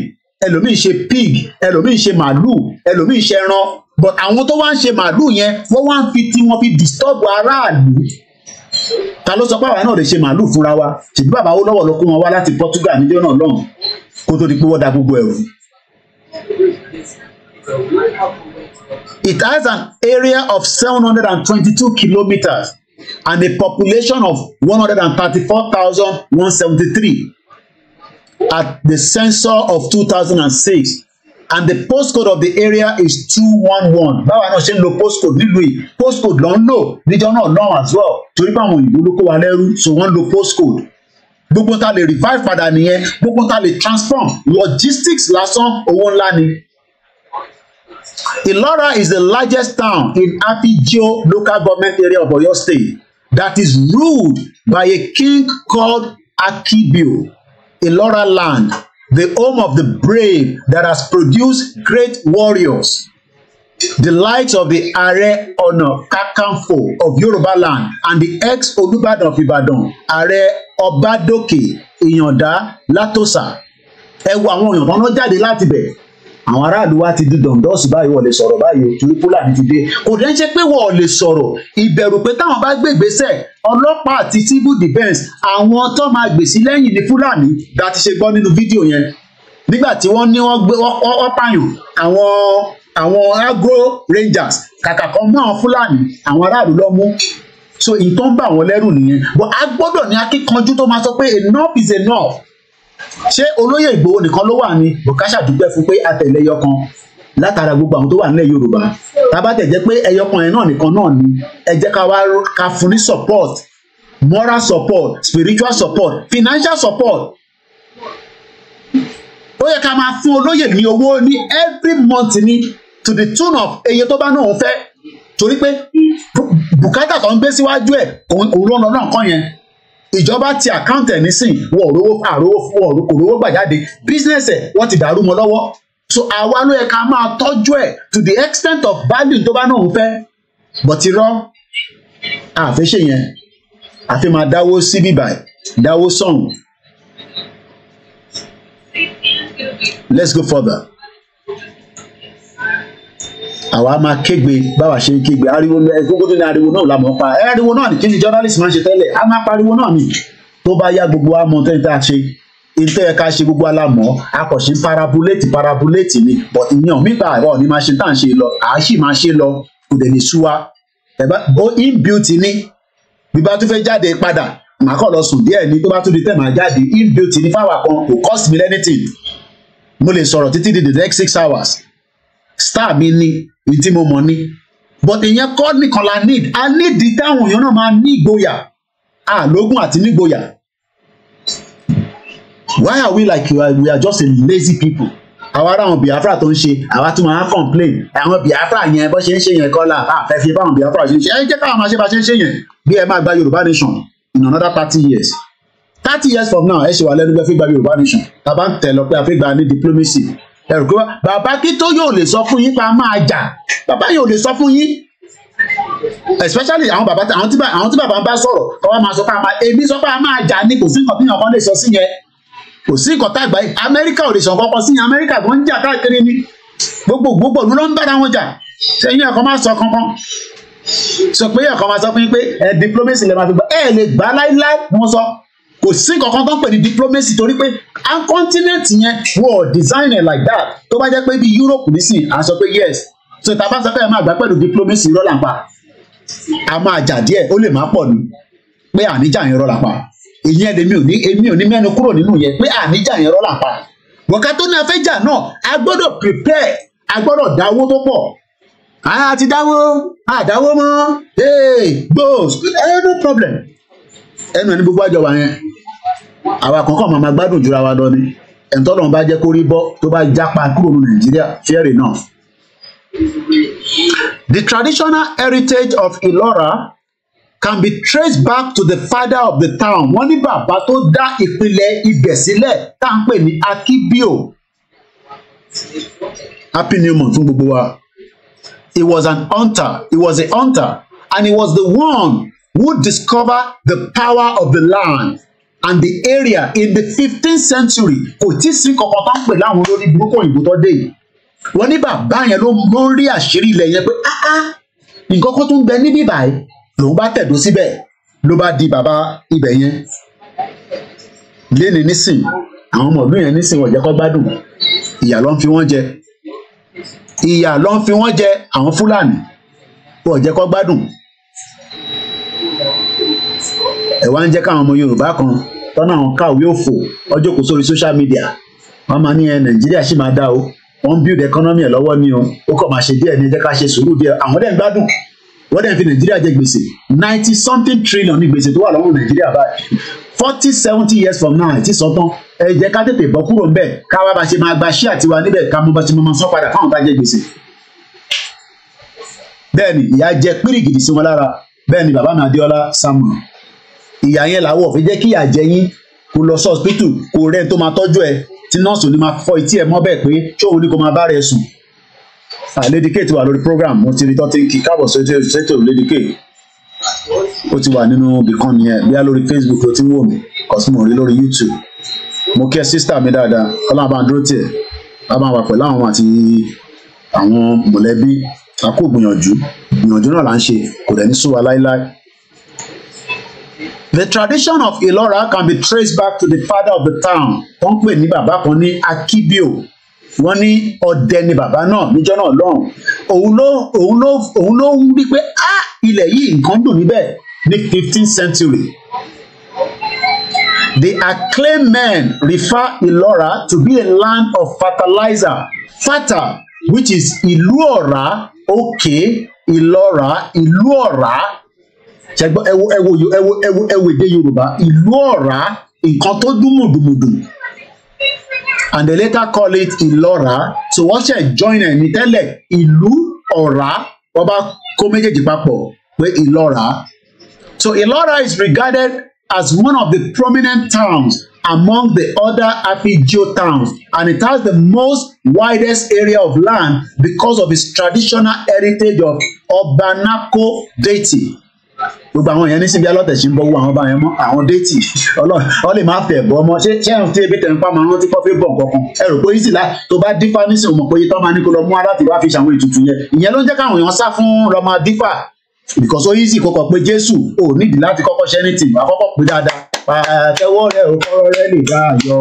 ẹlòmíì ṣe pig ẹlòmíì ṣe màálù ẹlòmíì ṣe ẹran but àwọn tó wá ń ṣe màálù yẹn wọ́n wá ń fi tí wọ́n fi disturb aráàlú ta ló sọ pé àwọn náà lè ṣe màálù fúnra wa ṣèbí bàbá owó lọ́wọ́ ló kó wọn wá láti Portugal níjọ́ náà lọ́hùn kó tó di pé wọ́n da gbogbo ẹ̀rù. It has an area of 722 kilometers and a population of 134,173 at the census of 2006 and the postcode of the area is 211 báwa náà ṣe ń lo postcode nílùú yìí postcode ló ń lò níjọ náà náà as well torí pé àwọn òyìnbó ló kó wa lẹ́rú so wọ́n ń lo postcode gbogbo ta lè revive padà nìyẹn gbogbo ta lè transform logistics lásán owó ńlá ni Ilora is the largest town in Apijo local government area of Oyo State that is ruled by a king called Akibio. Ilora land, the home of the brave that has produced great warriors. The likes of the Are Ono Kakanfo of Yoruba land and the ex Olubadan of Ibadan, Are Obadoke Iyanda Latosa. Ẹ wo àwọn èèyàn kan jáde láti bẹ̀rẹ̀ àwọn aráàlú wa ti di dọ̀ǹdọ́ọ̀sì báyìí wọ́n lè sọ̀rọ̀ báyìí torí fúlàní ti dé kò dẹ́ ṣe pé wọ́n lè sọ̀rọ̀ ìbẹ̀rù pé táwọn bá gbé ìgbésẹ̀ ọlọ́pàá àti civil defence àwọn tó máa gbèsè lẹ́yìn ní fúlàní bá ti ṣe gbọ́ nínú fídíò yẹn nígbà tí wọ́n ní wọ́n gbé wọ́n pààyàn àwọn àwọn agro rangers kàkà kan mú àwọn fúlàní àwọn aráàlú lọ mú so nǹkan bá wọn lẹ́rù nìyẹn but a gbọ́dọ̀ ní akíkanjú tó máa sọ pé enough is enough ṣé olóyè Ìgbòho nìkan ló wà ní bùkásà dúpẹ́ fún pé àtẹ̀lé ẹyọ kan látara gbogbo àwọn tó wà nílẹ̀ Yorùbá tábà tẹ̀ jẹ́ pé ẹyọ kan yẹn náà nìkan náà ni ẹ jẹ́ ká wá ká fún ní support moral support spiritual support financial support ó yẹ ká máa fún olóyè ní owó ní every month ní to the tune of eye tó bá náà ń fẹ́ torí pé bùkátà tó ń gbé síwájú ẹ̀ òun ló ń lọ náà kàn yẹn ìjọba ti àkáǹtì ẹ̀ nísìn wọn ò rówó àrówó fún wọn kò rówó gbà jáde Business. ẹ̀ wọ́n ti dàrú mọ́ lọ́wọ́ so àwa ló yẹ ká máa tọ́jú ẹ̀ to the extent of value tó bá náà ń fẹ́ bọ̀tí rọ́ àfẹ́ṣe yẹn àfi máa dáwó sí bíbà dáwó sọ̀hún let's go further àwa máa kégbe báwa ṣe ń kégbe ariwo gbogbo ní ariwo náà la mọ̀ pa ariwo náà kí ni journalist máa ń ṣe tẹ́lẹ̀ a máa pariwo náà ni tó bá yá gbogbo wa mọ tẹ́lẹ̀ tá a ṣe ìtẹ́ ẹ̀ka ṣe gbogbo alámọ̀ akọ̀ṣe parabuléètì parabuléètì ni bọ̀ ìyàn mí báyìí ọ̀ ní máa ṣe tá à ń ṣe lọ àá sì máa ṣe lọ kò dẹ̀ lè sú wa ẹ̀bá ó inbuilt ní bí bá tún fẹ́ jáde padà màá kàn lọ sùn díẹ̀ ní tó bá tún di tẹ̀ máa jáde inbuilt ní fáwọn kan kò cost me anything mo lè sọ̀rọ̀ títí di the next six hours star mi ni èyí tí mo mọ̀ ni but ìyẹn kọ́ nìkan la need a need táwọn èèyàn náà máa ní ìgboyà àlógún àti nígboyà why are we like you we are just a lazy people àwa ará àwọn Biafra tó ń ṣe àwa tún máa ń complain àwọn Biafra yẹn bó ṣe ń ṣe yẹn kọ́lá àfẹ́ fi báwọn Biafra ṣe ń ṣe ẹ jẹ́ káwọn máa ṣe bá ṣe ń ṣe yẹn bí ẹ máa gba Yorùbá nation in another thirty years thirty years from now ẹ ṣe wà lẹ́nu pé a fẹ́ gba Yorùbá nation tàbá ń tẹ̀ lọ pé a fẹ́ gba ní diplomacy ẹ̀rù kí wá bàbá kító yóò lè sọ fún yín pa máa jà bàbá yóò lè sọ fún yín especially àwọn bàbá àwọn tí àwọn tí bàbá ń bá sọ̀rọ̀ kọ́ wá máa sọ pé àmà èmi sọ pé a máa jà ni kò sí nǹkan tí nǹkan kan lè sọ sí yẹn kò sí nǹkan tá àgbáyé amẹ́ríkà ò lè sọ nǹkan kan sí yẹn amẹ́ríkà tó ń jà káàkiri ni gbogbo gbogbo ló ń bára wọn jà ṣẹ́yìn ẹ̀kọ́ máa sọ kankan sọ pé ẹ̀kọ́ máa sọ fún yín pé ẹ̀ diplomacy lè máa fi gbọ́ ẹ̀ lè gbà láíláí wọ́n sọ kò sí kankan kan pè ní diplomacy torí pé a continent yẹn wọ́n design it like that tó bá jẹ́ pé bí Europe nísìn à ń sọ pé yes so tá a bá sọ pé ẹ máa gbà pẹ̀lú diplomacy rọ́là pa a máa jà díẹ̀ ó lè má pọ̀ ni pé àníjà yẹn rọ́là pa ìyẹn lèmi ò ní èmi ò ní mẹ́nu kúrò nínú yẹn pé àníjà yẹn rọ́là pa bọ̀ká tó ní afẹ́jà náà a gbọ́dọ̀ prepare a gbọ́dọ̀ dáwó tó pọ̀ a ti dáwó a dáwó mọ́ hey gbòòs no problem ẹnu ẹni gbogbo àjọba yẹn àwa kankan máa ma gbádùn jura wa lọ ni ẹ̀ńtọ́nà bá jẹ́ kó rí bọ́ tó bá jápa kúrò ní nàìjíríà fair enough. The traditional heritage of Ìlọ́ra can be traced back to the father of the town wọ́n ní bàbá tó dá ìpìlẹ̀ ibẹ̀ sílẹ̀ tá à ń pè ní Akíbíò happy new month fún gbogbo wa he was an hunter he was a hunter and he was the one would discover the power of the land and the area in the fifteenth century kò tí sí kankan tó ń pè láwọn olórí burúkú òyìnbó tó dé yìí wọn ní bàbá yẹn ló mọ rí àṣírí ilẹ̀ yẹn pé áá ah, ah, nǹkan kan tó ń níbí báyìí lòun bá tẹ̀dó síbẹ̀ ló bá di bàbá ibẹ̀ yẹn léni nísìn àwọn ọmọ ìlú yẹn nísìn wọ́n jẹ́ gbádùn ìyà ló ń fi wọ́n jẹ ìyà ló ń fi wọ́n jẹ àwọn fúlàní wọ́n jẹ́ gbádùn ẹ wá ń jẹ́ káwọn ọmọ Yorùbá kan tọ́nà àwọn káwé òfò ọjọ́ kò sórí social media wọ́n máa ní ẹ Nàìjíríà sì máa dá o wọ́n ń build economy ẹ̀ lọ́wọ́ ni o ó kàn máa ṣe díẹ̀ ní ẹ jẹ́ ká ṣe sùúrù díẹ̀ àwọn dẹ̀ ń gbádùn wọ́n dẹ̀ fi nàìjíríà jẹ gbèsè ninety something trillion ní gbèsè tó wà lọ́wọ́ nàìjíríà báyìí forty seventy years from now àti sọ́tàn ẹ jẹ́ ká tètè bọ́ kúrò ńbẹ̀ ká wá bá ṣe máa gba ṣí àtiwá níbẹ̀ ká mú bá ṣe máa san padà fáwọn tá a jẹ gbèsè. bẹ́ẹ̀ ni ìyá jẹ pírìgìdì sí wọn lára bẹ́ẹ̀ ni bàbá mi Adéọlá Samuel ìyà yẹn làwọ̀ fi jẹ́ kí ìyà jẹ yín kó lọ sí ọ̀sìpítù kó rẹ́ tó máa tọ́jú ẹ tí nọ́ọ̀sì ò ní máa fọ etí ẹ mọ́ bẹ́ẹ̀ pé ṣóun ní kó máa bá rẹ sùn. Ah, Lady K wà lórí program mo ti rí tó ti ń kí káàbọ̀ sétò Lady K ó ti wà nínú bìkan nìyẹn bíyà lórí Facebook ló ti ń wò mí kọ́sí mo rí lórí YouTube mo kí ẹ sísítà mi dáadáa ọlọ́run bá ń dúró tiẹ̀ bá máa wà pẹ̀lú àwọn àti àwọn mọ̀lẹ́bí a gbìyànjú gbìyànjú náà là ń ṣe kò dẹ̀ ní sú wa láéláé The tradition of Ilora can be traced back to the father of the town wọ́n pè ní bàbá kan ní Akibio? wọ́n ní ọdẹ ni bàbá náà níjọ́ náà lọ́hùn òun ló òun ló òun ló ń rí pé á ilẹ̀ yìí nǹkan dùn níbẹ̀ ní fifteenth century. The acclaimed men refer Ilora to be a land of fertilizer fata, which is ìlú ọ̀rá òkè Ìlọ́ra ìlú ọ̀rá ṣẹgbọn ẹwo ẹwo ẹwo ẹwo ẹwo èdè yorùbá ìlú ọ̀rá nǹkan tó dún mùdùmùdù and they later call it ìlọra so wọ́n ṣe join ẹni tẹ́lẹ̀ ìlú ọ̀rá wọ́n bá kó méjèèjì papọ̀ pé ìlọra so ìlọra is regarded as one of the prominent towns among the other apigeo towns and it has the most widest area of land because of its traditional heritage of obanako deity gbogbo àwọn èèyàn ní síbi alọ́tẹ̀sí ń bọ́wọ́ àwọn báyẹn mọ́ àwọn déètì ọ lè má fẹ̀ bọ́ ọmọ ṣé ṣé ẹ̀hún tí ebi tẹ̀ ń pa máa rántí kọ́ fẹ́ bọ̀ kankan ẹ rò pé ìsìlá tó bá dífá nísìnyí mọ̀ pé tán máa ní kó lọ mú aláàtì wá fi ṣàwọn ètùtù yẹn ìyẹn ló ń jẹ́ káwọn èèyàn sá fún lọ́mọ dífá because ó easy kọ́kọ́ pé Jésù ò nídìí láti kọ́kọ́ ṣe anything àkọ́kọ́ pé dáadáa pàtẹ́wọ́ rẹ̀ ò kọ́rọ́ rẹ̀ lè dáa yọ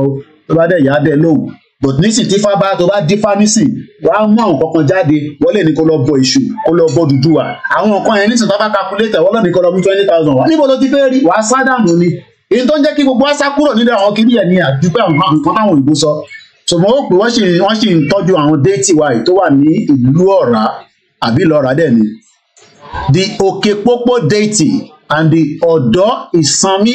tó bá dẹ̀ yá dẹ̀ lóhùn but nísìn tí fá ba tó bá dífá nísìn wa á mú àwọn kankan jáde wọ́n lè ní kó lọ bọ èṣù kó lọ bọ Odùduwà àwọn nǹkan yẹn nísìn tó bá calculator wọ́n lọ ní kó lọ mú twenty thousand wà ti fẹ́ rí wà ni èyí tó ń jẹ́ kí gbogbo àṣà kúrò nílẹ̀ àwọn kiri yẹn ni àdúgbò àwọn nǹkan táwọn òyìnbó sọ so ó pè wọ́n sì wọ́n sì ń tọ́jú àwọn déètì wa yìí tó wà ní ìlú ọ̀rá àbí lọ́ra ni the Òkè Pópó deity and the ọ̀dọ́ Ìsanmí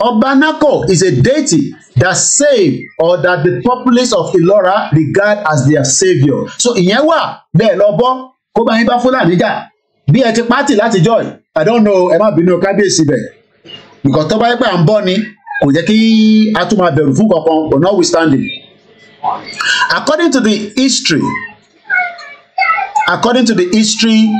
Obanako is a deity that save or that the populace of Ilora regard as their saviour. So ìyẹn wà bẹ́ẹ̀ lọ bọ́ kó bá yín bá Fúlàní jà bí ẹ ti pátì láti joy I don't know ẹ má bínú kábíyèsí bẹ̀ because tó bá yẹ pé à ń bọ̀ ni kò jẹ́ kí a tún máa bẹ̀rù fún kankan but notwithstanding. According to the history according to the history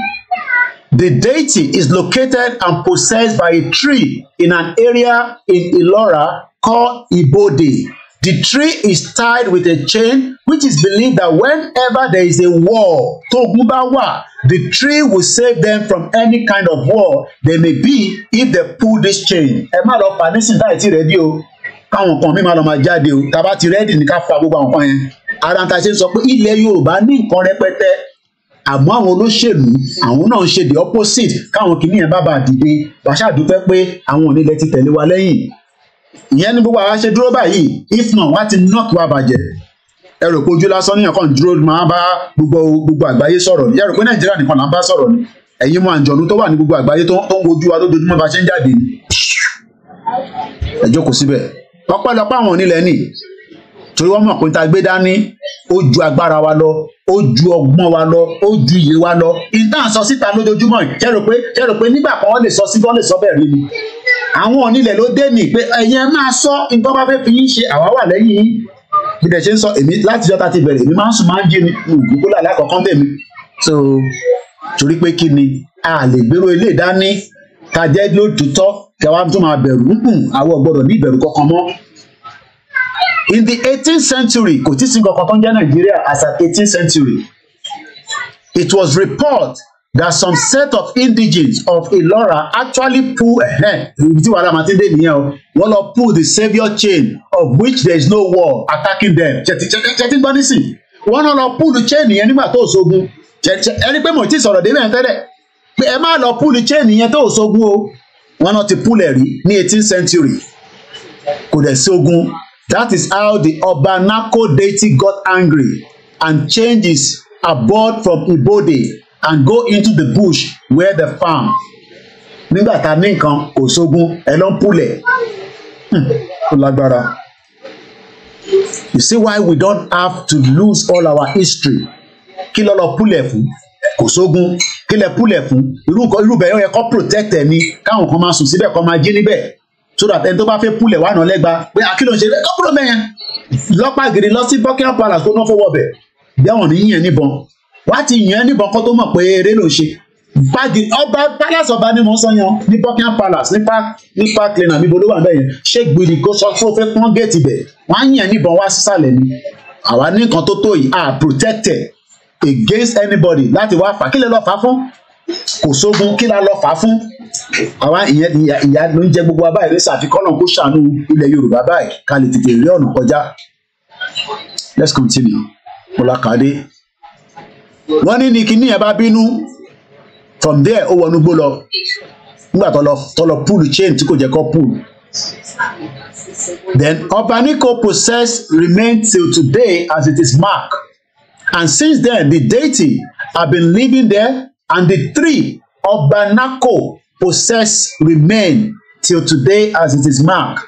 The deity is located and possessed by a tree in an area in Ilora called Ibode. The tree is tied with a chain, which is believed that whenever there is a war, Togubawa, the tree will save them from any kind of war they may be if they pull this chain. Ẹ má lọ pa nísìnyí láì tí rẹ́dí káwọn nǹkan mi máa lọ máa jáde o, tàbá ti rẹ́dì ní ká fa gbogbo àwọn nǹkan yẹn. Ara sọ pé ilẹ̀ Yorùbá ní nǹkan rẹpẹtẹ àmọ́ àwọn olóṣèlú àwọn náà ń ṣe the opposite káwọn kìnìyàn bá bá dìde Bàṣá dúpẹ́ pé àwọn onílẹ̀ ti tẹ̀lé wa lẹ́yìn ìyẹn ni gbogbo àwa ṣe dúró báyìí if not wá ti knock wa bàjẹ́ ẹ rò pé ojú lásán níyàn kan dúró máa bá gbogbo gbogbo àgbáyé sọ̀rọ̀ ni ẹ rò pé Nàìjíríà nìkan là ń bá sọ̀rọ̀ ni ẹ̀yin mọ àǹjọ̀nú tó wà ní gbogbo àgbáyé tó ń wojú wa lójoojúmọ́ bá ṣe ń jáde ni ẹ jókòó síbẹ̀ ọpẹ́lọpẹ́ àwọn onílẹ̀ nìyí torí wọ́n mọ̀ pé tá a gbé dání ó ju agbára wa lọ ó ju ọgbọ́n wa lọ ó ju iye wa lọ ìtàn sọ síta lójoojúmọ́ jẹ́rò pé jẹ́rò pé nígbà kan wọ́n lè sọ síbí wọ́n lè sọ bẹ́ẹ̀ rí ni àwọn onílẹ̀ ló dé mi pé ẹ̀yin ẹ máa sọ nǹkan bá fẹ́ fi yín ṣe àwa wà lẹ́yìn yín bí dẹ̀ ṣe ń sọ èmi láti jọ́ta ti bẹ̀rẹ̀ èmi máa ń sùn máa ń jí ni gbogbo làlá kọ̀ọ̀kan bẹ̀ mi so torí pé kí ni a lè gbèrò ilé ìdání ká jẹ́ lóòótọ́ kẹwàá tún máa bẹ̀rù àwọn ò gbọ́dọ̀ ní ìbẹ̀rù kankan mọ́ in the eighteenth century kò tí sí nǹkan kan tó ń jẹ́ nàìjíríà as at eighteenth century it was report that some set of indigenes of Ilora actually pull ahead. tí wàhálà matinde dé nìyẹn o wọ́n lọ pull the saviour chain of which there is no war attacking them ṣètì gbọ́ nísìn wọ́n náà lọ pull the chain yẹn nígbà tó ṣogun ẹni pé mo ti sọ̀rọ̀ débẹ̀ yẹn tẹ́lẹ̀ pé ẹ má lọ pull the chain yẹn tó ṣogun o wọ́n náà ti pull ẹ̀ rí ní eighteenth century kò dẹ̀ ṣogun That is how the Obanako deity got angry and changed his abode from Ibode and go into the bush where the farm. Nígbà tá a ní nǹkan kò sógun ẹ ló ń pulẹ̀. Hmm, ó lágbára. You see why we don't have to lose all our history. Kí ló lọ pulẹ̀ fún? Kò sógun. Kí lẹ pulẹ̀ fún? Irú bẹ̀rẹ̀ yẹ kó protect ẹ̀mí káwọn kan máa sùn síbẹ̀ kó máa jí níbẹ̀ sódà ẹni tó bá fẹ́ púlẹ̀ wà náà lẹ́gba pé akílò ń ṣe rẹ kọ́kúrò mẹ́yẹn lọ́pàgìrì lọ sí Buckingham Palace kó náà fọwọ́ bẹ̀ bí àwọn oníyàn níbọn wàá ti yàn án níbọn kó tó mọ̀ pé eré ló ń ṣe báàgì ọba palace ọba ni mo sọ yan ní Buckingham Palace nípa nípa clean àmì bolówó àbẹ yẹn ṣé gbìdì kó sọ fún fẹ́ pọ́n géètì bẹ̀ wọ́n á yàn án níbọn wá sísàlẹ̀ ni àwa ní nǹkan tó tó yìí are protected against anybody láti wá fà kílẹ̀ lọ́ọ́ fà fún kò sógun kí la lọ fà á fún àwa ìyá ló ń jẹ gbogbo wa lẹsẹ àfikọ́ náà kó ṣàánú ilẹ̀ Yorùbá báyìí ká lè tètè rí ọ̀nà kọjá let's continue kọlákàdé wọ́n ní ní kíní yẹn bá bínú from there ó wọnú gbó lọ nígbà tó lọ tó lọ pull chain tí kò jẹ́ kó pull then Obaniko process remained till today as it is marked and since then the deity have been living there and the tree of Banako possess remain till today as it is marked.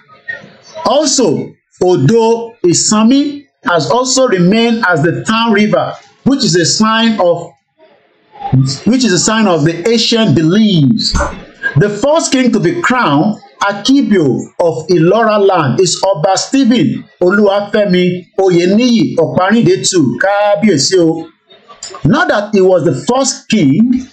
Also, Odo Isami has also remained as the town river, which is a sign of which is a sign of the ancient beliefs. The first king to be crowned, Akibio of Ilora land, is Oba Stephen Oluwafemi Oyeniyi Oparinde II, Kábíyèsí o. Now that he was the first king.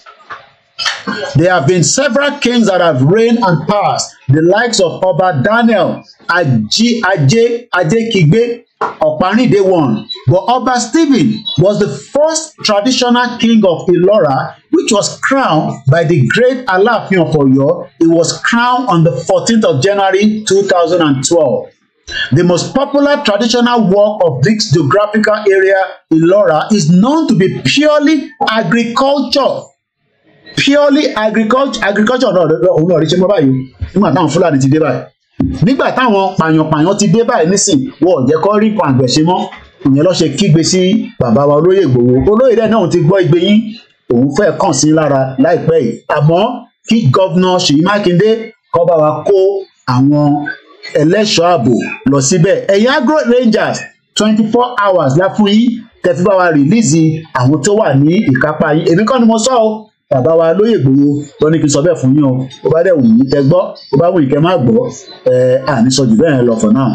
There have been several kings that have reigned and passed, the likes of Oba Daniel, Aji, Ajay, Ajay Kigbe, Oparinde one. But Oba Stephen was the first traditional king of Ilora, which was crowned by the great Alaafin of Oyo. It was crowned on the 14th of January 2012. The most popular traditional work of this geographical area, Ilora, is known to be purely agriculture. Purely agriculture agriculture náà òun náà rí ṣe mọ́ báyìí nígbà táwọn Fúlàní ti dé báyìí. Nígbà táwọn pàyànpàyàn ti dé báyìí nísìn wọ́n ò jẹ́ kó rí kan àgbẹ̀ ṣe mọ́. Ìyẹn ló ṣe kígbe sí bàbá wa olóyè Ìgbòho. Olóyè rẹ̀ náà ti gbọ́ igbe yín. Òun fẹ́ kàn sí lára láìpẹ́ yìí. Àmọ́ kí gọ́vnà Ṣèyí Mákindé kó bá wa kó àwọn ẹlẹ́ṣọ́ ààbò lọ síbẹ̀ ẹ̀yin agro rangers twenty four hours la fún yín kẹfí bá wa rìlíìsì àwọn tó wà ní ìkápá yín èmi kọ́ ni mo sọ ọ́ bàbá wa lóyè gbòòrò tó ní kí n sọ bẹ́ẹ̀ fún yín o ó bá dẹ̀ wù yín kẹ gbọ́ ó bá wù yín kẹ má gbọ́ ẹ àní sọ jù bẹ́ẹ̀ lọ fọ̀ náà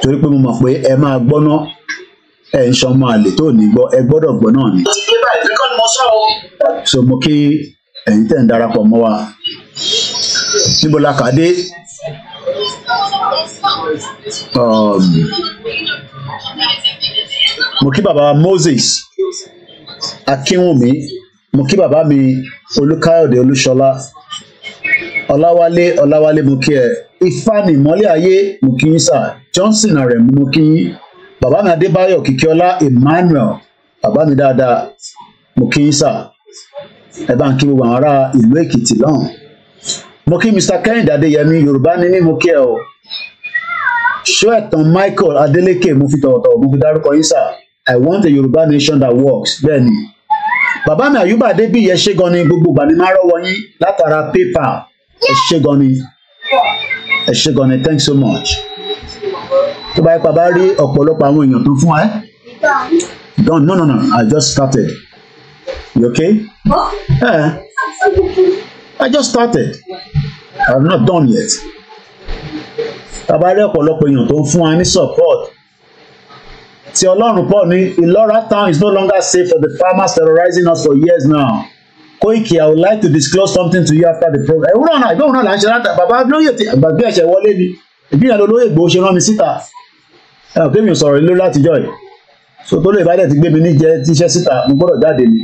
torí pé mo mọ̀ pé ẹ máa gbọ́ná ẹ ń sọmọ àlè tó ní gbọ́ ẹ gbọ́dọ̀ gbọ́ náà ni. so mo kí ẹ̀yin tẹ̀ ń darapọ̀ mọ́ wa níbo la kàdé um, mo kí bàbá Moses Akínwùmí mo kí bàbá mi Olúkáyọ̀dé Olúṣọlá Ọláwálé Ọláwálé mo kí ẹ Ifani mọ́lẹ̀ ayé mo kí yín sà Johnson Aremu mo kí yín bàbá mi Adébáyọ̀ Kìkíọ́lá Emmanuel baba mi dáadáa mo kí yín sà ẹ bá ń kí gbogbo àwọn ará ìlú Èkìtì lọ́hùn mo kí Mr. Kẹ́hìndé Adéyẹmí Yorùbá ní mí mo kí ẹ o ṣó Michael Adeleke mo fi tọ̀wọ̀tọ̀wọ̀ mo fi dárúkọ yín sà I want a Yorùbá nation that works bẹ́ẹ̀ ni bàbá mi Àyùbá Adébíyẹ ṣé gan ni gbogbo ìgbà ni máa rọ́wọ́ yín látara PayPal ẹ ṣé gan ni ẹ ṣé gan ni thanks so much tó bá yẹ pa bá rí ọ̀pọ̀lọpọ̀ àwọn èèyàn tó fún ẹ don no no no I just started you okay. Eh. I just started I'm not done yet tabarí ọ̀pọ̀lọpọ̀ èèyàn tó ń fún wa ní support ti Ọlọ́run pọ̀ ní Ilora town is no longer safe for the farmers terrorizing us for years now Koike, I would like to disclose something to you after the program ẹ̀rú náà ìgbóhùn náà là ń ṣe láta bàbá lóye tí àgbàgbé ẹ̀ṣẹ̀ wọlé ni ìgbìyànjú olóyè Ìgbòho ṣe rán mi síta ẹ̀ ò kémi sọ̀rọ̀ ilé látijọ́ yìí so tó lè bá dẹ̀ ti gbé mi níjẹ́ tíṣẹ́ síta mo gbọ́dọ̀ jáde ni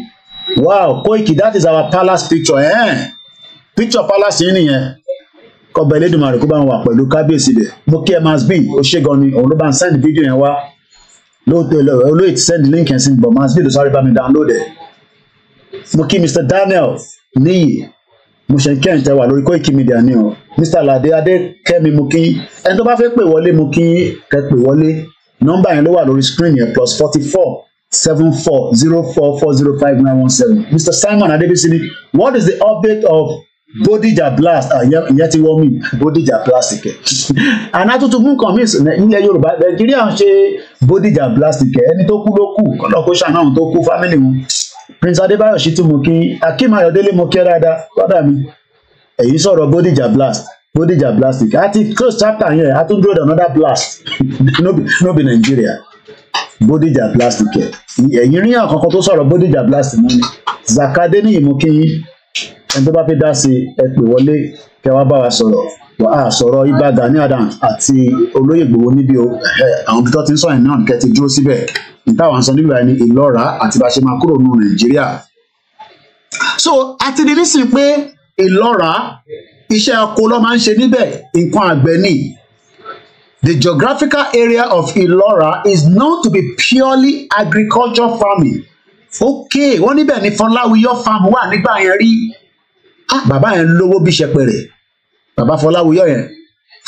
wow Koike, that is our palace picture. Eh? picture palace yẹn nìyẹn kọba Elédùmarè kó bá wọn wà pẹ̀lú kábíyèsí bẹ̀ mo kí ẹ máa bí oṣègùn ni òun ló bá ń send fídíò yẹn wá lóòótọ́ olóyè ti send link yẹn sí mi but máa bí ló sáré bá mi download ẹ̀ mo kí Mr Daniel níyì mo ṣe kí ẹ̀ ń tẹ wà lórí Koiki Media ni o Mr Lade Adékẹ́mi mo kí ẹni tó bá fẹ́ pè wọlé mo kí kẹ́ pè wọlé nọ́mbà yẹn ló wà lórí screen yẹn plus forty four seven four zero four four zero five nine one seven Mr Simon Adebisini what is the update of Hmm. Bódìjà blast ah, ìyẹn ti wọ́n mi Bódìjà plastic àná tuntun mú nǹkan míì nílẹ̀ Yorùbá Nàìjíríà ń ṣe Bódìjà plastic ẹni tó kú ló kù kọ́nà kó ṣàánú àwọn tó kú fámìlì wọn Prince Adébáyọ̀ ṣì tún mú kí Akeem Ayọ̀délé mú kí ẹ dáadáa lọ́dà mi èyí sọ̀rọ̀ Bódìjà blast Bódìjà plastic àti close chapter yẹn a tún dúró de another blast [LAUGHS] no be no be Nigeria Bódìjà plastic ẹ̀yìn ríyàn kankan tó sọ̀rọ̀ Bódìjà blast mú ni Zakadé ní ìmú kí ẹni tó bá fẹ́ dá sí ẹ wọlé kẹ wá bá wa sọ̀rọ̀ wà á sọ̀rọ̀ Ìbà Gani Adams àti olóyè Ìgbòho níbi àwọn ibi tó ti ń sọ̀rọ̀ náà kẹ ti dúró síbẹ̀ ìtawà ń sọ níbi báyìí ní àti bá a ṣe máa kúrò nù Nàìjíríà so àti di nísìnyí pé ìlọ́ra iṣẹ́ oko ló máa ń ṣe níbẹ̀ nǹkan àgbẹ̀ ni The geographical area of Ìlọ́ra is known to be purely agriculture farming. Okay, wọ́n níbẹ̀ ni Fọláwíyọ́ farm wà nígbà yẹn rí Ah. bàbá yẹn lówó bí ṣẹpẹrẹ bàbá Fọláwíyọ yẹn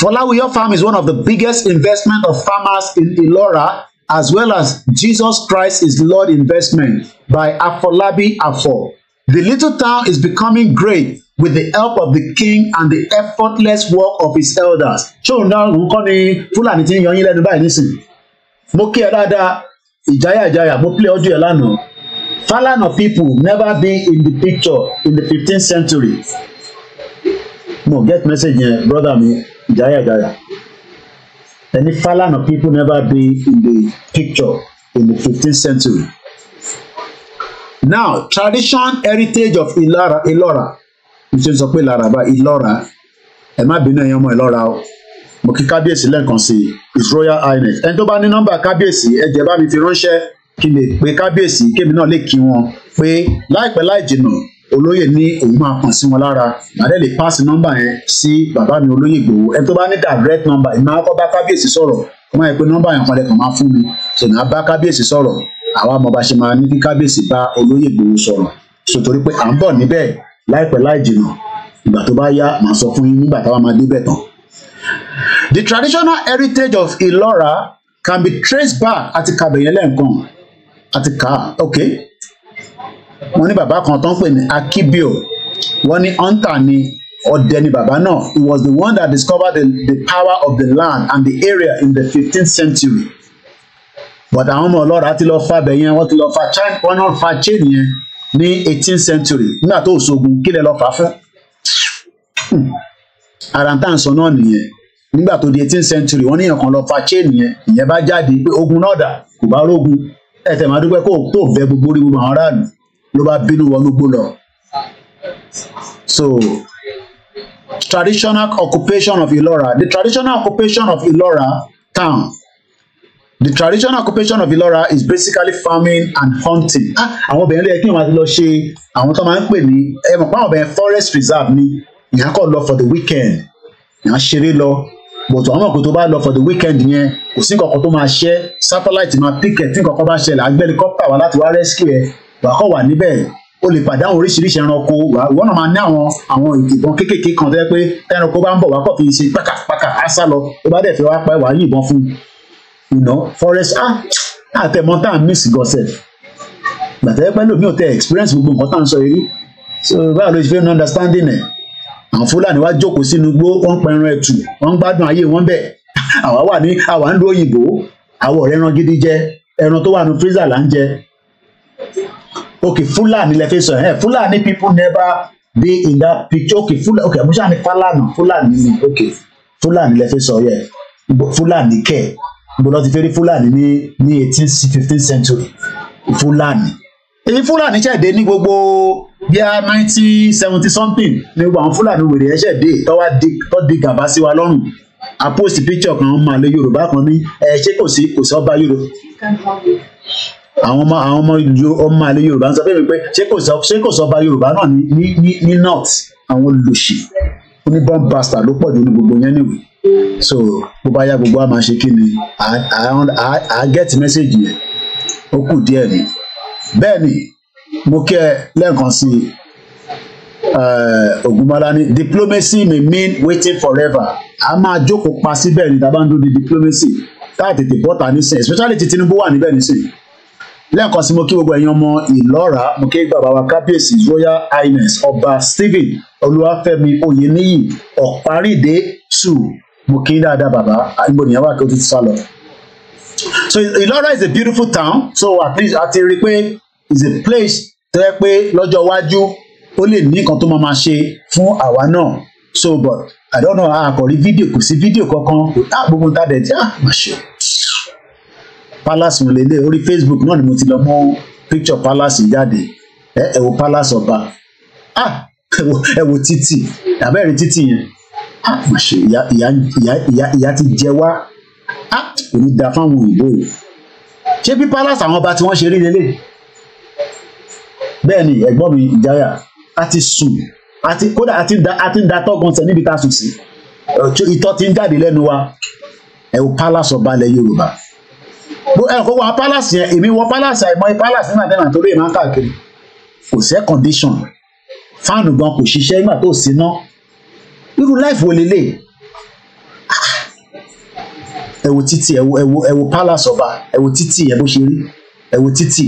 Fọláwíyọ farm is one of the biggest investment of farmers in Ilora as well as Jesus Christ is Lord investment by Afolabi Afo. The little town is becoming great with the help of the king and the effortless work of his elders. ṣóun náà ń kọ́ ni Fúlàní ti ń yan yín lẹ́nu báyìí nísìnyí. mo kí ẹ dáadáa ìjáyà ìjáyà mo play ọdún ẹ lánàá of people never been in the picture in the 15th century. No, get message here, brother mi, Jaya Jaya. Any of people never been in the picture in the 15th century. Now, tradition heritage of Ilora, Ilora, mo ṣe ń sọ pé Ìlara bá Ìlọ́ra, ẹ má bínú ẹ̀yin ọmọ Ìlọ́ra o, mo kí kábíyèsí lẹ́ẹ̀kan sí His Royal Highness. Ẹni tó bá ní nọ́mbà kábíyèsí, ẹ jẹ́ bá mi fi ránṣẹ́ kí lè pe kábíyèsí kébì náà lè kí wọn pé láìpẹ́ láì jìnnà olóyè ní òun máa kàn sí wọn lára màdé lè pass nọ́mbà yẹn sí bàbá mi olóyè Ìgbòho ẹni tó bá ní direct number ìmọ̀ akọ́ bá kábíyèsí sọ̀rọ̀ kó má yẹ pé nọ́mbà yẹn kan kàn máa fún mi ṣèlú bá kábíyèsí sọ̀rọ̀ àwa mọ̀ bá ṣe máa ní kí kábíyèsí bá olóyè Ìgbòho sọ̀rọ̀ so torí pé à ń bọ̀ níbẹ̀ láìpẹ́ láì jìnnà ìgbà tó bá yá màá sọ fún yín nígbà táwa máa débẹ̀ tán. The traditional heritage of Ilora can be traced back àti kàbẹ̀yẹlẹ̀ nǹkan àti kà á ok wọ́n ní bàbá kan tó ń pè ní Akibio wọ́n ní hunter ni ọdẹ ni bàbá náà he was the one that discovered the, the power of the land and the area in the fifteenth century but àwọn ọmọ ọlọ́ra ti lọ fa bẹ̀yẹn wọ́n ti lọ fa chain wọ́n náà fa chain yẹn ní eighteenth century nígbà tó ṣogun kí lè lọ fà á fún hmm. ara tá à ń sọ náà nìyẹn nígbà tó di eighteenth century wọ́n níyàn kan lọ fa chain yẹn ìyẹn bá jáde pé ogun náà dà kò bá rógun ẹsẹ̀ máa dúpẹ́ kó tó gbogbo orí gbogbo àwọn aráàlú ló bá bínú wọnú gbó lọ. So traditional occupation of Ilora the traditional occupation of Ilora town the traditional occupation of Ilora is basically farming and hunting. Ah, àwọn obìnrin lè kí wọn máa lọ ṣe àwọn tó máa ń pè ní ẹ mọ̀ pé àwọn obìnrin forest reserve ni ìyá kò lọ for the weekend ìyá ṣeré lọ bọ̀tù àwọn ọ̀pẹ tó bá lọ for the weekend yẹn kò sí nǹkan kan tó máa ṣẹ́ satellite máa píkẹ̀ tí nǹkan kan bá ṣẹlẹ̀ agbẹ́ helicopter wá láti wá rescue ẹ̀ wà kọ́ wà níbẹ̀ o lè pàdánù oríṣiríṣi ẹranko wà wọ́n náà máa ní àwọn àwọn ìbọn kéékèèké kan tó yẹ pé ẹranko bá ń bọ̀ wá kọ́ fi ṣe pákàpákà á sá lọ tó bá dẹ̀ fi wá pa ẹ̀ wá yìnbọn fún un ìná forest ah àtẹ̀mọ́ tá à ń miss gọ̀ọ̀sẹ̀ gbàtẹ́ pẹ́ lómi ò tẹ experience gbogbo nǹkan tá à ń sọ yìí so báwo ló ṣe fẹ́ ní understanding ẹ̀ àwọn fúlàní wá jókòó sínú igbó wọn pẹran ẹtù wọn gbádùn ayé wọn bẹ́ẹ̀ [LAUGHS] àwa wà ní àwa ń lo òyìnbó àwa ọ̀rẹ́ ẹran gidi jẹ ẹran tó wà ní freezer là ń jẹ ok fúlàní lẹ fi sọ ẹ fúlàní people never be in that picture fúlàní ok àmúṣà ní fálànà fúlàní ni ok fúlàní lẹ fi sọ yẹ fúlàní kẹ gbọdọ ti fẹ́ fúlàní ní ní eighteen fifteen century fúlàní èyí fúlàní ṣẹ̀dé ní gbogbo bíá nineteen seventy something ni gbogbo àwọn fúlàní wèrè ẹ̀ṣẹ̀ dé tọ́wá di gàba sí wa lọ́rùn a post picture kan ọmọ àlè yorùbá kan ní ẹ ṣé kò sí kò sí ọba yorùbá àwọn ọmọ àwọn ọmọ ọmọ àlè yorùbá ń sọ fẹ́mi pé ṣé kò sọ ṣé kò sọ ọba yorùbá náà ní ní ní ní north àwọn olùṣì oníbọmbàstà ló pọ̀ jù ní gbogbo yẹn nìwé so bó bá yá gbogbo a máa ṣe kí ni à à à get message yẹn ó kù díẹ̀ ni bẹ́ẹ̀ ni mo kí ẹ lẹ́ẹ̀kan sí i eh, Ògúnmọ́lá ní diplomacy may mean waiting forever a máa jókòó pa síbẹ̀ ní dábàndó di diplomacy táà tètè bọ́ta nísìnyí especially ti Tinubu wà níbẹ̀ nísìnyí lẹ́ẹ̀kan sí mo kí gbogbo ẹ̀yin ọmọ ìlọ́ra mo kí bàbá wa kábíyèsí royal highness ọba stephen olúwàfẹ́mi oyèníyì ọ̀párídé tù mo kí dáadáa bàbá ìgbò nìyẹn wà kí o ti sá lọ. so ìlọ́ra is a beautiful town so at least a ti rí i pé is a place tó yẹ pé lọ́jọ́ iwájú ó lè ní nǹkan tó máa máa ṣe fún àwa náà so but I don't know a kò rí fídíò kò sí fídíò kankan kò tá gbogbo ta dẹ̀ tí a ah, máa ṣe palace lélẹ̀ orí Facebook náà ni mo ti lọ mú picture palace jáde ẹ ẹ wo palace ọba ah ẹ wo títì àbẹ́rẹ́ títì yẹn ah máa ṣe ìyá ìyá ìyá ìyá ti jẹ wá ah kò ní da fáwọn òyìnbó yìí ṣé bí palace àwọn ọba tí wọ́n ṣe rí lélẹ̀ bẹ́ẹ̀ ni ẹ̀gbọ́n mi ìjáyà a ti sùn àti kódà àti da àti da tọ́gbọ̀n sẹ́ níbi tá a sùn sí ìtọ́ ti ń jáde lẹ́nu wa ẹ̀ wò palace ọba ilẹ̀ Yorùbá ẹ̀ kó wa palace yẹn èmi wọ palace àìmọ́ palace nígbà tẹ́lẹ̀ àtòrí ìmọ̀ káàkiri kò sẹ́ condition fáànù gan kò ṣiṣẹ́ nígbà tó sí ná irú life wo lélẹ̀ ah! ẹ̀ wò títì ẹ̀ wò ẹ̀ palace ọba ẹ̀ wò títì ẹ̀ bó ṣe rí ẹ̀ wò títì.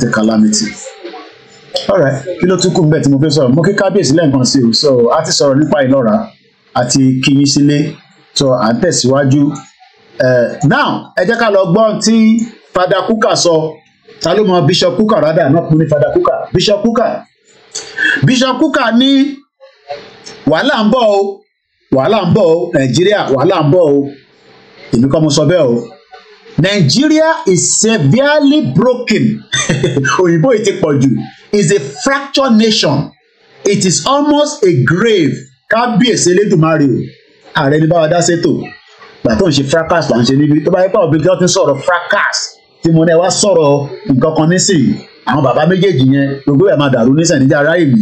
not a calamity. alright kí ló tún kù ń bẹ̀ tí mo fẹ́ sọ̀rọ̀ mo kí kábíyèsí lẹ́ẹ̀kan sí o so a ti sọ̀rọ̀ nípa ìlọ́ra àti kíyín sílé so à ń tẹ̀síwájú now ẹ jẹ́ ká lọ gbọ́ tí fada kuka sọ ta ló mọ bishop kuka rádà náà kú ní fada kuka bishop kuka bishop kuka ní wàhálà ń bọ̀ o wàhálà ń bọ̀ o nàìjíríà wàhálà ń bọ̀ o èmi kọ́ mo sọ bẹ́ẹ̀ o Nigeria is severely broken [LAUGHS] òyìnbó yìí ti pọ̀ jù is a fractured nation it is almost a grave kábíyèsí elédùnmarè o ààrẹ ní báwa dá sétò gbà tó ń ṣe fracas là ń ṣe níbi tó bá yẹ pé àwọn obìnrin tó ti ń sọ̀rọ̀ fracas tí mo ní ẹ wá sọ̀rọ̀ nǹkan kan nísìnyí àwọn bàbá méjèèjì yẹn gbogbo ẹ̀ máa dàrú nísìnyí níjà ara [LAUGHS] ìlú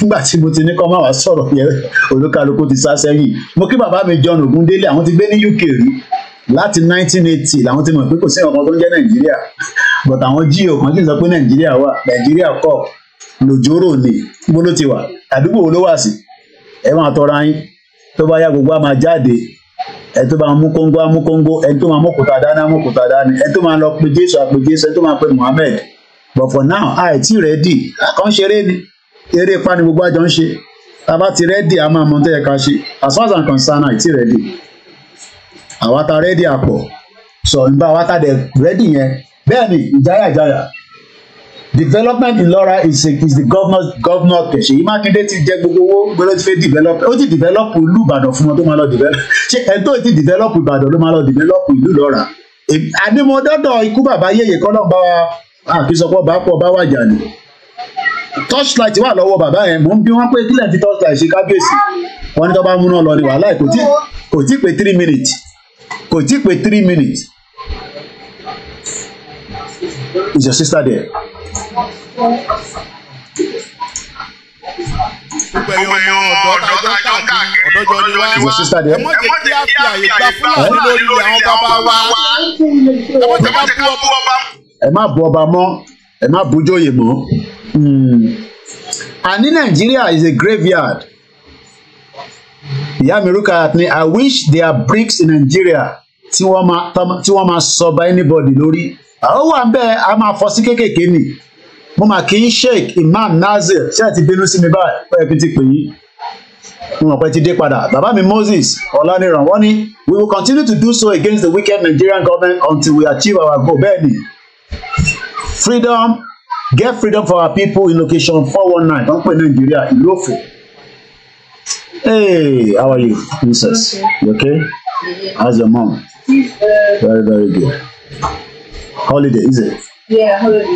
nígbà tí mo ti ní kọ́ máa wá sọ̀rọ̀ yẹn olúkálukú ti sá sẹ́yìn mo kí bàbá mi John Ogundele àwọn ti gbé ní UK rí láti 1980 làwọn ti mọ̀ pé kò sí ọkàn tó ń jẹ́ nàìjíríà but àwọn gò kan ti sọ pé nàìjíríà wà nàìjíríà kọ́ lòjóró ni bó ló ti wà àdúgbò wo ló wà sí ẹ máa tọrọ ayín tó bá yá gbogbo á máa jáde ẹ tó máa mú kóńgó á mú kóńgó ẹ tó máa mú kùtà dání á mú kùtà dání ẹ tó máa lọ pe jésù á pe jésù ẹ tó máa pe muhammed but for now àìtí rẹ́dì àkànṣeré ni eré ipá ni gbogbo àjọ ń ṣe tá a bá ti rẹ́dì a máa mọ ohun tó yẹ ká ṣe as far as i'm concerned àìtí rẹ́dì àwa ta rẹ́dì àpọ̀ sọ̀rọ̀ nípa àwa ta dẹ̀ rẹ́dì yẹn bẹ́ẹ̀ ni ìjáyà ìjáyà development in Lora is a, is the governor governor tẹ̀ Ṣèyí Mákindé ti jẹ gbogbo owó gbọ́dọ̀ ti fẹ́ develop ó ti develop ìlú Ìbàdàn fún wọn tó máa lọ develop ṣé ẹni tó ti develop Ìbàdàn ló máa lọ develop ìlú Lora àdèmọdọdọ ikú bàbá yèyè kọlọ bá wa àfisọpọ bá pọ bá wà jà ní torchlight wà lọ́wọ́ bàbá yẹn mò ń bí wọn pé kílẹ̀ ti torchlight ṣe kábíyèsí wọn ní tó bá múná lọ ní wàhálà kò tí kò tí pé three minutes kò tí pé three minutes is your sister there. gbogbo ẹ̀yin ọmọ ọ̀dọ́ ẹ mọ̀ jẹ́ kí a ẹ má bú ọba mọ́ ẹ má bújóyè hmm. is a graveyard ìyá mi Rukayat ni i wish there are bricks in Nigeria tí wọ́n máa tí sọ by anybody lórí àwọn wà bẹ́ẹ̀ a máa fọ sí kéékèèké nì mo mà kì í sheik imam nazir ṣé ẹ ti bínú sí mi báyìí pẹ́ẹ́ ti pè yín wọn pẹ́ ti dé padà bàbá mi Moses ọ̀lànìràn wọ́n ní we will continue to do so against the wicked Nigerian government until we achieve our goal bẹ́ẹ̀ ni freedom get freedom for our people in location four one nine wọ́n pè Nigeria ìlú òfò. Hey, how are you, princess? Okay. You okay? Yeah. How's your mom? She's uh, very, very good. Holiday, is it? Yeah, holiday.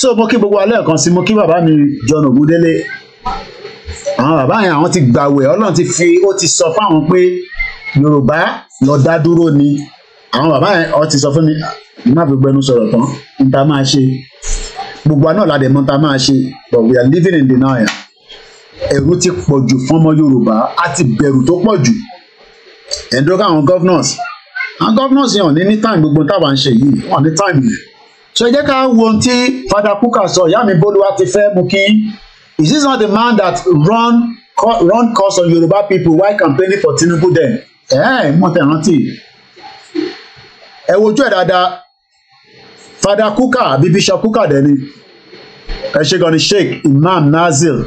So, mo kí gbogbo alẹ́ kan sí mo kí bàbá mi John Ogundele. Àwọn bàbá yẹn àwọn ti gbàwẹ̀ Ọlọ́run ti fi ó ti sọ fáwọn pé Yorùbá lọ dá dúró ni. Àwọn bàbá yẹn ọ ti sọ fún mi má fi gbẹnu sọ̀rọ̀ tán n ta máa ṣe. Gbogbo àná làdẹ̀mọ́ ta máa ṣe but we are living in denial ẹ̀rù ti pọ̀ jù fún ọmọ Yorùbá a ti bẹ̀rù tó pọ̀ jù ẹ̀dọ́ káwọn governors àwọn governors yẹn ò ní ní time gbogbo táwa ń ṣe yìí wọn ní time yẹn so ẹ jẹ́ ká wo ohun tí Fada Kuka sọ ìyá mi bolúwa ti fẹ́ mú kí is this not the man that run run course on Yorùbá people while campaigning for Tinubu then ẹ ẹ mọ tẹ rántí ẹ wojú ẹ dáadáa Fada Kuka àbí Bishop Kuka dẹni ẹ ṣe gan ni Sheikh Imam Nazir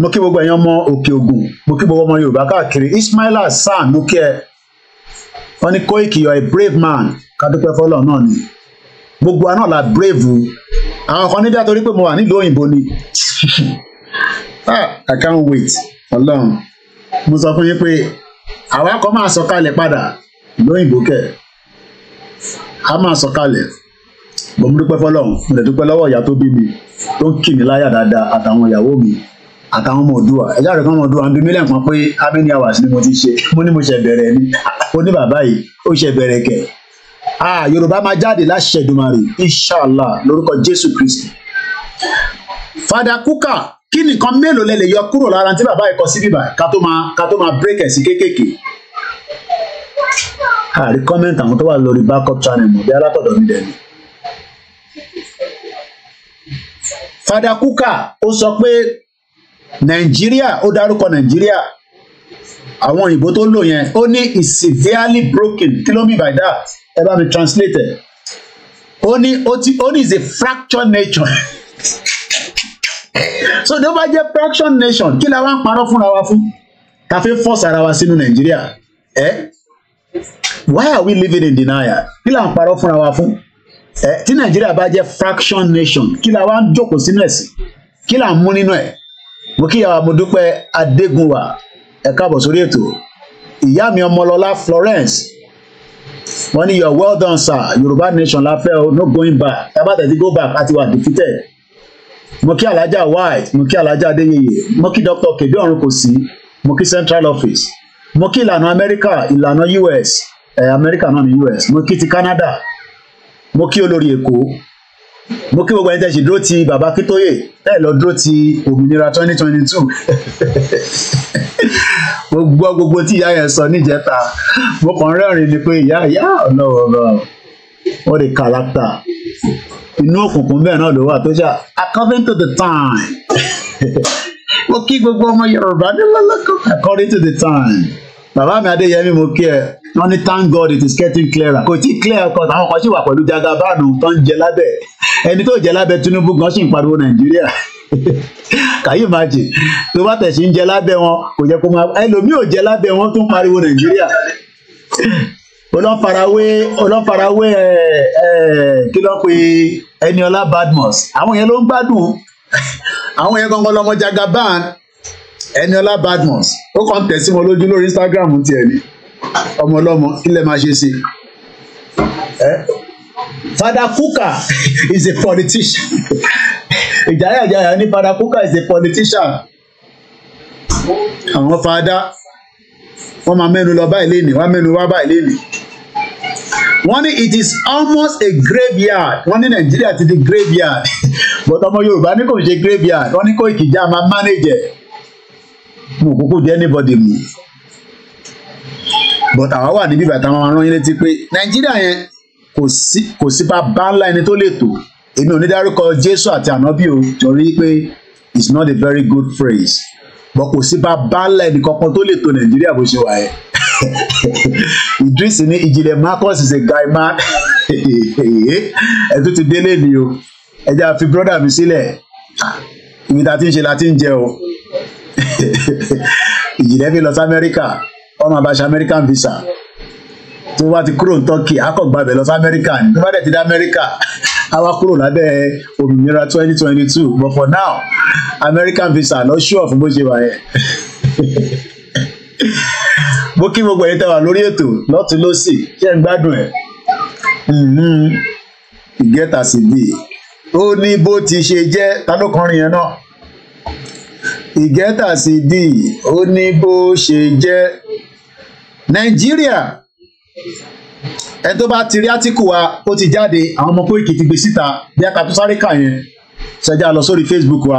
mo kí gbogbo ẹ̀yin ọmọ òkè ògùn mo kí gbogbo ọmọ yorùbá káàkiri ismaila san mo kí ẹ wọn ní Koiki you are a brave man kádúpẹ́ fọlọ́ náà ni gbogbo àná la brave o àwọn kan níbi àtọ́rí pé mo wà nílùú òyìnbó ni [LAUGHS] ah i can't wait ọlọ́run mo sọ fún yín pé àwa kan máa sọ̀kalẹ̀ padà lóyìnbó kẹ̀ a máa sọ̀kalẹ̀ mo dúpẹ́ fọlọ́run mo dẹ̀ dúpẹ́ lọ́wọ́ ìyá tó bí mi tó ń kì mí láyà dáadáa àtàwọn ìyàwó mi àtàwọn ọmọ òdùwà ẹ̀dá rẹ̀ kan ọmọ òdùwà ń bí mílíọ̀nù kan pé amini hours ni mo ti ṣe mo ní mo ṣe bẹ̀rẹ̀ ni ó ní bàbá yìí ó ṣe bẹ̀rẹ̀ kẹ̀ ah Yorùbá máa jáde láṣẹ Èdùmàrè inshàlá lórúkọ Jésù Kristi fada kuka kí nìkan mélòó lẹ lè yọ kúrò lára tí bàbá yìí kọ sí bíbà ká tó máa ká tó máa bírèkì sí kéékèèké àrí kọ́mẹ́ǹtì àwọn tó wà lórí backup channel mọ̀ bí alátọ̀dọ̀ mi dẹ̀nu. fada kuka ó sọ pé nàìjíríà ó dárúkọ nàìjíríà àwọn òyìnbó tó lò yẹn ó ní is severely broken kí ló mean by that ẹ bá mi translate ẹ ó ní ó ti ó ní is a fractured nation [LAUGHS] so tó bá jẹ́ fractured nation kí la wá ń parọ́ fúnra wa fún ta fi force ara wa sínú nàìjíríà ẹ why are we living in denial kí la ń parọ́ fúnra wa fún ẹ tí nàìjíríà bá jẹ́ fractured nation kí la wá ń jókòó sínú ẹ̀sìn kí la ń mú nínú ẹ̀ mo kí ìyàwó amúdúpẹ́ adégúnwà ẹ káàbọ̀ sórí ètò ìyá mi ọmọlọ́lá Florence wọ́n ní your well done sir yorùbá nation la fẹ́ o no going back tábàtà ti go back àti wà defeated mo kí alájà white mo kí alájà adéyẹyẹ mo kí dr kèdè ọ̀run kò sí mo kí central office mo kí ìlànà amẹ́ríkà ìlànà us ẹ̀ eh, amẹ́ríkà náà ní us mo kí ti canada mo kí olórí èkó mo kí gbogbo ẹni tẹ́ ṣì dúró ti bàbá Akíntóyè ẹ lọ dúró ti òmìnira twenty twenty two mo gbọ́ gbogbo tí ìyá yẹn sọ níjẹta mo kàn rẹ́rìn ni pé ìyá ìyá ọ̀nà ọ̀rọ̀ what a character inú òkùnkùn bẹ́ẹ̀ náà ló wà tó ṣá according to the time mo kí gbogbo ọmọ Yorùbá ní lọ́lọ́kọ̀ according to the time bàbá mi Adéyẹmí mo kí ẹ wọ́n ní thank God it is getting clearer kò tí clear ọkọ àwọn kan sì wà pẹ̀lú jagabanu tó ń jẹ lábẹ́ ẹni tó jẹ lábẹ́ Tinubu gan sì ń pariwo Nàìjíríà kàyí [LAUGHS] màjì tó bá tẹ̀sí ń jẹ lábẹ́ wọn kò jẹ́ kó máa ẹlòmíì ò jẹ lábẹ́ wọn tó ń pariwo Nàìjíríà olọ́farawé olọ́farawé ẹ ẹ kí ló ń pe Eniola Badmus àwọn yẹn ló ń gbádùn àwọn yẹn gangan lọmọ Jagaban Eniola Badmus ó kàn tẹ̀sí wọn lójú lórí Instagram tiẹ̀ ni ọmọ ọlọ́mọ kí lẹ ṣe sí i. Father Kuka is a politician. Ìjàyà ìjàyà ní Father Kuka is a politician. Àwọn fada wọ́n máa mẹ́nu lọ báyìí lénìí, wọ́n mẹ́nu wá báyìí lénìí wọ́n ní it is almost a graveyard wọ́n ní nàìjíríà ti di graveyard but ọmọ yorùbá ní kò ṣe graveyard wọ́n ní kó ìkìjà máa manage ẹ̀ mo kúkú jẹ́ anybody mu but àwa wà níbí bàtà máa rán yín létí pé nàìjíríà yẹn kò sí kò sí bá báńlá ẹni tó lè tò èmi ò ní dárúkọ jésù àti ànábì o torí pé it's not a very good phrase but kò sí bá báńlá ẹni kankan tó lè tò nàìjíríà bó ṣe wà yẹn [LAUGHS] idris ní ìjìnlẹ̀ marcus is a guy man [LAUGHS] ẹ tún ti délé mi o ẹ jẹ́ àfi brọ́dà mi sílẹ̀ ibi tá a ti ń ṣe la ti ń jẹ o [LAUGHS] ìjìnlẹ̀ fi lọ sí amẹ́ríkà ọmọ àbáṣe American visa tó bá ti kúrò ní Turkey akọ̀gbàbẹ̀ lọ sí America ní tó bá dẹ̀ ti dé America á wá kúrò lábẹ́ òmìnira twenty twenty two but for now American visa lọ ṣúọ̀ fún bó ṣe wà yẹn [LAUGHS] mo kí gbogbo ẹ̀yin tẹ́ wà lórí ètò lọ́tún lọ́sì ṣé ń gbádùn ẹ̀ ìgẹ́ta sì bì í ó ní bó ti ṣe jẹ́ ta ló kọrin yẹn náà ìgẹ́ta sì bì í ó ní bó ṣe jẹ́ nàìjíríà ẹ tó bá ti rí átíkù wa ó ti jáde àwọn ọmọ Koiki ti gbé síta bí akató sáré kà yẹn ṣẹjá lọ sórí Facebook wa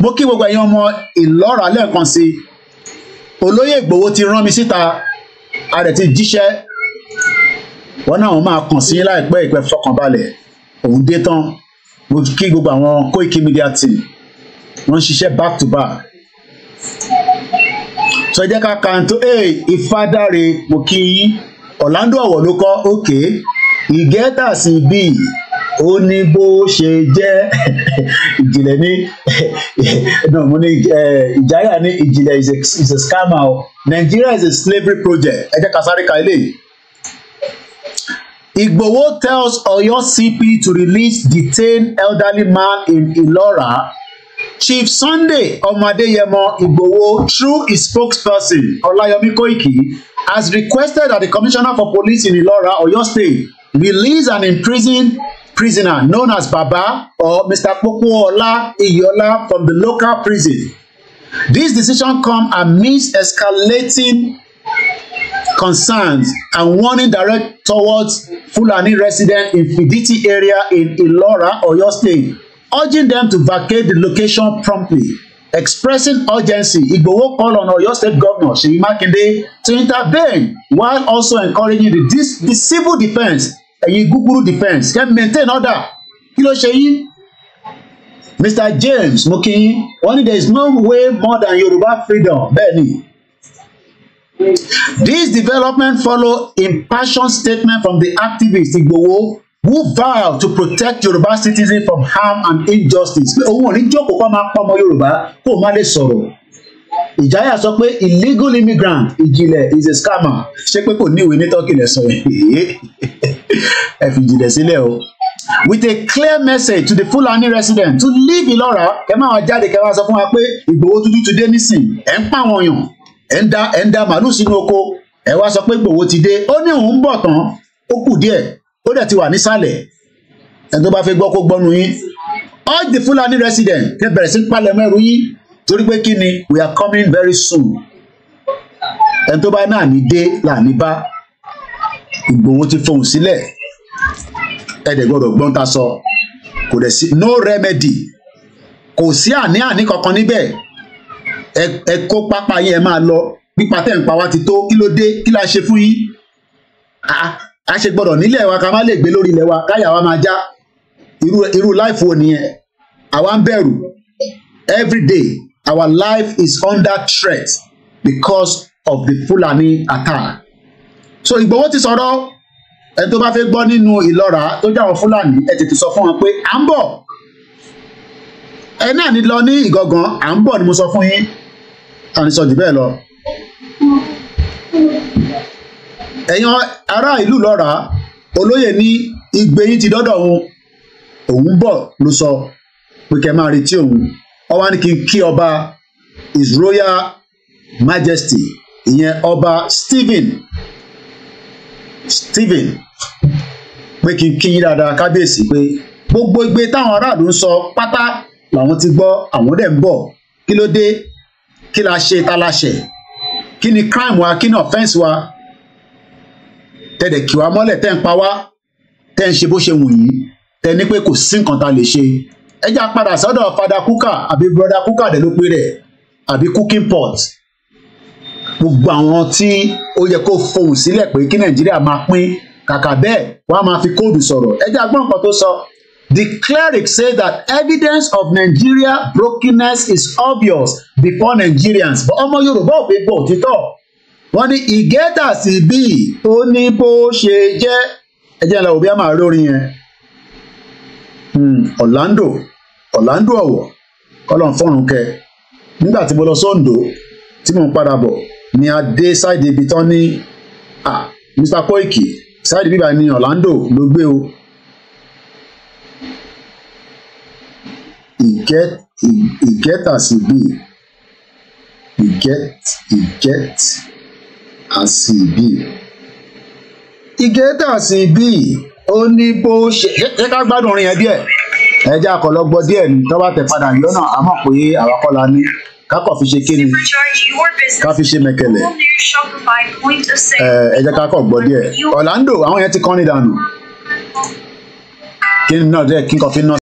mo kí gbogbo ẹ̀yin ọmọ ìlọ́ra lẹ́ẹ̀kan sí olóyè Ìgbòho ti rán mi síta a rẹ̀ ti jíṣẹ́ wọn náà wọn máa kàn sí láìpẹ́ ìpẹ́ fọkànbalẹ̀ òun dé tán mo kí gbogbo àwọn Koiki Media team wọ́n ń ṣiṣẹ́ back to back sọ jẹ́ ká kan tó ee ìfádàre mo kí yín Orlando Owo ló kọ òkè ìgẹ́tàsí bíi ó ní bó ṣe jẹ́ [LAUGHS] ìjìnlẹ̀ ní [LAUGHS] mo ní ìjáyà ní ìjìnlẹ̀ is a scammer o Nigeria is a slavery project ẹ jẹ́ ká sáré ka eléyìí. Igboho tells Oyo CP to release detained elderly man in Ilora Chief Sunday Omadeyemo Igboho through his spokesperson Olayomi Koiki has requested that the Commissioner for Police in Ilora, Oyo State, release an imprisoned prisoner known as Baba or Mr. Pokuola Iyola from the local prison. This decision comes amidst escalating concerns and warning direct towards Fulani residents in Fiditi area in Ilora, Oyo State urging them to vacate the location promptly. Expressing urgency, Igbowo called on Oyo State Governor Seyi Makinde to intervene while also encouraging the, dis the civil defence ẹ̀yin gúgúrú defence can maintain order. Kí ló Mr. James Mokinyin wọ́n there is no way more than Yoruba freedom bẹ́ẹ̀ This development follow impassioned statement from the activist Igbowo who vow to protect Yorùbá citizens from harm and injustice pé òun ò ní jókòó kó máa pa ọmọ Yorùbá kó o má lè sọ̀rọ̀ ìjáyà sọ pé illegal immigrant ìjìnlẹ̀ is a scammer ṣé pé kò ní ìwé ní turkey lẹ sọ yìí ẹ fi ìjìnlẹ̀ sílẹ̀ o with a clear message to the Fulani residents to leave Ìlọ́ra ẹ máa wá jáde kẹ wá sọ fún wa pé Ìgbòho tuntun ti dé nísìn ẹ ń pa àwọn èèyàn ẹ ń da ẹ ń da màálù sínú oko ẹ wá sọ pé Ìgbòho ti dé ó ní òun ń bọ̀ tán ó kù díẹ̀ dẹ̀ ti wà nísàlẹ̀ ẹni tó bá fẹ́ gbọ́ kó gbọ́nu yín all the Fulani residents tẹ bẹ̀rẹ̀ sí palẹ̀mọ́ ẹrú yín torí pé kí ni we are coming very soon ẹni tó bá náà ní dé láàní bá Ìgbòho ti fohùn sílẹ̀ ẹ̀dẹ̀ gbọ́dọ̀ gbọ́n ta sọ kò dẹ̀ sí no remedy kò sí àní-àní kankan níbẹ̀ ẹ kó pápá yín máa lọ pípa tẹ̀ ń pa wá ti tó kí ló dé kí la ṣe fún yín ah, a ṣe gbọ́dọ̀ nílẹ̀ wa ká má lè gbé lórí ilẹ̀ wa káyà wa máa já irú irú life wo nìyẹn àwa ń bẹ̀rù every day our life is under threat because of the Fulani attack so Ìgbòho ti sọ̀rọ̀ ẹni tó bá fẹ́ gbọ́ nínú ìlọ́ra tó jẹ́ àwọn Fúlàní ẹ tètè sọ fún wọn pé à ń bọ̀ ẹ náà ní lọ ní ìgangan à ń bọ̀ ni mo sọ fún yín àníṣọ jù lọ ẹ̀yin ará ìlú lọ́ra olóyè ní igbe yín ti dọ́dọ̀ òun òun bọ̀ ló sọ pé kẹ́ máa retí òun ọba ní kí n kí ọba his royal majesty ìyẹn ọba Stephen Stephen pé kí n kí yín dáadáa kábíyèsí pé gbogbo igbe táwọn aráàlú ń sọ pátá làwọn ti gbọ́ àwọn dẹ̀ ń bọ̀ kí ló dé kí la ṣe ta la ṣẹ̀ kí ni crime wa kí ni offence wa tẹ̀dẹ̀ kì wá mọ́lẹ̀ tẹ̀ ń pa wá tẹ̀ ń ṣe bó ṣe wù yín tẹ̀ ní pé kò sí nǹkan ta lè ṣe ẹ padà sọ́dọ̀ fada kúkà àbí broda kúkà dẹ̀ ló pé rẹ̀ àbí cooking pot gbogbo àwọn tí ó yẹ kó fohùn sílẹ̀ pé kí nàìjíríà máa pín kàkà bẹ́ẹ̀ wọ́n á máa fi kóòdù sọ̀rọ̀ ẹ gbọ́n nǹkan tó sọ The cleric say that evidence of Nigeria brokenness is obvious before Nigerians but ọmọ Yorùbá ò fi gbọ́ òtítọ́ wọ́n ní ìgẹ́tà sí bí ó ní bó ṣe jẹ́ ẹjẹ́ ńlá òbí àmà lórí yẹn hmm, Orlando Orlando ọ̀wọ̀ kọ́lọ̀ fọ́run kẹ nígbà tí mo lọ sóńdò tí mo ń padà bọ̀ ni a dé ṣáìdì ibi tán ní Mr Koiki ṣáìdì bíbá ni Orlando ló gbé o ìgẹ́t ìgẹ́tà sí bí ìgẹ́t ìgẹ́t àsìbí. ìgétà síbí ó ní bó ṣe ṣe ká gbádùn orin yẹn díẹ̀ ẹjẹ àkọlọgbọ díẹ̀ ní tọ́wọ́ tẹ padà yọ náà a mọ̀ pé àwa kọ́ la ní kákọ̀ fi ṣe kíni ká fi ṣe mẹ̀kẹ̀lẹ̀ ẹ jẹ́ kákọ̀ gbọ́ díẹ̀ Orlando àwọn yẹn ti kọ́ni dànù kí n náà dẹ́ kí n kọ́ fi náà.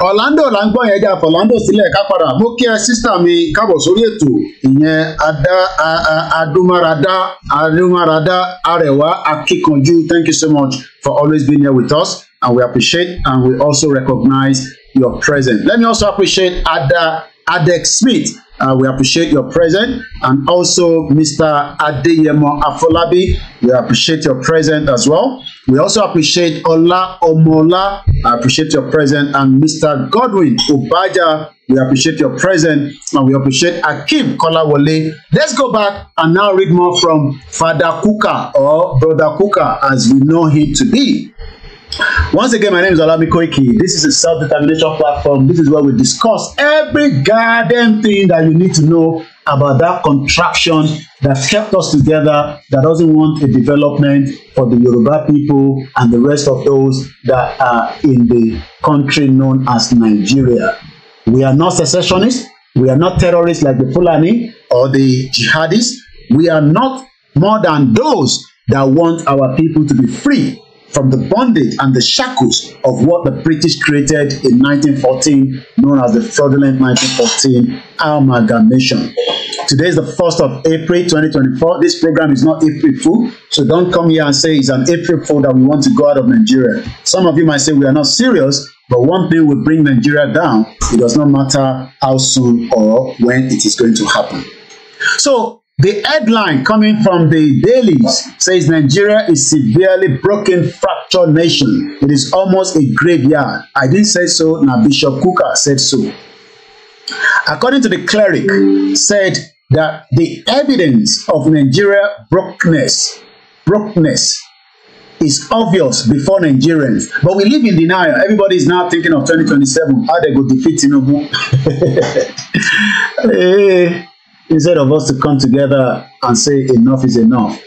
Orlando là ń gbọ́ yẹn jà fọ̀làndò sílẹ̀ ká padà mo kí ẹ sísítà mi káàbọ̀ sórí ètò ìyẹn adumarada adumarada arẹwà akíkanjú thank you so much for always being here with us and we appreciate and we also recognize your presence let me also appreciate ada adek smith Uh, we appreciate your presence and also Mr. Adeyemo Afolabi. We appreciate your presence as well. We also appreciate Ola Omola. I appreciate your presence. And Mr. Godwin Ubaja, we appreciate your presence. And we appreciate Akib Kolawole. Let's go back and now read more from Father Kuka or Brother Kuka as we know him to be. Once again, my name is Olami Koiki. This is a self-determination platform. This is where we discuss every goddamn thing that you need to know about that contraption that kept us together, that doesn't want a development for the Yoruba people and the rest of those that are in the country known as Nigeria. We are not secessionists. We are not terrorists like the Fulani or the jihadists. We are not more than those that want our people to be free from the bondage and the shackles of what the British created in 1914, known as the fraudulent 1914 amalgamation. Today is the 1st of April 2024. This program is not April Fool, so don't come here and say it's an April Fool that we want to go out of Nigeria. Some of you might say we are not serious, but one thing will bring Nigeria down. It does not matter how soon or when it is going to happen. So The headline coming from the dailies says Nigeria is severely broken fractured nation. It is almost a graveyard. I didn't say so, now Bishop Kuka said so. According to the cleric, said that the evidence of Nigeria brokenness, brokenness is obvious before Nigerians. But we live in denial. Everybody is now thinking of 2027, how they go defeat Tinubu. hey. [LAUGHS] Eh, instead of us to come together and say enough is enough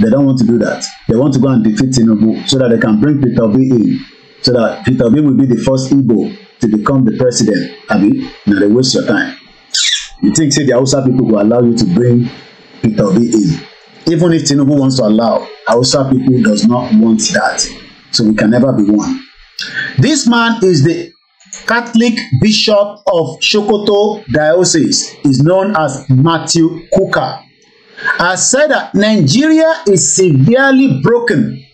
they don't want to do that they want to go and defeat Tinubu so that they can bring Peter B in so that Peter B will be the first Igbo to become the president abi now they waste your time you think say the Hausa people go allow you to bring Peter B in even if Tinubu wants to allow Hausa people does not want that so we can never be one this man is the Catholic bishop of Sokoto Diocese is known as Matthew Kuka, I said that Nigeria is severely broken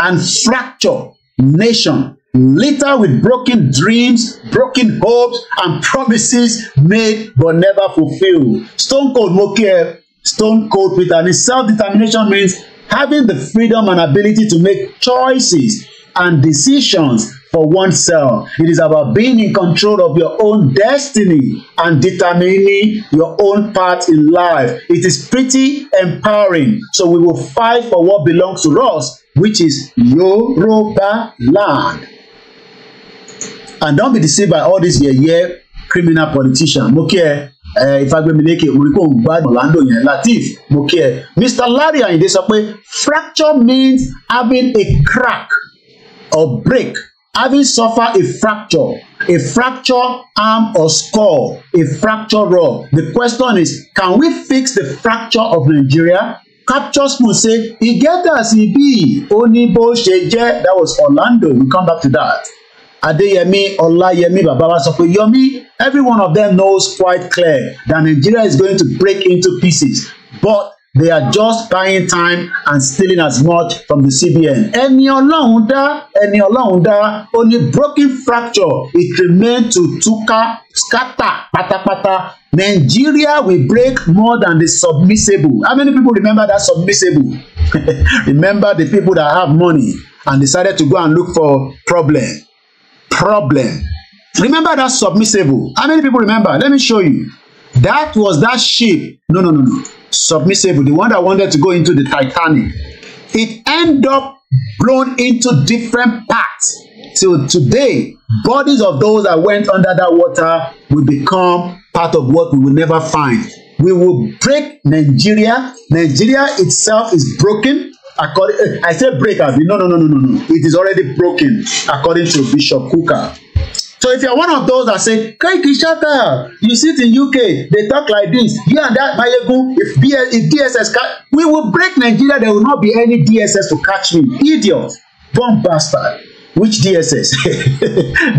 and fractured nation littered with broken dreams, broken hopes, and promises made but never fulfilled. Stone Cold Mokie, Stone Cold Peter, and self-determination means having the freedom and ability to make choices and decisions for oneself. It is about being in control of your own destiny and determining your own path in life. It is pretty empowering. So we will fight for what belongs to us, which is Yoruba land. And don't be deceived by all these yeye criminal politician. Mo kí ẹ Ìfagbemileke oríkò ń gbá Orlando yẹn Lateef mo kí ẹ. Mr. Larry Ayinde sọ pé fracture means having a crack or break having suffered a fracture, a fracture arm or skull, a fracture rod. The question is, can we fix the fracture of Nigeria? Capture Spoon say, e get as e be, ó ní bó ṣe jẹ́, that was Orlando, we come back to that. Adeyemi, Olayemi, Babawa sọ pé Yomi, every one of them knows quite clear that Nigeria is going to break into pieces. But they are just buying time and stealing as much from the CBN. ẹni ọlọ́run dá ẹni ọlọ́run dá ó ní broken fracture it remains to tuka scatter pátápátá Nigeria will break more than the submissible how many people remember that submissible [LAUGHS] remember the people that have money and decided to go and look for problem problem remember that submissible how many people remember let me show you that was that ship. no no no no Submissible, the one that wanted to go into the Titanic, it ended up blown into different parts. Till today, bodies of those that went under that water will become part of what we will never find. We will break Nigeria. Nigeria itself is broken. According, eh, I said break, I mean, no, no, no, no, no, no. It is already broken, according to Bishop Kuka. So if you're one of those that say, Kaiki, shut You sit in UK, they talk like this. You and that Mayegun, if, if DSS, ca- we will break Nigeria. There will not be any DSS to catch me. Idiot. Bomb bastard. Which DSS?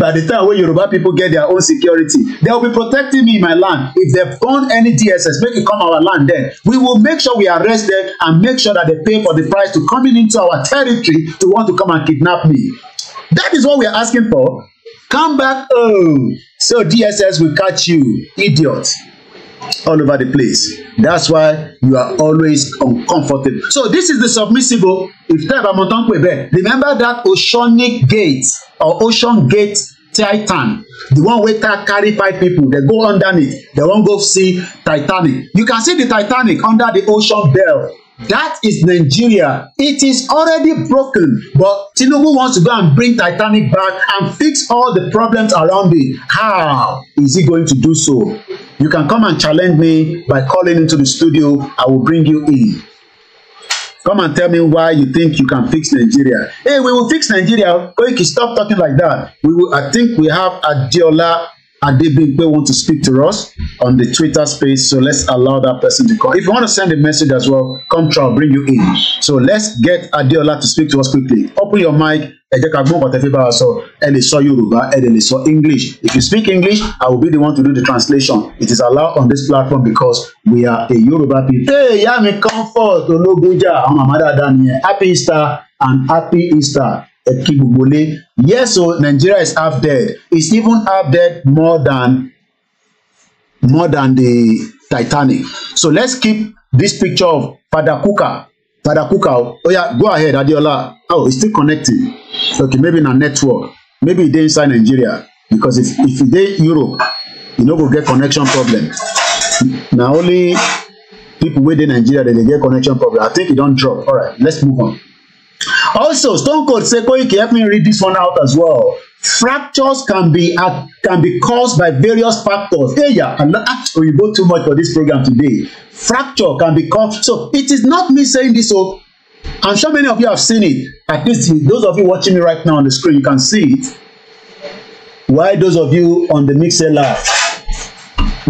[LAUGHS] By the time when Yoruba people get their own security, they will be protecting me in my land. If they found any DSS, make it come our land then. We will make sure we arrest them and make sure that they pay for the price to coming into our territory to want to come and kidnap me. That is what we are asking for. Come back home so DSS will catch you, idiot. All over the place. That's why you are always uncomfortable. So this is the submissible. If Taiba Montankwe remember that oceanic gate or ocean gate titan the one wey carry five people dey go under it dey wan go see titanic you can see the titanic under the ocean bell That is Nigeria. It is already broken, but Tinubu wants to go and bring Titanic back and fix all the problems around it. How is he going to do so? You can come and challenge me by calling into the studio. I will bring you in. Come and tell me why you think you can fix Nigeria. Hey, we will fix Nigeria. Koiki, stop talking like that. We will, I think we have Adiola Adebimpe want to speak to us on the Twitter space, so let's allow that person to call. If you want to send a message as well, come try, I'll bring you in. So let's get Adeola to speak to us quickly. Open your mic. Ẹ jẹ́ ká gbọ́ nǹkan tẹ́ fẹ́ bá wa sọ. Ẹ lè English. If you speak English, I will be the one to do the translation. It is allowed on this platform because we are a Yoruba people. Hey, ìyá mi comfort ológunjà àwọn màmá dáadáa nìyẹn? Happy Easter and happy Easter ẹ yes so Nigeria is half dead it's even half dead more than more than the Titanic so let's keep this picture of Father Kuka Father Kuka oh, oh yeah, go ahead Adiola. oh it's still connecting okay maybe in na network maybe e inside Nigeria because if if e dey Europe you know, go get connection problem Now only people within Nigeria they get connection problem I think it don't drop All right, let's move on. Also, Stone Cold said, Koiki, help me read this one out as well. Fractures can be uh, can be caused by various factors. Hey, yeah, I'm not we go too much for this program today. Fracture can be caused. So it is not me saying this. So I'm sure many of you have seen it. At least those of you watching me right now on the screen, you can see it. Why those of you on the mixer live?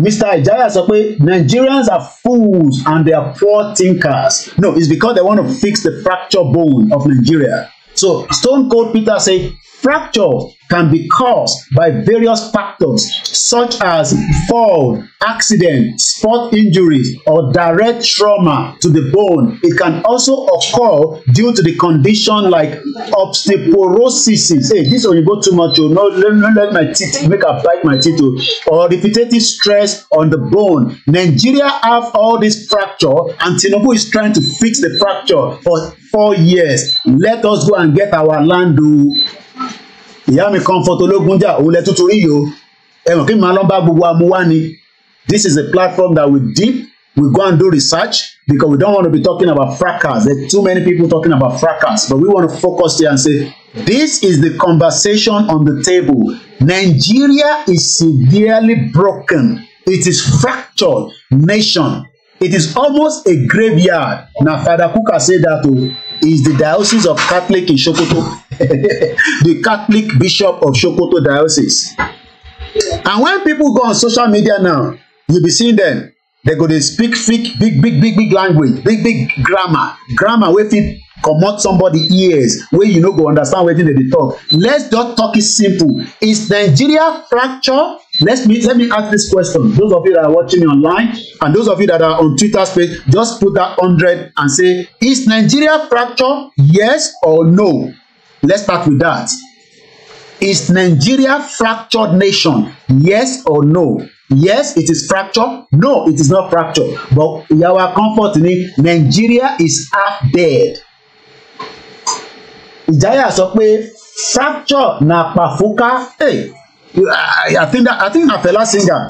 Mr. Ijaya sọ pé Nigerians are fools and they are poor thinkers. No, it's because they want to fix the fracture bone of Nigeria. So Stone Cold Peter say. Fracture can be caused by various factors such as fall, accident, sport injuries, or direct trauma to the bone. It can also occur due to the condition like osteoporosis. Hey, this one you oyinbo too much o. Oh. No, let, no let my teeth make a bite my teeth o. Oh. Or repetitive stress on the bone. Nigeria have all this fracture and Tinubu is trying to fix the fracture for four years. Let us go and get our land o. Oh ìyá mi kan fọtò ológun jà òun lẹ tuntun rí yìí o ẹ̀wọ̀n kí n máa lọ bá gbogbo amúwá ni this is a platform that we deep we go and do research because we don't want to be talking about fracas there are too many people talking about fracas but we want to focus here and say this is the conversation on the table Nigeria is severely broken it is fractured nation it is almost a graveyard na Father Kuka say that o. Oh, is the diocese of Catholic in Sokoto [LAUGHS] the Catholic bishop of Sokoto diocese and when people go on social media now you be seeing them they go dey speak big big big big big language big big grammar grammar wey fit comot somebody ears wey you no go understand wetin dem dey talk let's just talk it simple is Nigeria fracture Let me let me ask this question. Those of you that are watching me online and those of you that are on Twitter space, just put that hundred and say, is Nigeria fracture? Yes or no? Let's start with that. Is Nigeria fractured nation? Yes or no? Yes, it is fractured. No, it is not fractured. But our comfort ni Nigeria is half dead. Ijaya, sọ pé fracture na pàfúkà. Hey. I think that I think Àfẹlá singer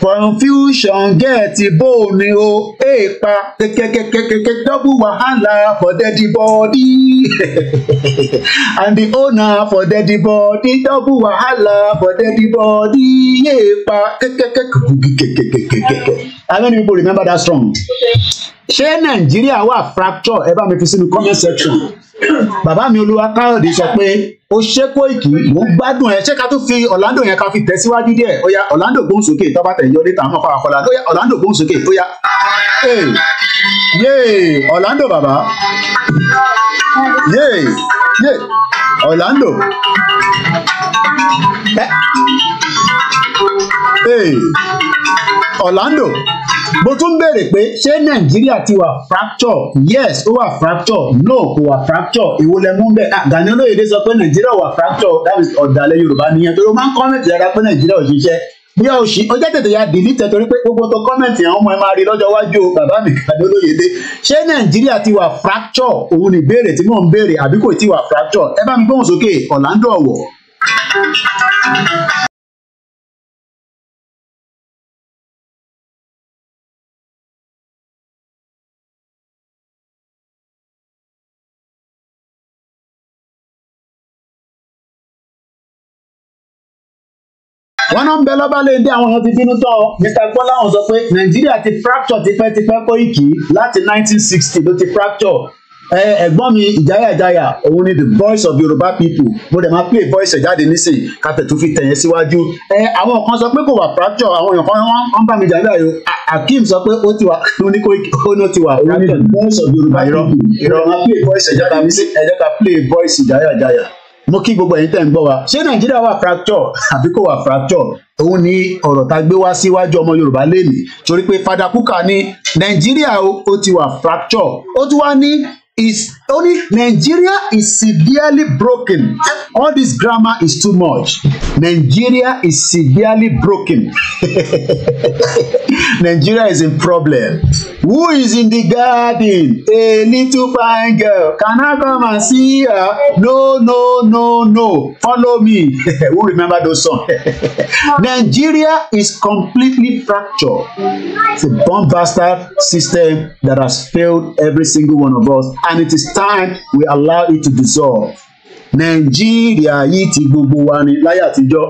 confusion get bone o epa kekekekeke double wahala for deadi body and the owner for deadi body double wahala for deadi body epa kekekekekekekekeke how many people remember that song ṣé Nigeria wà fracture Ever bá mi fi sínú comment section bàbá mi olúwa káyọ̀dé sọ pé ó ṣe Kóìkì mò ń gbádùn ẹ ṣé ká tó fi Orlando yẹn ká fi tẹ̀síwájú díẹ̀ ó yá Orlando gbóhùn sókè tọ́ba tẹ̀ yọ létà àmọ́ fara ó yá Orlando gbóhùn sókè ó yá yéè Orlando bàbá yéè yéè Orlando ẹ Orlando mo tún béèrè pé ṣé nàìjíríà ti wà fracture yes ó wà fracture no kò wà fracture èwo lẹ mú bẹ́ẹ̀ ah, Gani Olóyèdé sọ pé nàìjíríà wà fracture that is ọ̀dàlẹ̀ yorùbá nìyẹn torí ó máa ń kọ́mẹ̀tì rárá pé nàìjíríà ò ṣiṣẹ́ bí o ṣì ó jẹ́ tètè ya delete torí pé gbogbo tó kọ́mẹ̀ntì àwọn ọmọ ẹ máa rí lọ́jọ́ iwájú bàbá mi Gani Olóyèdé ṣé nàìjíríà ti wà fracture òun ni ìbéèrè tí mò ń béèrè àbí kò ti wà fracture ẹ bá mi gbóhùn sókè Orlando Owo. wọn náà ń bẹ lọ́ba léde àwọn èèyàn ti bínú tán o mr gbọ́láhùn sọ pé nàìjíríà ti fracture tipẹ́tipẹ́ Koiki láti 1960 ló ti fracture ẹ̀gbọ́n mi ìjáyà ìjáyà òun ni the voice of Yorùbá people mo dẹ̀ máa play voice ẹ̀ jáde nísìnyí ká tẹ̀tún fi tẹ̀yẹ síwájú ẹ àwọn kan sọ pé kò wà fracture àwọn èèyàn kan wọ́n ń bá mi jà nígbà yìí Akeem sọ pé ó ti wà ó ní Koiki ó ní ó ti wà òun ni the voice of Yorùbá irọ́ irọ́ máa play voice ẹ̀ jáde nísìnyí ẹ jẹ́ ká play voice ìjáyà ìjáyà mo kí gbogbo ẹ̀yin tẹ́ ń gbọ́ wa ṣé nàìjíríà wà fracture àbí kò wà fracture òun ni ọ̀rọ̀ tá a gbé wá síwájú ọmọ yorùbá lẹ́nu torí pé fada kúkà ní nàìjíríà ó ti wà fracture ó tún wá ní is ó ní Nigeria is severely broken all this grammar is too much Nigeria is severely broken [LAUGHS] Nigeria is a problem who is in the garden a little fine girl can I come and see her no no no no follow me [LAUGHS] who remember those songs [LAUGHS] Nigeria is completely fractured it's a bombastic system that has failed every single one of us and it is time we allow it to dissolve nàìjíríà yìí ti gbogbo wa ni láyé àtijọ́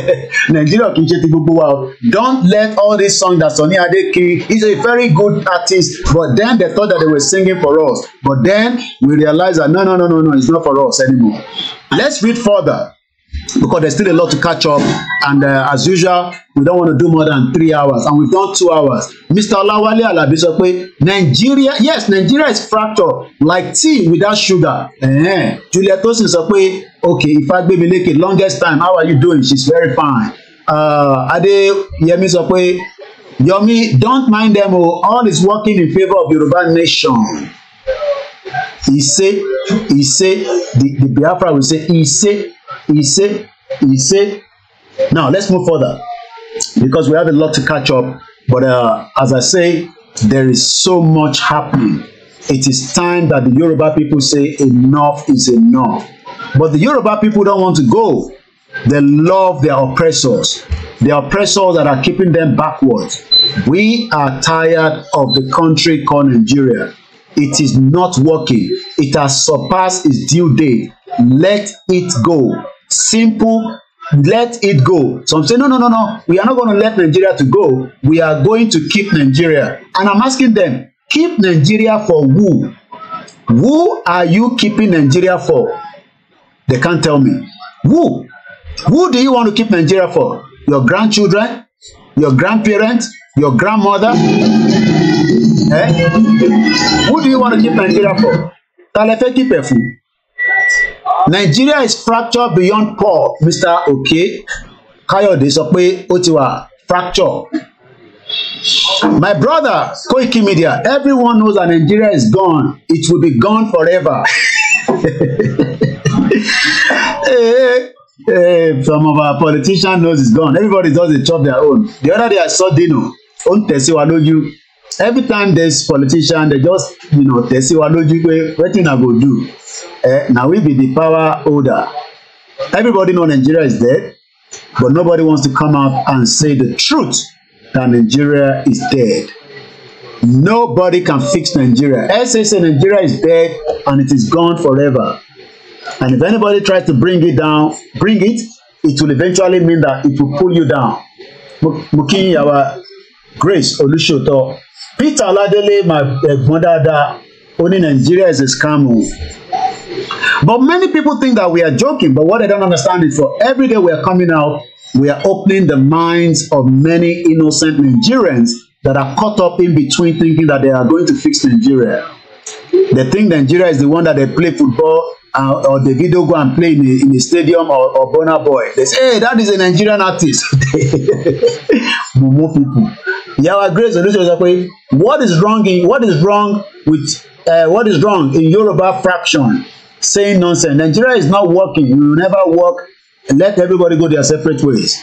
[LAUGHS] nàìjíríà kì í ṣe ti gbogbo wa o don't let all this song that Sunny Ade sing he's a very good artist but then they thought that they were singing for us but then we realize that no no no no no it's not for us anymore let's read further because there's still a lot to catch up and uh, as usual we don't want to do more than three hours and we've done two hours mr olawale alabi sọ pé nigeria yes nigeria is fractured like tea without sugar eh, juliet tosin sọ pé okay ifagbemileke longest time how are you doing she's very fine uh, adeyemi sọ pé yomi don't mind them o oh, all is working in favour of yoruba nation he say he say the the biafra will say he say He he Ise. Now let's move further because we have a lot to catch up. But uh, as I say, there is so much happening. It is time that the Yoruba people say enough is enough. But the Yoruba people don't want to go. They love their oppressors, the oppressors that are keeping them backwards. We are tired of the country called Nigeria. It is not working. It has surpassed its due date. Let it go simple let it go some say no no no no we are not going to let nigeria to go we are going to keep nigeria and i'm asking them keep nigeria for who who are you keeping nigeria for they can't tell me who who do you want to keep nigeria for your grandchildren your grandparents your grandmother eh? who do you want to keep nigeria for ta lẹ fẹ́ keep ẹ Nigeria is fractured beyond poor Mr. Oke Kayode sọ pé ó ti wà fracture. My brother Koiki Media everyone knows that Nigeria is gone it will be gone forever. hey, [LAUGHS] eh, hey, eh, some of our politicians knows it's gone everybody just dey chop their own. The other day I saw Dino On ń tẹ̀síwá every time there's politician they just you know, tẹ̀síwá lójú pé wetin I go do eh, now we be the power holder. Everybody know Nigeria is dead, but nobody wants to come out and say the truth that Nigeria is dead. Nobody can fix Nigeria. SSA Nigeria is dead and it is gone forever. And if anybody tries to bring it down, bring it, it will eventually mean that it will pull you down. Mukin Yawa Grace Olushoto. Peter Ladele, my eh, that only Nigeria is a scam. But many people think that we are joking, but what they don't understand is for every day we are coming out, we are opening the minds of many innocent Nigerians that are caught up in between thinking that they are going to fix Nigeria. They think Nigeria is the one that they play football uh, or video go and play in a, in a stadium or, or Burna Boy. They say, hey, that is a Nigerian artist. [LAUGHS] Mumu people. Yàrá Grace what is wrong in what is wrong with uh, what is wrong in Yoruba fraction saying nonsense. Nigeria is not working. You will never work. Let everybody go their separate ways.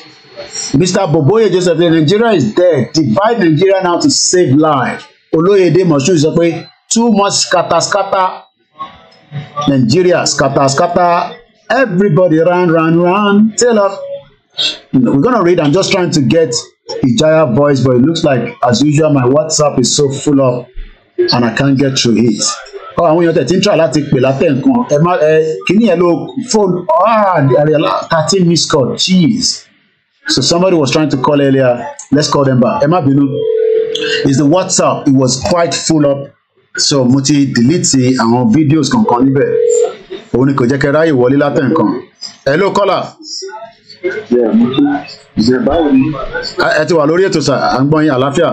Mr. Boboye Joseph, Nigeria is dead. Divide Nigeria now to save life. Oloyede Moshu sọ pé too much scatter scatter Nigeria scatter scatter everybody run run run tail off. We're gonna read. I'm just trying to get Ijaya voice, but it looks like as usual my WhatsApp is so full of and I can't get through it ọ àwọn èèyàn tẹ̀ tí ń try láti pè látẹ̀ nǹkan ẹ má ẹ kíní ẹ lo phone ah thirteen missed call jeez so somebody was trying to call earlier let's call them back ẹ má bínú it's the WhatsApp it was quite full up so mo ti delete àwọn videos kankan níbẹ̀ òun ni kò jẹ́ kẹ́ ráyè wọlé látẹ̀ nǹkan ẹ ló caller. ẹ ti wà lórí ètò sà à ń gbọ́ yín àlàáfíà.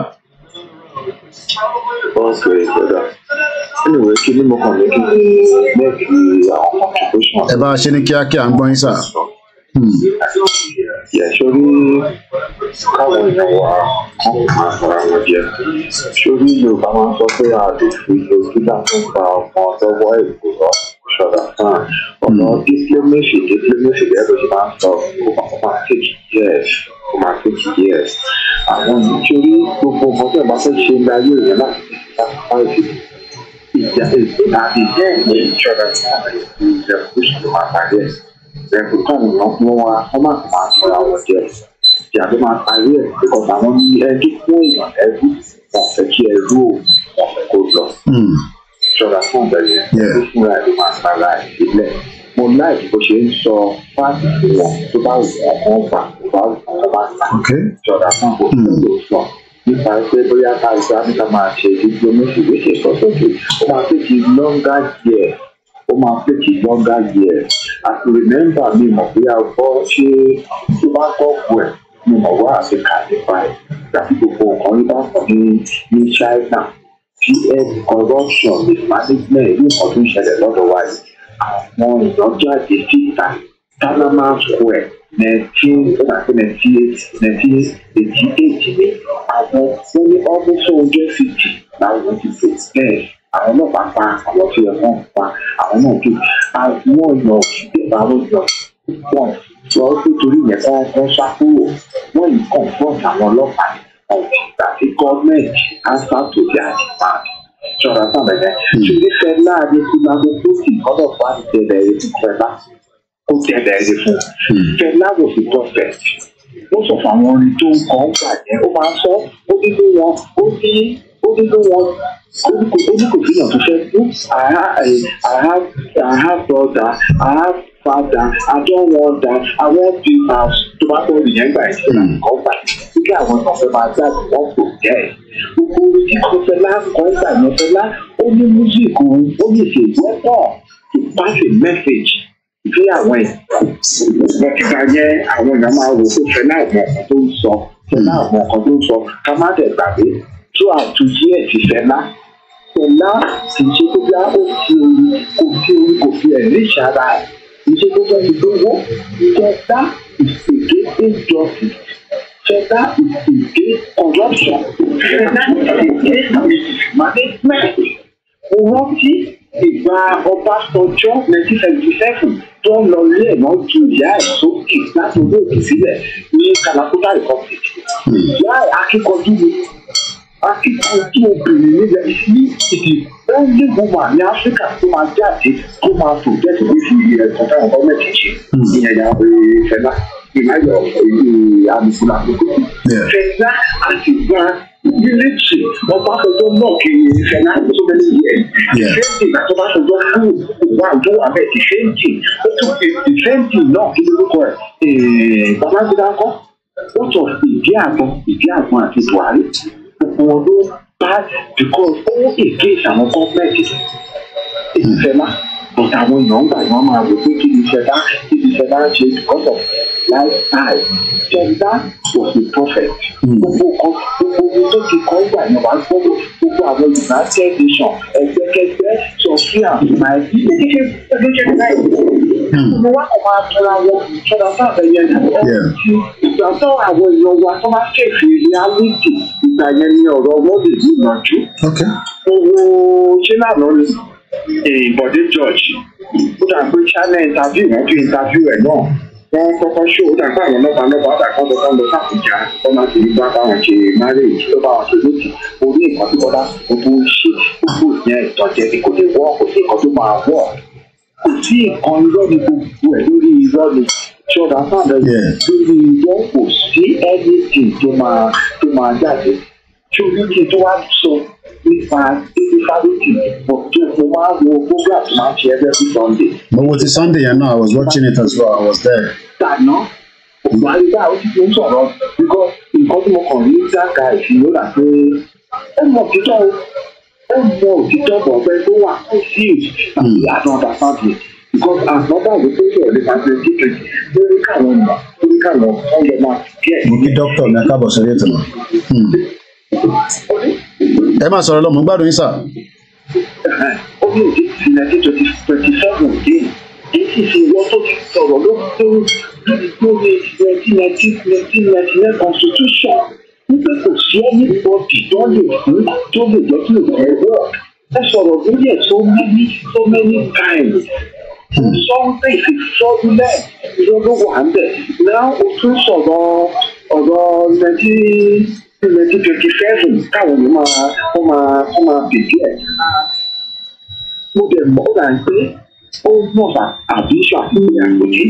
God's grace, brother. Anyway, kí ni mo kàn ní kí bẹ́ẹ̀ fi àwọn contribution. Ẹ bá a ṣe ní kíákíá ń gbọ́n yín sà. Hmm. Sori káwọn èèyàn wa wọ́n máa fara wọn jẹ. Sori Yorùbá máa ń sọ pé àdùn ìlú kí láti ń fa ọmọ tọwọ́ ìlú lọ ṣọ̀dà fún ọ̀nà diplomacy diplomacy gẹ́gẹ́ bó ṣe máa ń sọ ó máa take years ó máa take years àwọn nítorí gbogbo nǹkan tó bá fẹ́ ṣe ń darí èèyàn láti ṣàkóso ìjà ìjà ìjẹ́ ìjẹ́ ìṣọ̀dà fún àwọn ìrẹ̀kúṣà tó máa parí ẹ̀ ìrẹ̀kúṣà ni wọ́n fún wa wọ́n máa fi máa tọ́ra wọn jẹ ìjà tó máa parí ẹ̀ because àwọn ẹni tó fún ìwà ẹrú wọn fẹ́ kí ẹrú ò wọn fẹ́ kó lọ. Hmm ṣọ́ra fún ìbẹ̀rẹ̀ tó fúnra ẹ̀ ló máa fara ìbílẹ̀ mo láì bó ṣe ń sọ fáàtì wọn tó bá wù wọn kàn fà tó bá wù wọn bá fà ṣọ́ra fún ìbò tó sọ nípa pé bóyá ká ìgbà níta máa ṣe ìdíje méjì méjì sọ́sọ́kè ó máa tètè lọ́ngà díẹ̀ ó máa tètè lọ́ngà díẹ̀ àti rìmẹ́mbà mi mọ̀ bóyá bọ́ ṣé tó bá kọ́ kù ẹ̀ mi mọ̀ wá àti nípa ẹ̀ tàbí gbogbo nǹkan yìí bá kàn ní ní China gm corruption mismanagement ìlú kan tó ń ṣẹlẹ̀ lọ́dọ̀ wa yìí àwọn ìdánjáde títà Tanama square nineteen ninety eight nineteen eighty eight ni àwọn ó ní ọ́fíìsì oúnjẹ fìdí làwọn ti fò bẹ́ẹ̀ àwọn náà bá pa àwọn tó yẹ kán pa àwọn náà tó àwọn èèyàn ìdébà ló yọ wọn lọ pé torí ìyẹn kán kán sá kúrò wọn yìí kàn fún àwọn ọlọ́pàá that hmm. the government answer to their demand. Do you understand my guy? Ṣèlú Fẹlá Adékúnláwó tó sì gbọ́dọ̀ bá ní tẹ̀lé ẹ̀rí fún Fẹlá kó tẹ̀lé ẹ̀rí fún. Fẹlá wò sí prophet. Ó sọ fún àwọn orin tó ń kọ́ ń gbà jẹ́ ó máa ń sọ ó ní wọn ó ní ó nínú wọn tó fẹ́ oops I have I have I have brother I have father I don't want that I want to have tomato nìyẹn gbà ẹ̀sìn náà kọ́ gbà nígbà àwọn náà fẹ́ máa jáde wọ́n kò jẹ́ ẹ̀ gbogbo orí kíkọ́ Fẹlá kan gbà yẹn Fẹlá ó ní músíìkù ó lè ṣe ìwọ́pọ̀ to pass a message sí àwọn ìgbà kíkà yẹn àwọn èèyàn máa wò pé Fẹlá àwọn ọkọ̀ tó ń sọ Fẹlá àwọn ọkọ̀ tó ń sọ tó àtúnjí ẹ̀ ti Fẹlá Fẹlá kì í ṣe tó bá ó fi orí kò fi orí kò fi ẹ̀rí ìṣara ẹ̀ kì í ṣe tó bá ti lówó Fẹlá ìṣègé ìjọsìn Fẹlá ìṣègé corruption Fẹlá ìṣègé mismanagement mo rántí ìgbà Ọbásanjọ́ nineteen seventy seven tó ń lọ ilé ẹ̀mọ́ ju ìyá ẹ̀ sókè láti orí òkè sílẹ̀ ní Kalakuta republic hmm. ìyá akíkanjú ni akíkan tí mo bèrè nílẹ̀ ní èdè only woman ní áfíríkà tó máa jáde tó máa tò jẹ́sí ní fi ẹ̀sán táwọn gọ́ọ̀mẹ̀ntì ṣe hmm. ìyẹn ya fẹlá ìmáyọ àmì fúlàní fẹlá àti gba mílítì wọn bá fẹjọ náà kiri fẹlá tó bẹ̀rẹ̀ yẹn fẹǹtì náà tó bá fẹjọ fún ìwà àjọ abẹ ìfẹǹtì ó tún ìfẹǹtì náà kí lórúkọ ẹ babájídá kọ wọn tọ ìdí àgbọn ìdí àgbọn àti buhari gbogbo wọn ló pass because ó engage àwọn gọ́ọ̀mẹ̀ntì ìfẹ́lá but àwọn èèyàn ń gbà wọn máa wò pé kí ni ìṣẹ̀dá kí ni ìṣẹ̀dá ṣe because of lifestyle ìṣẹ̀dá was the prophet gbogbo kan gbogbo ohun tó ti kọ́ gbà yẹn wá gbọ́dọ̀ gbogbo àwọn United Nations ẹgbẹ́kẹgbẹ́ sọ fí àwọn ọmọ ẹbí kékeré kékeré náà. Hmm. mo wá interview wọn wọ́n kọ́kọ́ ṣó ó dà àwọn nọ́ba nọ́ba ọ̀dà kan tó kán lọ sàkójá wọ́n máa ti gbá báwọn ṣe marriage tó báwọn ṣe lókè orí nǹkan gbogbo ṣe gbogbo ìyẹn ìtọ́jẹ́ ni kò tó máa wọ̀ kò sí nǹkan irọ́ ni gbogbo ẹ̀ lórí irọ́ ni ṣọ́ra sáàdọ̀ lórí irọ́ kò sí anything tó máa tó máa jáde ṣùgbọ́n kí n tó wá sọ nípa spirituality but tó mo máa wo program tó máa ń ṣe every Sunday. mo wo ti Sunday yẹn náà I was watching it as well I was there. dànù ògbà ìgbà ó ti ń sọ̀rọ̀ because nǹkan tí mo kàn ní sáà ka ìṣúná pé ẹ mọ̀ títọ́ ó mọ òtítọ́ bọ̀ ọ̀fẹ́ tó wà confused àti understand hmm. it because àtọ́gbà wo tó yọ̀ lè máa ṣe títí lórí káwọn ọmọ lórí káwọn ọmọ lọ máa díẹ̀. mo kí dókítà ní akábọ̀ sórí ètò náà. Hmm. ẹ máa sọ̀rọ̀ lọ mò ń gbádùn yín sà. ó ní òjì ti nineteen twenty twenty seven dé èyí sì wọ́n tó ti sọ̀rọ̀ lórí tó lórí tó ní nineteen nineteen nineteen ninety nine constitution wípé kò sí ẹni pọ́ọ̀kì tó lè fún tó lè jẹ́ kí òun ẹ̀ ẹ sọ̀rọ̀ lórí ẹ̀ so many so many times sọ wípé ìfisọ́dún wà ń bẹ̀ náà o tún sọ̀rọ̀ ọ̀rọ̀ nineteen nineteen twenty seven káwọn ló máa ó máa ó máa bèbí ẹ̀ mo bẹ̀ mọ́ ra pé ó mọ̀ àbí ṣàfihàn àpèjì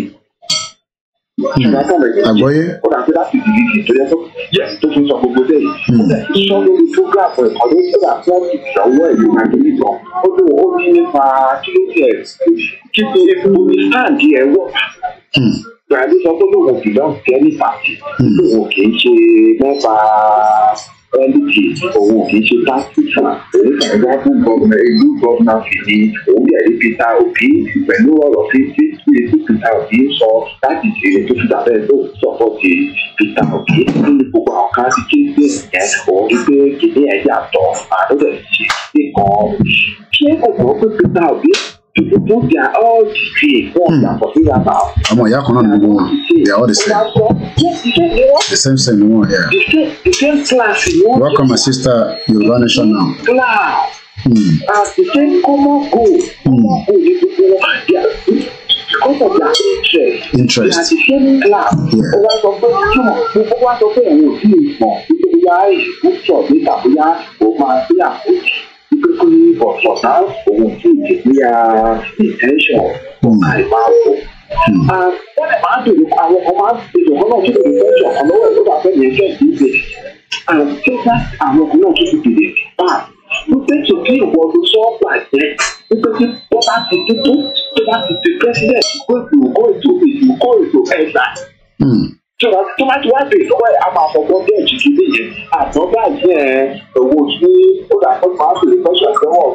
àgbọ́yé gbàdúrà sọ pé lóun kì í kẹ́ nípa lóun kì í ṣe mẹ́ta politics òun kì í ṣe tactics òun kàn ń wá fún ìlú gọ́vnà fìdí òun yẹ ní Peter Obi pẹ̀lú ọ̀rọ̀ tí tí tí Peter Obi sọ láti ṣe tó fi dàbẹ́ tó sọ̀pọ̀ ti Peter Obi nínú gbogbo àwọn kan ti ké gbé yẹn òun ní pé kìnìún ẹ̀yà tọ̀ àdókè ṣe nìkan ṣé kò gbọ́ pé Peter Obi people hmm. they are all the same one na for about. ọmọ ìyá kan ni gbogbo they are all the same. the same same ni wọn yẹ. the same class ni welcome my sister Yorùbá nation now. class mm. as the same common goal. Hmm. common because of their interest. interest they are the same class. ó wá sọ pé túmọ̀ gbogbo wa sọ pé ẹ̀rọ òbí ìmọ̀ nítorí wáyé ó sọ̀ níta bóyá ó máa bí àkójọ quickly, but for now, òun kì í ní intention hmm. àìmáàbò. Hmm. Wọ́n lè máa dùn àwọn kan máa dùn kan náà tún lè intention kan lọ́wọ́ ìlú àfẹ́ yẹn fẹ́ sí ibẹ̀. Àti pé àwọn kan náà tún ti bèrè bá wípé tó kí ìwọ ọdún sọ́ọ̀pù àjẹ́ wípé tí wọ́n bá ti dúdú tó bá ti di president kó ètò kó ètò ètò kó ètò ẹ̀dá. Uh, tó bá ti wá bèè lọ́wọ́ ẹ̀ a máa fọwọ́ bẹ́ẹ̀ jù kí nìyẹn àmọ́ báyìí ẹ̀ owó tí ó dà fún máa bèèrè fẹ́ṣọ̀ lọ́wọ́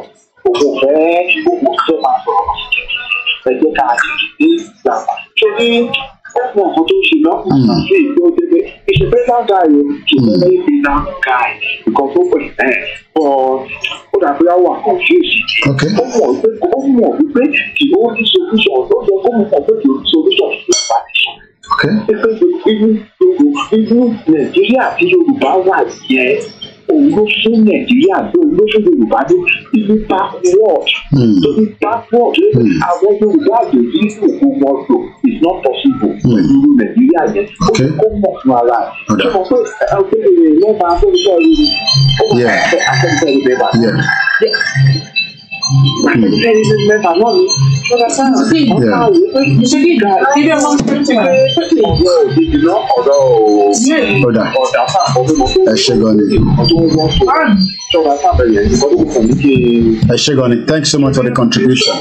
òkú fẹ́ gbogbo fẹ́ máa sọ̀rọ̀ ẹ jẹ́ ká ní ìgbàgbọ́ tó ní ọ̀pọ̀ nǹkan tó ṣe náà sí hmm. ìgbẹ́ òjẹ́gbẹ́ ìṣe bẹ́tà gáàyè kì í fẹ́ bí ná gáàyè nǹkan tó hmm. pẹ̀ ẹ̀ bọ̀ ó dà pé àwọn àkànṣeèṣì pé irú nàìjíríà tí yorùbá wà yẹn òun ló fún nàìjíríà ló ló fún yorùbá ló ibi backward torí backward àwọn yorùbá àjòjì òkú wọn lò is not possible hmm. pẹ̀lú irú nàìjíríà yẹn ó ní kó mọ̀ fún ara ẹ̀ ṣé mo pé ọgbẹ́ ìrìn lẹ́ẹ̀ma fún iṣẹ́ ìrìn ó máa ń fẹ́ afẹ́fẹ́ ìbẹ̀rẹ̀ ẹ̀ẹ́dẹ́gbẹ̀rún mẹ́fà náà ni ṣọ́ra sáà ọ̀pá òwe pé ṣé bí ìgbà ìdílé wọn ti ti pé ọ̀dọ́ òdìdì thank you so much for the contribution.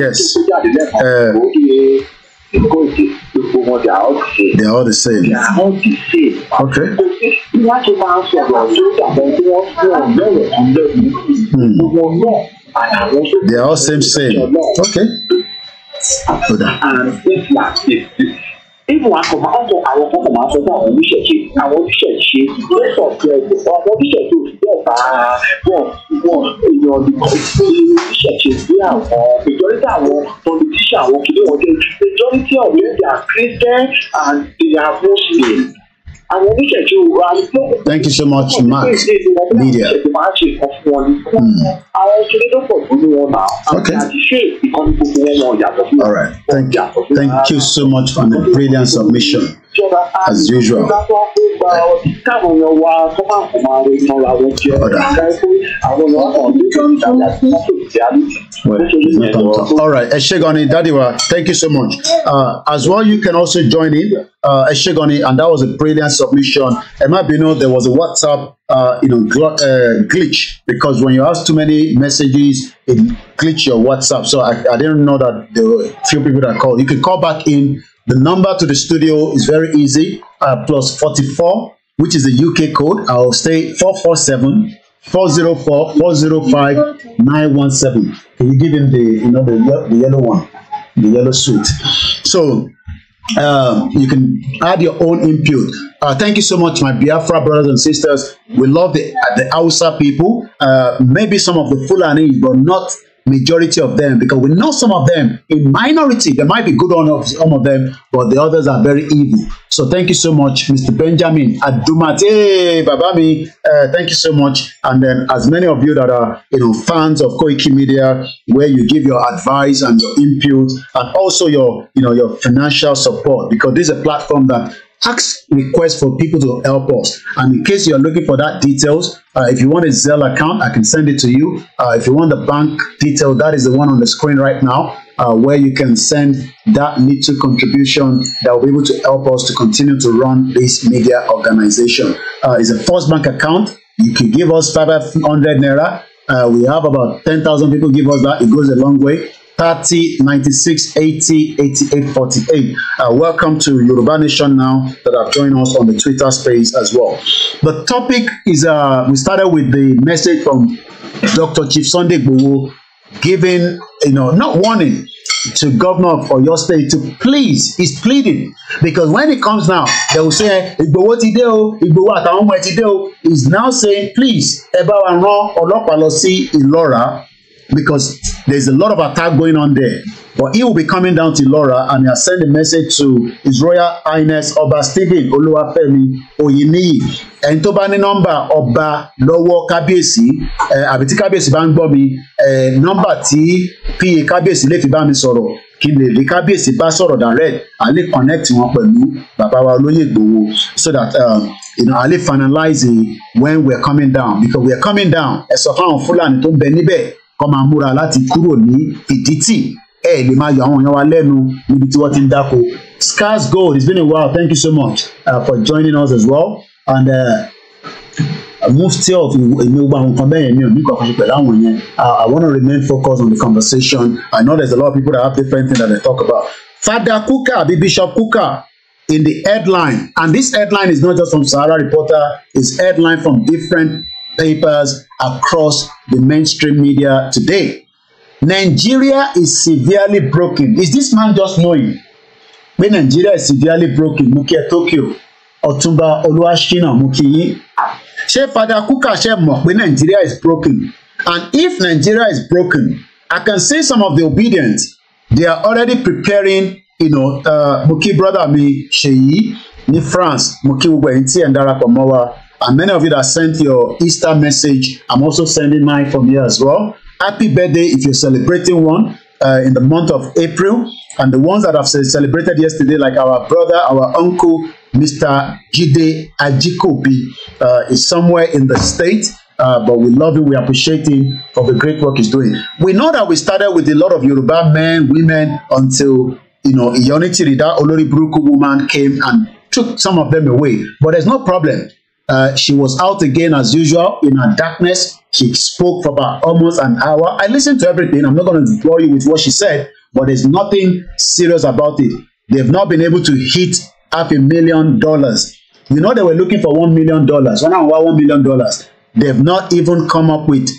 yes. ó eh, because they gbogbo they are all the same. they are all the same. they are all the same. okay. kò sí láti máa sọ̀rọ̀ lórí àwọn tí wọ́n fún ọ lọ́rọ̀ tó lẹ́nu gbogbo náà àtàwọn tó. they are all same same. okay. and this na is even to. akọ̀ àwọn to. kàn máa sọ fún àwọn oníṣẹ̀ṣe àwọn oníṣẹ̀ṣe lẹ́sọ̀ tí ẹ gbọ́ ọmọ oníṣẹ̀ṣe ò fi ọ̀bà wọn wọn èèyàn oníṣẹ̀ṣe sí àwọn majority àwọn politician àwọn kìnìún wọn jẹ́ majority of them they are Christian and they are Muslim. Thank you so much, Mark Media. Mm. Okay. All right. Thank, thank you so much for the brilliant submission as usual. all right, Eshegoni, Dadiwa, thank you so much. Uh, as well, you can also join in, uh, Eshegoni, and that was a brilliant submission. Ẹ má bínú, there was a WhatsApp uh, you know, gl uh, glitch because when you ask too many messages, it glitch your WhatsApp. So I, I didn't know that there were few people that called. You can call back in The number to the studio is very easy, uh, plus 44, which is the UK code. I'll say 447 404 405 917. Can you give him the, you know, the, the yellow one, the yellow suit? So um, you can add your own input. Uh, thank you so much, my Biafra brothers and sisters. We love the the Hausa people, uh, maybe some of the Fulani, but not majority of them because we know some of them in minority there might be good on some of them but the others are very evil so thank you so much mr benjamin adumate Babami. uh, thank you so much and then as many of you that are you know fans of koiki media where you give your advice and your input and also your you know your financial support because this is a platform that ask requests for people to help us. And in case you're looking for that details, uh, if you want a Zelle account, I can send it to you. Uh, if you want the bank detail, that is the one on the screen right now, uh, where you can send that little contribution that will be able to help us to continue to run this media organization. Uh, it's a first bank account. You can give us 500 Naira. Uh, we have about 10,000 people give us that. It goes a long way. 30, 96, 80, 88, 48. Uh, welcome to Yoruba Nation now that have joined us on the Twitter space as well. The topic is uh, we started with the message from Dr. Chief Sunday Gbowo giving, you know, not warning to governor for your state to please, he's pleading. Because when it comes now, they will say, Igbowo ti dé o, Igbowo àtàwọn ọmọ ẹ ti dé o. He's now saying, please, ẹ bá wa rán ọlọ́pàá lọ because there's a lot of attack going on there. But he will be coming down to Laura and he'll send a message to His Royal Highness Ọba Stephen Olúwafẹ́mi Oyiniyi. And to bá ní nọ́mbà ọba lọ́wọ́ kábíyèsí àbí tí kábíyèsí bá ń gbọ́ mi nọ́mbà tí PA kábíyèsí lè fi bá mi sọ̀rọ̀ kí lè rí kábíyèsí bá sọ̀rọ̀ direct a lè connect wọn pẹ̀lú bàbá wa olóyè so that um, you know, a lè finalize when we are coming down because we are coming down ẹ sọ fáwọn Fúlàní tó ń bẹ níbẹ̀ kọ́ máa múra láti kúrò ní ìdítì ẹ lè máa yọ àwọn èèyàn wa lẹ́nu níbi tí wọ́n ti ń dáko Scars Gold it's been a while thank you so much uh, for joining us as well and uh, mufti of èmi gbogbo àwọn nǹkan bẹ́ẹ̀ mi ò ní kankan ṣe pẹ̀lú yẹn I want to remain focused on the conversation I know there's a lot of people that have different things that they talk about Father Kuka àbí Bishop Kuka in the headline and this headline is not just from Sahara Reporter it's headline from different papers across the mainstream media today. Nigeria is severely broken. Is this man just knowing? Pé Nigeria is severely broken, mú Tokyo, Ọ̀túnba Olúwaṣínà mú kí yín. Ṣé Fada Kuka ṣe mọ̀ pé Nigeria is broken? And if Nigeria is broken, I can see some of the obedient, they are already preparing, you know, uh, mo brother mi Ṣèyí ní France, muki kí gbogbo ẹ̀yin ẹ̀ ń darapọ̀ mọ́ wa And many of you that sent your Easter message, I'm also sending mine from here as well. Happy birthday if you're celebrating one uh, in the month of April. And the ones that have celebrated yesterday, like our brother, our uncle, Mr. Jide Ajikobi, uh, is somewhere in the state. Uh, but we love him, we appreciate him for the great work he's doing. We know that we started with a lot of Yoruba men, women, until you know Iyonitiri, that Olori Buruku woman came and took some of them away. But there's no problem. Uh, she was out again as usual in her darkness. She spoke for about almost an hour. I listened to everything. I'm not going to bore you with what she said, but there's nothing serious about it. They've not been able to hit half a million dollars. You know they were looking for one million dollars. One hour, one million dollars. They've not even come up with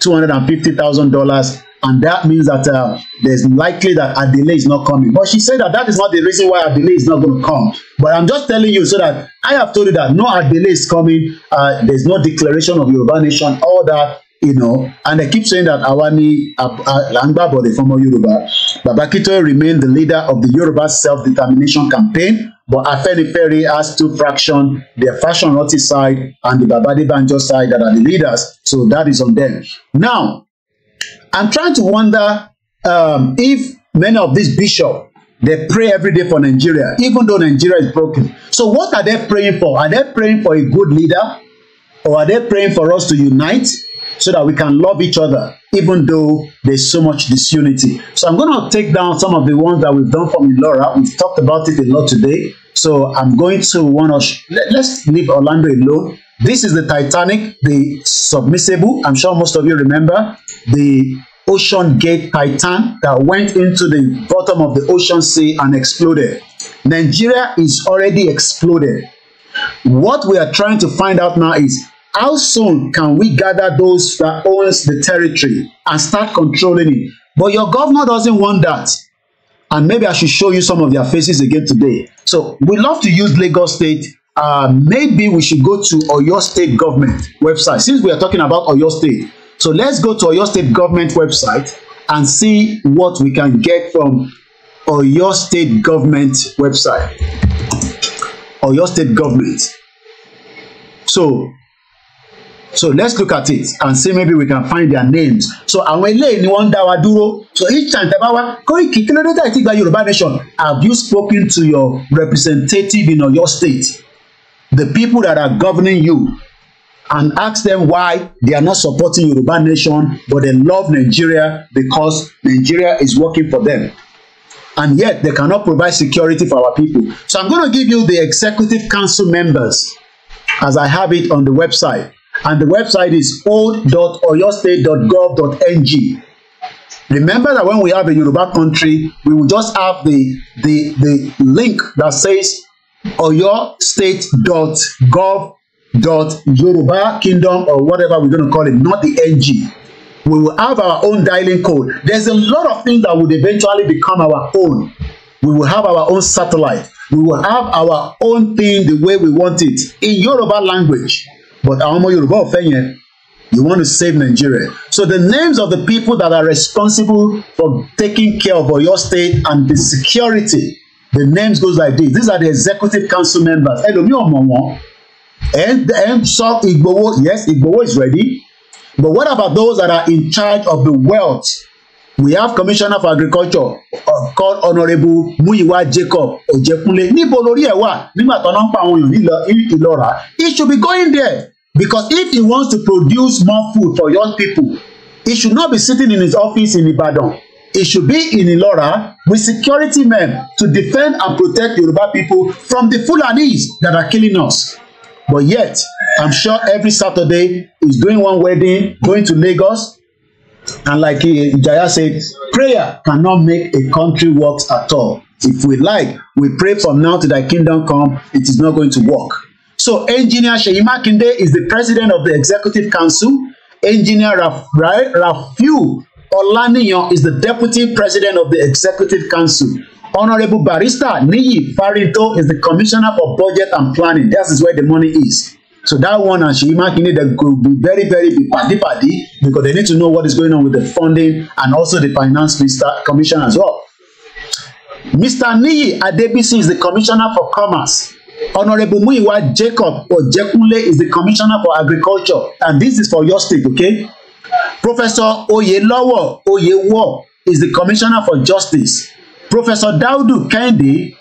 two hundred and fifty thousand dollars and that means that uh, there's likely that a delay is not coming. But she said that that is not the reason why a delay is not going to come. But I'm just telling you so that I have told you that no delay is coming. Uh, there's no declaration of Yoruba nation, all that, you know. And they keep saying that Awani Langbabo, the former Yoruba, Babakito remained the leader of the Yoruba self-determination campaign. But Afeni Perry has two fractions, the Fashion Roti side and the Babadi Banjo side that are the leaders. So that is on them. Now, I'm trying to wonder um, if many of these bishops they pray every day for Nigeria, even though Nigeria is broken. So what are they praying for? Are they praying for a good leader? Or are they praying for us to unite so that we can love each other, even though there's so much disunity? So I'm going to take down some of the ones that we've done from Ilora. We've talked about it a lot today. So I'm going to want to, let, us leave Orlando alone This is the Titanic, the submersible. I'm sure most of you remember the Ocean Gate Titan that went into the bottom of the ocean sea and exploded. Nigeria is already exploded. What we are trying to find out now is how soon can we gather those that owns the territory and start controlling it? But your governor doesn't want that. And maybe I should show you some of their faces again today. So we love to use Lagos State uh, maybe we should go to Oyo State government website since we are talking about Oyo State. So let's go to Oyo State government website and see what we can get from Oyo State government website. Oyo State government. So so let's look at it and see maybe we can find their names so àwọn eléyìí ni wọ́n ń dá wa dúró so each time tẹ́ bá wá Koiki kí ló dé tẹ́ ẹ ti gba Yorùbá nation have you spoken to your representative in Oyo State the people that are governing you and ask them why they are not supporting Yoruba nation but they love Nigeria because Nigeria is working for them and yet they cannot provide security for our people. So I'm going to give you the executive council members as I have it on the website and the website is old.oyostate.gov.ng. Remember that when we have a Yoruba country, we will just have the the the link that says oyostate.gov.yoruba kingdom or whatever we're going to call it, not the NG. We will have our own dialing code. There's a lot of things that would eventually become our own. We will have our own satellite. We will have our own thing the way we want it in Yoruba language. But àwọn Yoruba Yorùbá You want to save Nigeria. So the names of the people that are responsible for taking care of your State and the security the names goes like this these are the executive council members ẹlòmíì ọmọ wọn ẹ ń sọ Igboho yes Igboho is ready but what about those that are in charge of the wealth we have commissioner for agriculture uh, called honourable muyiwa jacob ojekunle níbo lórí ẹ̀ wà nígbà tó náà ń pa àwọn èèyàn ìlọra he should be going there because if he wants to produce more food for young people he should not be sitting in his office in ibadan It should be in Ilora with security men to defend and protect Yoruba people from the Fulanis that are killing us. But yet, I'm sure every Saturday is doing one wedding, going to Lagos, and like Jaya said, prayer cannot make a country work at all. If we like, we pray from now to thy kingdom come, it is not going to work. So engineer Sheyi Makinde is the president of the executive council. Engineer Rafu. Olaniyan is the deputy president of the Executive Council. Honorable Barrister Niyi Farito is the commissioner for budget and planning. That is where the money is. So that one and Seyi Makinde they could be very very be padi because they need to know what is going on with the funding and also the finance minister commission as well. Mr. Niyi Adebisi is the commissioner for commerce. Honorable Muyiwa Jacob Ojekunle is the commissioner for agriculture and this is for your state okay Professor Oyelowo Oyewo is the Commissioner for Justice. Professor Daudu Kende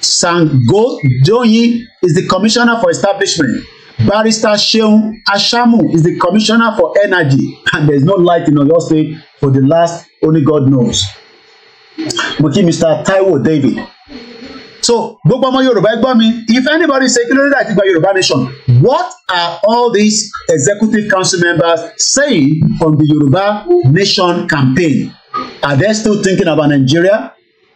Sangodoyin is the Commissioner for Establishment. Barrister Sheun Ashamu is the Commissioner for Energy. And there is no light in Oyo State for the last only God knows. Mo Mr. Taiwo David so gbogbo ọmọ yorùbá gbọ́ mi if anybody say kí ló dé àti gba yorùbá nation what are all these executive council members saying on the yorùbá nation campaign are they still thinking about nigeria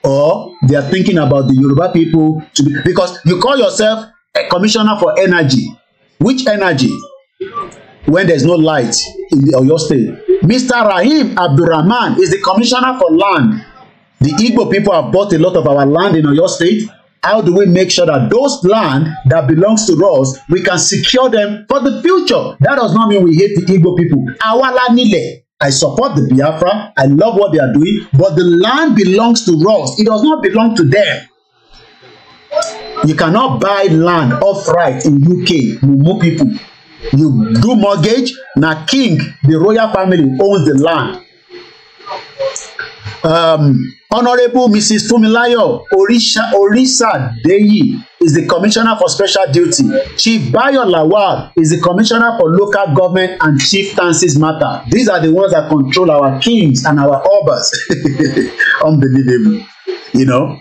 or they are thinking about the yorùbá people to be because you call yourself a commissioner for energy which energy when there is no light in the Oyo state Mr. Rahim Abdulrahman is the commissioner for land the Igbo people have bought a lot of our land in Oyo state how do we make sure that those land that belongs to us we can secure them for the future that does not mean we hate the Igbo people àwa la I support the Biafra I love what they are doing but the land belongs to us it does not belong to them you cannot buy land outright in UK mumu people you do mortgage na king the royal family owns the land Um, Honorable Mrs. Fumilayo Orisa Orisadeyi is the Commissioner for Special Duty. Chief Bayo Lawal is the Commissioner for Local Government and Chief Chieftaincies Mata. These are the ones that control our kings and our obas. [LAUGHS] Unbelievable. You know?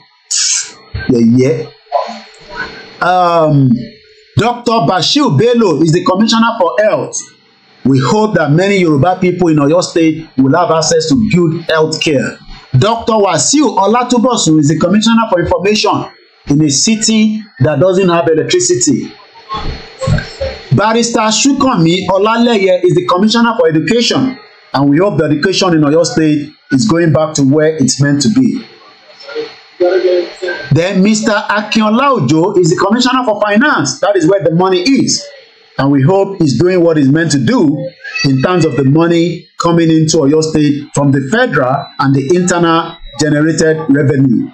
Yeah, yeah. Um, Dr. Bashir Bello is the Commissioner for Health. We hope that many Yoruba people in Oyo State will have access to good health care Dr. Wasiu Olatubosun is the commissioner for information in a city that doesn't have electricity. Barrister Shukanmi Olaleye is the commissioner for education and we hope the education in Oyo State is going back to where it's meant to be. Then Mr. Akinola Ojo is the commissioner for finance. That is where the money is. And we hope he's doing what he's meant to do in terms of the money coming into Oyo State from the federal and the internal generated revenue.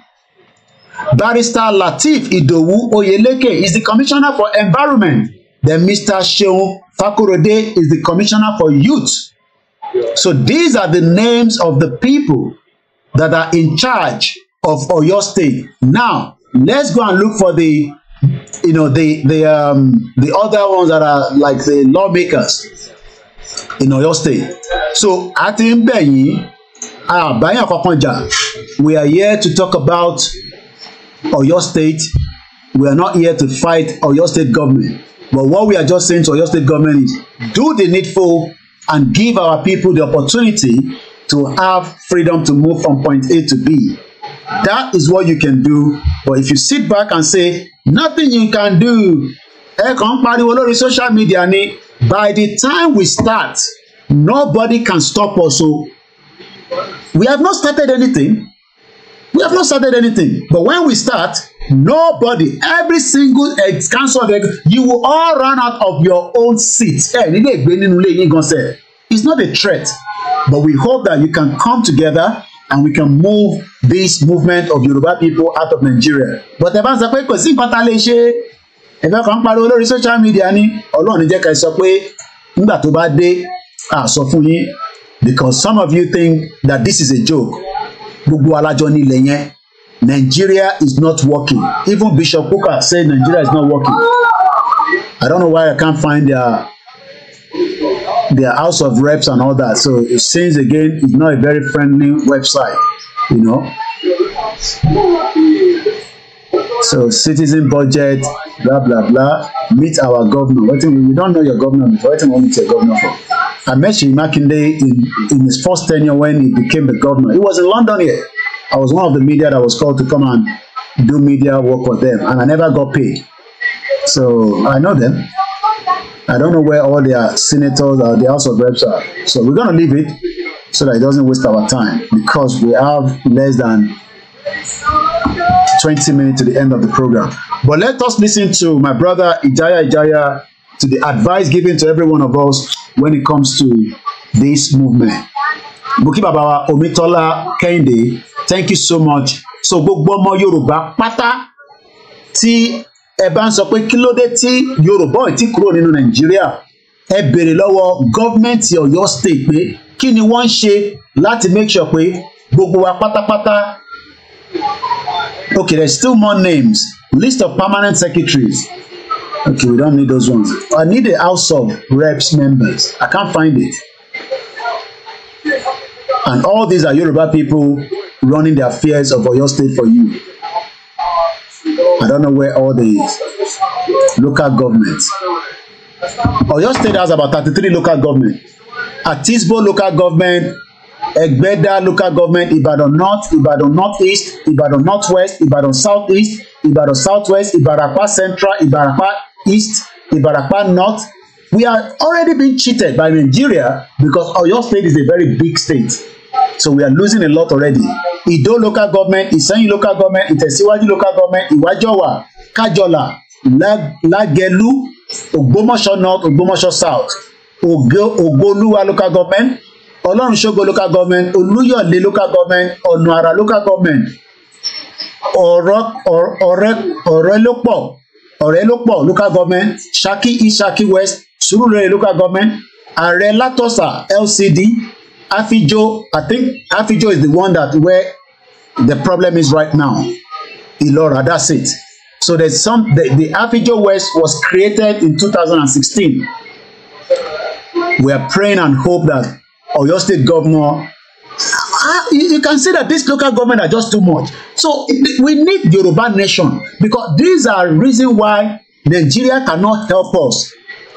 Barrister Lateef Idowu Oyeleke is the commissioner for environment. Then Mr. Seun Fakorode is the commissioner for youth. So these are the names of the people that are in charge of Oyo State. Now, let's go and look for the you know the the um the other ones that are like the lawmakers in Oyo State so a ti ń bẹ̀ yín àbáyàn kankan jà we are here to talk about Oyo State we are not here to fight Oyo State government but what we are just saying to Oyo State government is do the needful and give our people the opportunity to have freedom to move from point A to B. That is what you can do. But if you sit back and say, nothing you can do, ẹ kàn ń pariwo lórí social media ni by the time we start nobody can stop us o oh. we have not started anything we have not started anything but when we start nobody every single ex council you will all run out of your own seat ẹ eh, nílé ìgbé nínú ilé yín gan sẹ it's not a threat but we hope that you can come together and we can move this movement of Yoruba people out of Nigeria but ẹ bá ń sọ pé kò sí nǹkan tá lè ṣe ẹ̀fẹ́ kan pariwo lórí social media ni ọlọ́run jẹ́ ká sọ pé nígbà tó bá dé a sọ fún yín because some of you think that this is a joke gbogbo alájọ ní ilẹ̀ yẹn Nigeria is not working even Bishop Kuka say Nigeria is not working I don't know why I can't find their their House of Reps and all that so it seems again it's not a very friendly website you know. So citizen budget, blah blah blah. Meet our governor. What we don't know your governor before. What thing we meet your governor for? I met Shea Makinde in, in his first tenure when he became the governor. He was in London here. I was one of the media that was called to come and do media work with them, and I never got paid. So I know them. I don't know where all their senators or the House of Reps are. So we're gonna leave it so that it doesn't waste our time because we have less than 20 minutes to the end of the program. But let us listen to my brother Ijaya Ijaya to the advice given to every one of us when it comes to this movement. Muki Babawa Omitola Kehinde, thank you so much. So gbogbo ọmọ yoruba pátá tí ẹ bá ń sọ pé kí ló dé tí Yorùbá ò ti kúrò nínú Nàìjíríà ẹ béèrè lọ́wọ́ gọ́ọ̀mẹ̀ntì Ọ̀yọ́ state pé kí ni wọ́n ń ṣe láti make sure pé gbogbo wa pátápátá Okay, there's still more names. List of permanent secretaries. Okay, we don't need those ones. I need the House of Reps members. I can't find it. And all these are Yoruba people running the affairs of Oyo State for you. I don't know where all the local governments. Oyo State has about 33 local government. Atisbo local government Egbeda local government, Ibadan North, Ibadan Northeast, Ibadan Northwest, Ibadan Southeast, Ibadan Southwest, Ibarapa Central, Ibarapa East, Ibarapa North. We are already being cheated by Nigeria because Oyo State is a very big state. So we are losing a lot already. Ido local government, Isanyi local government, Itesiwaju local government, Iwajowa, Kajola, Lagelu, Ogbomoso North, Ogbomoso South, Ogo, Ogoluwa local government, ọlọ́run ṣógo local government olúyọ̀lé local government ọ̀nà àrà local government ọ̀rọ̀ ọ̀rẹ́ ọ̀rẹ́ ló pọ̀ ọ̀rẹ́ ló pọ̀ local government Ṣakí East Ṣakí West Sùúrùlérè local government ààrẹ látọ̀sà LCD Afijo I think Afijo is the one that where the problem is right now Ìlọra that's it so there's some the, the Afijo West was created in 2016 we are praying and hope that or your state governor ah, you can see that these local government are just too much so we need Yoruba nation because these are reason why Nigeria cannot help us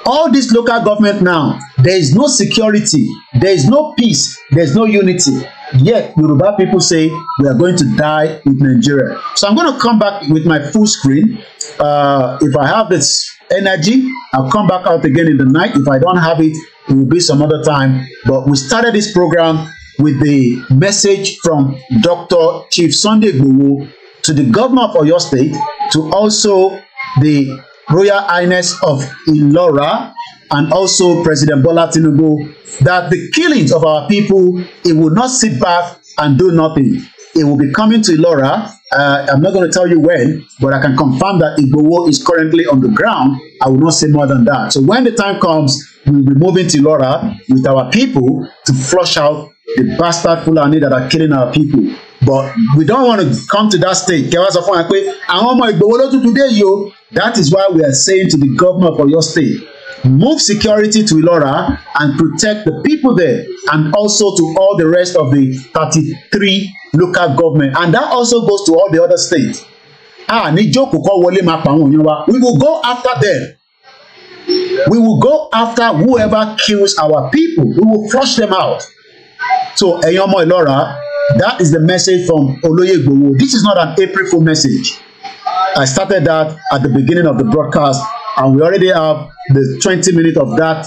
all this local government now there is no security there is no peace there is no unity yet Yoruba people say we are going to die with Nigeria so I'm going to come back with my full screen uh, if I have this energy I'll come back out again in the night if I don't have it It will be some other time. But we started this program with the message from Dr. Chief Sunday Gbowo to the governor of Oyo State, to also the Royal Highness of Ilora, and also President Bola Tinubu, that the killings of our people, it will not sit back and do nothing. It will be coming to Ilora. Uh, I'm not going to tell you when, but I can confirm that Igbowo is currently on the ground. I will not say more than that. So when the time comes, we'll be moving to Lora with our people to flush out the bastard Fulani that are killing our people. But we don't want to come to that stage. Kẹwàá sọ fún wa pé àwọn ọmọ Ìgbòho ló tuntun dé yìí o. That is why we are saying to the government of your state, move security to Ilora and protect the people there and also to all the rest of the 33 local government. And that also goes to all the other states. Ah, ní jókòó kọ́ wọlé máa pa àwọn èèyàn wa. We will go after them. We will go after whoever kills our people. We will flush them out. So, ẹ̀yin ọmọ that is the message from Oloye Gbowo. This is not an April Fool message. I started that at the beginning of the broadcast, and we already have the 20 minutes of that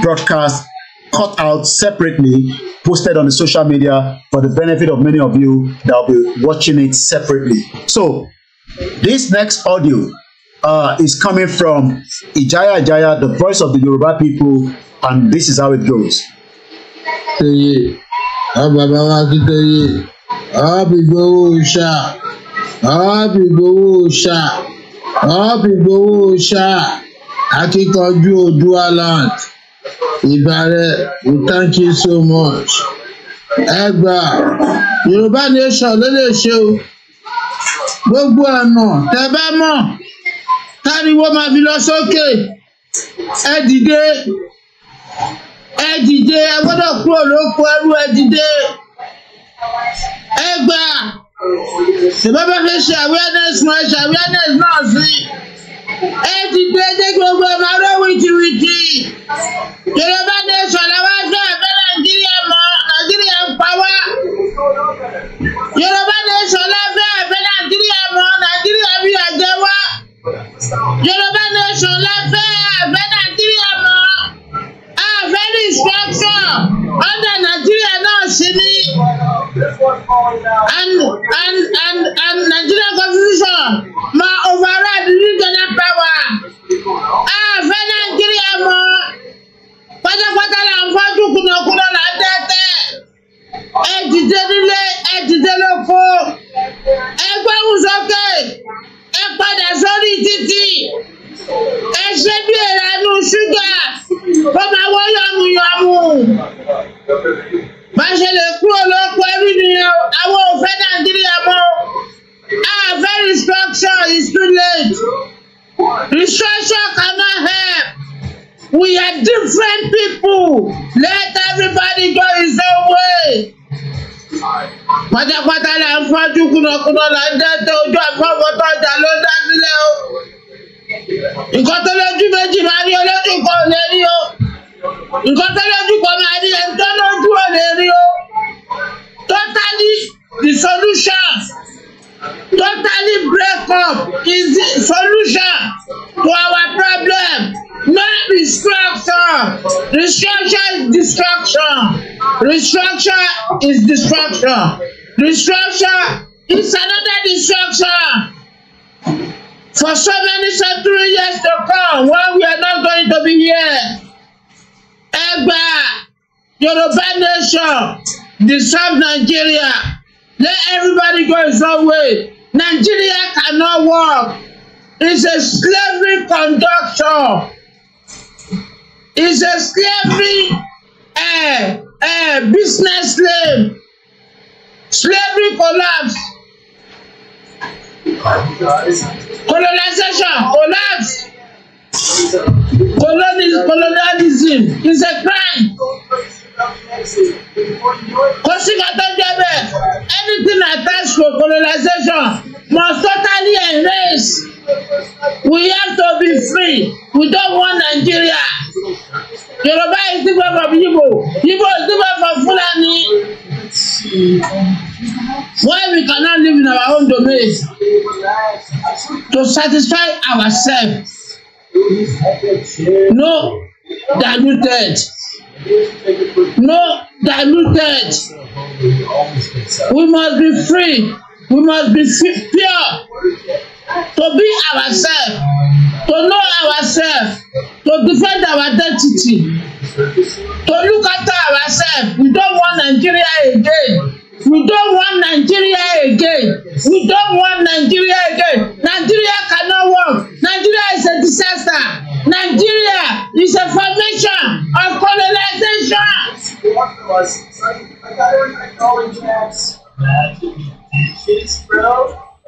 broadcast cut out separately, posted on the social media for the benefit of many of you that will be watching it separately. So, this next audio uh, is coming from Ijaya Ijaya, the voice of the Yoruba people, and this is how it goes. Teye, Ababa wa ti teye, Abigbowo ṣá, Abigbowo ṣá, Abigbowo ṣá, Akíkanjú Odua land, Ìbàrẹ̀, we thank you so much. Ẹgbà, Yorùbá nation ló lè ṣe o, gbogbo ọ̀nà tẹ bá mọ̀ táriwo máa fi lọ sókè ẹ dìde ẹ dìde ẹ gbọ́dọ̀ kúrò lóko ẹrú ẹ dìde ẹ gbà ìbábá fi ṣe awareness mọ ẹ ṣe awareness náà sí ẹ dìde jẹ́ kí gbogbo ẹ máa rẹ́ wìkìwìkì Yorùbá nation làwọn ẹgbẹ́ ẹ̀fẹ́ Nàìjíríà mọ́ Nàìjíríà ń pa wá Yorùbá nation làwọn ẹgbẹ́ ẹ̀fẹ́ Nàìjíríà mọ́ Nàìjíríà bí àjẹwò. Yorùbá nation la fẹ́ àfẹ́ Nàìjíríà mọ́ àfẹ́ destruction ọ̀dà Nàìjíríà náà sí ní and and and and Nigeria constitution ma override regional power àfẹ́ Nàìjíríà mọ́ pátápátá là ń fọ́jú kùnàkùnà là ń tẹ́tẹ́ ẹ dìde nílé ẹ dìde lóko ẹ gbóhùn sókè ẹ padà sórí títì ẹ ṣe bí ìranú ṣúgà kó máa wọ́ yọmùyọmù bá ṣe lè kúrò lóko ẹrú nìyẹn àwọn òfẹ́ nàìjíríà mọ́ very structure is too late Structure cannot help we are different people let everybody go his own way pátápátá là ń fájú kùnàkùnà là ń dẹ́tẹ̀ ojú àfọwọ́tọ́ ọjà ló dá sílẹ̀ o nǹkan tó lójú méjì máa rí olójú kan ò lè rí o nǹkan tó lójú kan máa rí ẹni tó lójú ò lè rí o totally the solutions totally break up is the solution to our problem not restructure restructure is destruction restructure is destruction restructure is another destruction for so many century years to come when we are not going to be here Egba Yoruba nation dissolve Nigeria. Let everybody go his own way. Nigeria cannot work. It's a slavery conductor. It's a slavery uh, uh, business slave. Slavery collapse. Colonization collapse. Colonial, colonialism is a crime kò sí tó jẹ bẹ́ẹ̀ anything attached to colonization must totally erase we have to be free we don't want Nigeria Yorùbá is different from Igbo Igbo is different from Fulani why we cannot live in our own domain to satisfy ourselves no not diluted. No diluted. We must be free. We must be pure. To be ourselves, to know ourselves, to defend our identity, to look after ourselves. We don't want Nigeria again. We don't want Nigeria again. We don't want Nigeria again. Nigeria cannot work. Nigeria is a disaster. Nigeria is a formation of colonization. What was it's like, I got acknowledge that it's bro.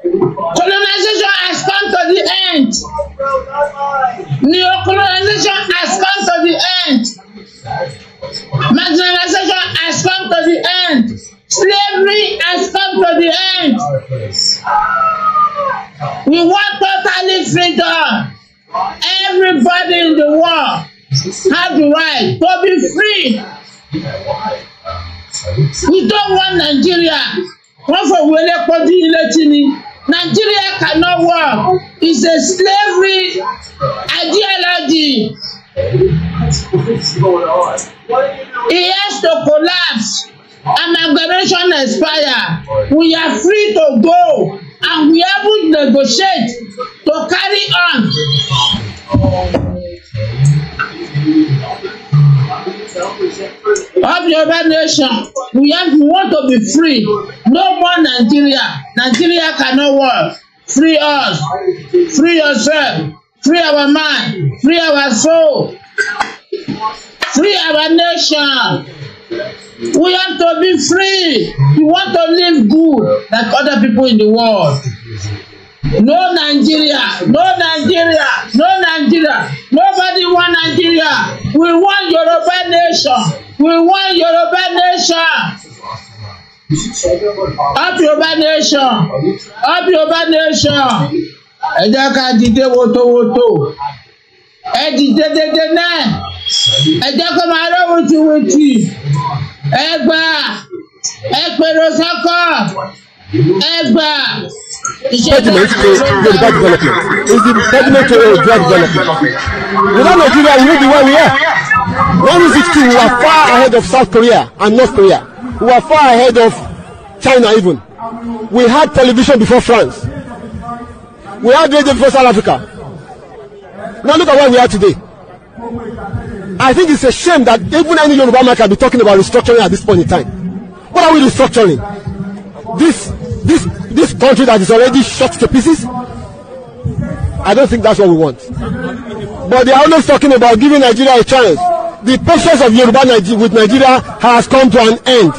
Colonization has come to the end. Neocolonization has come to the end. Marginalization has come to the end. Slavery has come to the end. We want totally freedom. Everybody in the world have the right to be free. We don't want Nigeria. Wọ́n for? lẹ́pọ̀ dín in létí ni. Nigeria cannot work. It's a slavery ideology. It has to collapse and generation expire. We are free to go and we haven't negotiate to carry on. of Yoruba nation, we have we want to be free. No more Nigeria. Nigeria cannot work. Free us. Free yourself. Free our mind. Free our soul. Free our nation. We want to be free. We want to live good like other people in the world. No Nigeria, no Nigeria, no Nigeria. Nobody want Nigeria. We want Yoruba nation. We want Yoruba nation. Up Yoruba nation. Up Yoruba nation. Ẹ jẹ́ ká dìde wotowoto. Ẹ dìde dédé náà. Ẹ jẹ́ kó máa rẹ́ wìtìwìtì ẹgbà ẹgbẹ̀rún sọ́kọ̀ ẹgbà. Impediment to Yoruba development is the impediment to Yoruba development. Without Nigeria, we will be where we are. One is it too, we are far ahead of South Korea and North Korea. We are far ahead of China even. We had television before France. We had radio before South Africa. Now look at where we are today. I think it's a shame that even any Yoruba man can be talking about restructuring at this point in time. What are we restructuring? This this this country that is already shot to pieces? I don't think that's what we want. But they are always talking about giving Nigeria a chance. The process of Yoruba Nigeria with Nigeria has come to an end.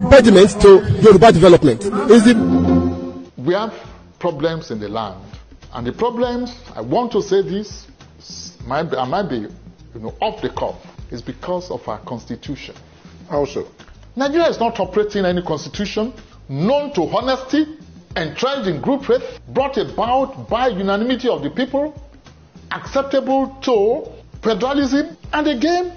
impediment to Yoruba development. Is the we have problems in the land And the problems I want to say this, might be, I might be you know, off the cuff, is because of our constitution. Also, Nigeria is not operating any constitution known to honesty, entrenched in group faith, brought about by unanimity of the people, acceptable to federalism, and again,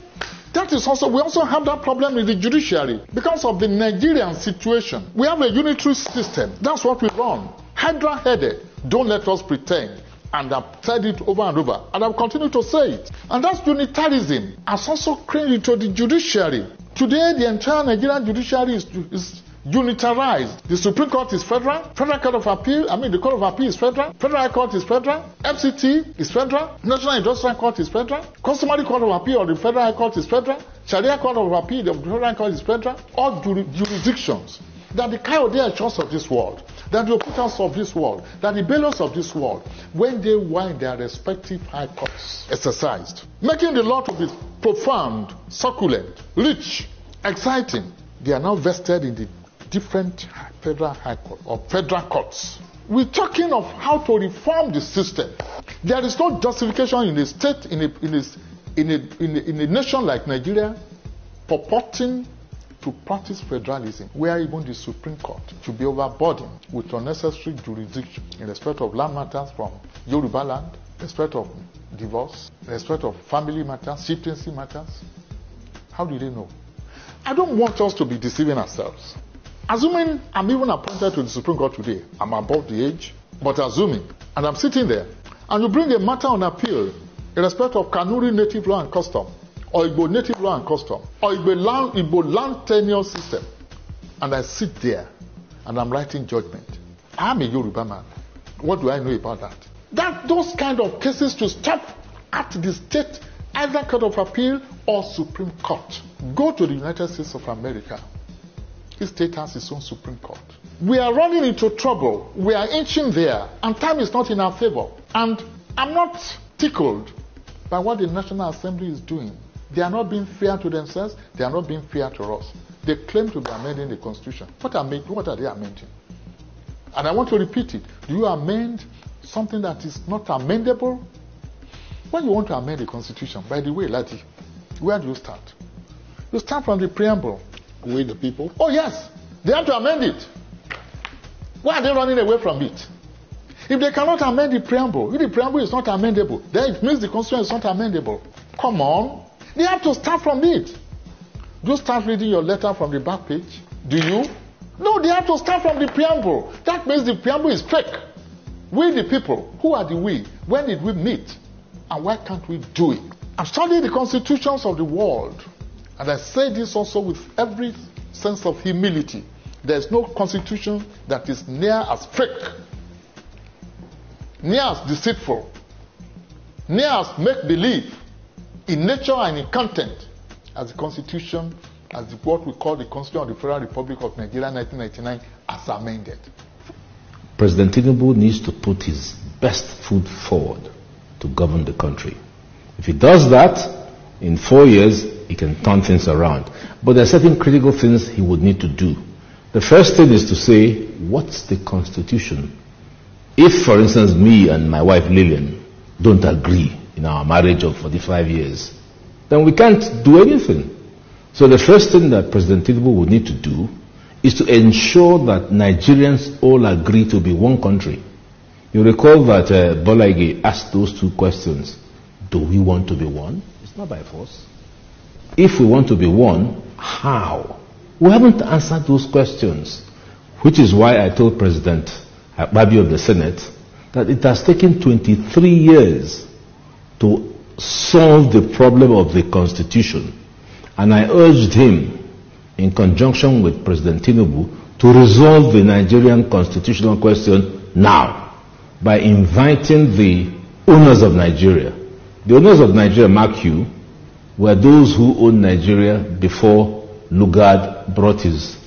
that is also, we also have that problem in the judiciary because of the Nigerian situation. We have a unitary system. That's what we run. Hydra headed. Don't let us pretend. And I've said it over and over, and I've continued to say it. And that's unitarism has also crept into the judiciary. Today, the entire Nigerian judiciary is, is unitarized. The Supreme Court is federal, Federal Court of Appeal, I mean the Court of Appeal is federal, Federal Court is federal, FCT is federal, National Industrial Court is federal, Customary Court of Appeal of the Federal Court is federal, Sharia Court of Appeal of the Federal Court is federal, all jurisdictions that the Kayode of this world, that the Okutans of this world, that the Belos of this world, when they were in their respective high courts, exercised, making the law to be profound, succulent, rich, exciting, they are now vested in the different federal high court or federal courts. We're talking of how to reform the system. There is no justification in a state, in a, in a, in a, in a, in a nation like Nigeria, purporting to practice federalism, where even the Supreme Court should be overburdened with unnecessary jurisdiction in respect of land matters from Yoruba land, respect of divorce, respect of family matters, citizenship matters. How do they know? I don't want us to be deceiving ourselves. Assuming I'm even appointed to the Supreme Court today, I'm above the age, but assuming, and I'm sitting there, and you bring a matter on appeal in respect of Kanuri native law and custom, or Igbo native law and custom, or Igbo land, Igbo land tenure system, and I sit there and I'm writing judgment. I'm a Yoruba man. What do I know about that? That those kind of cases to stop at the state either court of appeal or Supreme Court. Go to the United States of America. Each state has its own Supreme Court. We are running into trouble. We are inching there, and time is not in our favor. And I'm not tickled by what the National Assembly is doing. They are not being fair to themselves. They are not being fair to us. They claim to be amending the Constitution. What are, what are they amending? And I want to repeat it. Do you amend something that is not amendable? When you want to amend the Constitution, by the way, Ladi, where do you start? You start from the preamble. With the people? Oh, yes. They have to amend it. Why are they running away from it? If they cannot amend the preamble, if the preamble is not amendable, then it means the Constitution is not amendable. Come on. They have to start from it. Do you start reading your letter from the back page? Do you? No, they have to start from the preamble. That means the preamble is fake. We, the people, who are the we? When did we meet? And why can't we do it? I've studied the constitutions of the world, and I say this also with every sense of humility. There is no constitution that is near as fake, near as deceitful, near as make believe in nature and in content as the Constitution, as the, what we call the Constitution of the Federal Republic of Nigeria 1999, as amended. President Tinubu needs to put his best foot forward to govern the country. If he does that, in four years, he can turn things around. But there are certain critical things he would need to do. The first thing is to say, what's the constitution? If, for instance, me and my wife Lillian don't agree in our marriage of 45 years, then we can't do anything. So the first thing that President Tinubu would need to do is to ensure that Nigerians all agree to be one country. You recall that uh, Bolaige asked those two questions. Do we want to be one? It's not by force. If we want to be one, how? We haven't answered those questions, which is why I told President Babi of the Senate that it has taken 23 years to solve the problem of the Constitution. And I urged him, in conjunction with President Tinubu, to resolve the Nigerian constitutional question now by inviting the owners of Nigeria. The owners of Nigeria, mark you, were those who owned Nigeria before Lugard brought his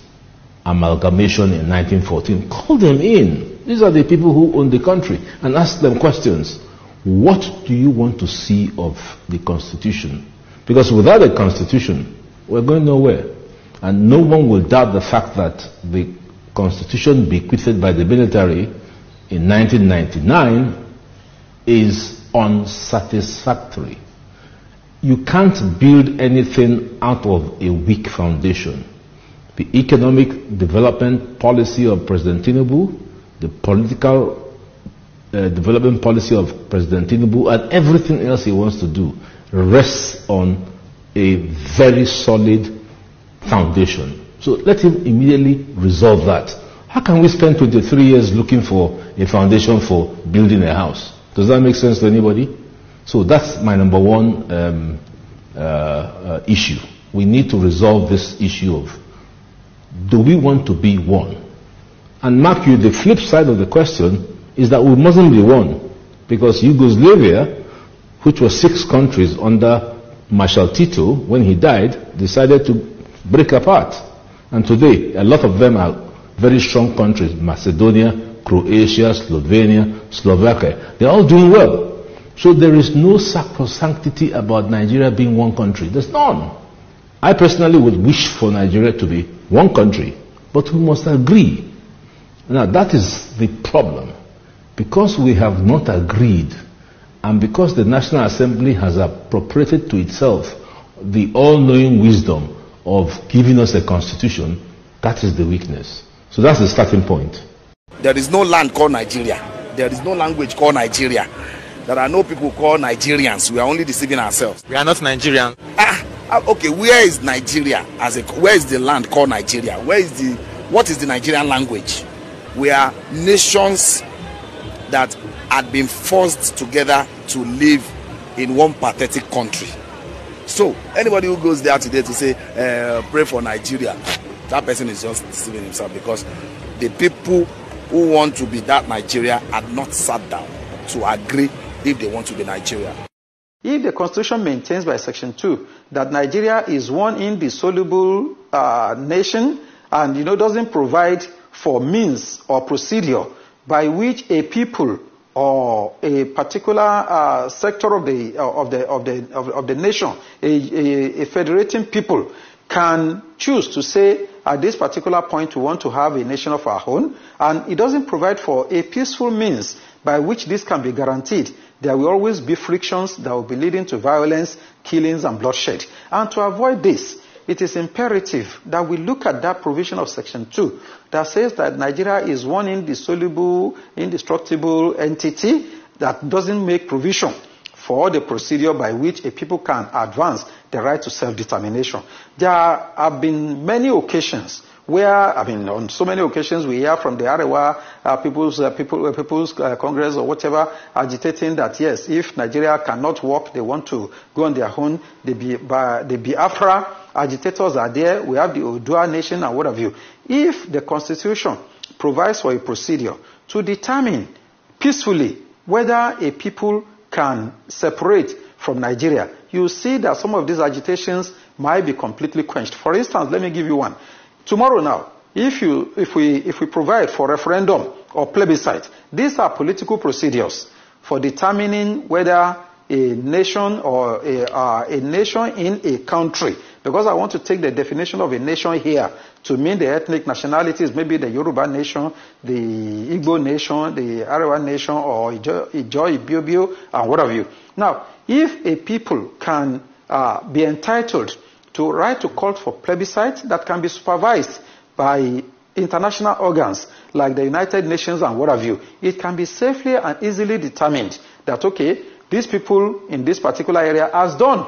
amalgamation in 1914. Call them in. These are the people who own the country and ask them questions what do you want to see of the Constitution? Because without a Constitution, we're going nowhere. And no one will doubt the fact that the Constitution bequeathed by the military in 1999 is unsatisfactory. You can't build anything out of a weak foundation. The economic development policy of President Tinubu, the political uh, development policy of President Tinubu and everything else he wants to do rests on a very solid foundation. So let him immediately resolve that. How can we spend 23 years looking for a foundation for building a house? Does that make sense to anybody? So that's my number one um, uh, uh, issue. We need to resolve this issue of do we want to be one? And mark you, the flip side of the question is that we mustn't be one. Because Yugoslavia, which was six countries under Marshal Tito, when he died, decided to break apart. And today, a lot of them are very strong countries, Macedonia, Croatia, Slovenia, Slovakia. They're all doing well. So there is no sacrosanctity about Nigeria being one country. There's none. I personally would wish for Nigeria to be one country, but we must agree. Now that is the problem because we have not agreed and because the National Assembly has appropriated to itself the all-knowing wisdom of giving us a constitution, that is the weakness. So that's the starting point. There is no land called Nigeria. There is no language called Nigeria. There are no people called Nigerians. We are only deceiving ourselves. We are not Nigerian. Ah, ah okay, where is Nigeria as a where is the land called Nigeria? Where is the what is the Nigerian language? We are nations that had been forced together to live in one pathetic country. So, anybody who goes there today to say, uh, pray for Nigeria, that person is just deceiving himself because the people who want to be that Nigeria had not sat down to agree if they want to be Nigeria. If the Constitution maintains by Section 2 that Nigeria is one indissoluble uh, nation and you know doesn't provide for means or procedure by which a people or a particular uh, sector of the uh, of the of the of, of the nation, a, a, a federating people, can choose to say at this particular point we want to have a nation of our own, and it doesn't provide for a peaceful means by which this can be guaranteed. There will always be frictions that will be leading to violence, killings, and bloodshed. And to avoid this, it is imperative that we look at that provision of Section 2 that says that Nigeria is one indissoluble, indestructible entity that doesn't make provision for the procedure by which a people can advance the right to self-determination. There have been many occasions where, I mean, on so many occasions we hear from the Arewa uh, People's, uh, people, uh, People's uh, Congress or whatever agitating that yes, if Nigeria cannot work, they want to go on their own. The, Bi- the Biafra agitators are there, we have the Odua nation and what have you. If the constitution provides for a procedure to determine peacefully whether a people can separate from Nigeria, you see that some of these agitations might be completely quenched. For instance, let me give you one. Tomorrow now, if, you, if, we, if we provide for referendum or plebiscite, these are political procedures for determining whether a nation or a, uh, a nation in a country because I want to take the definition of a nation here to mean the ethnic nationalities, maybe the Yoruba nation, the Igbo nation, the Arawa nation, or Ijo, Ijo Ibiobio, and what have you. Now, if a people can uh, be entitled to right to call for plebiscite that can be supervised by international organs like the United Nations and what have you, it can be safely and easily determined that, okay, these people in this particular area has done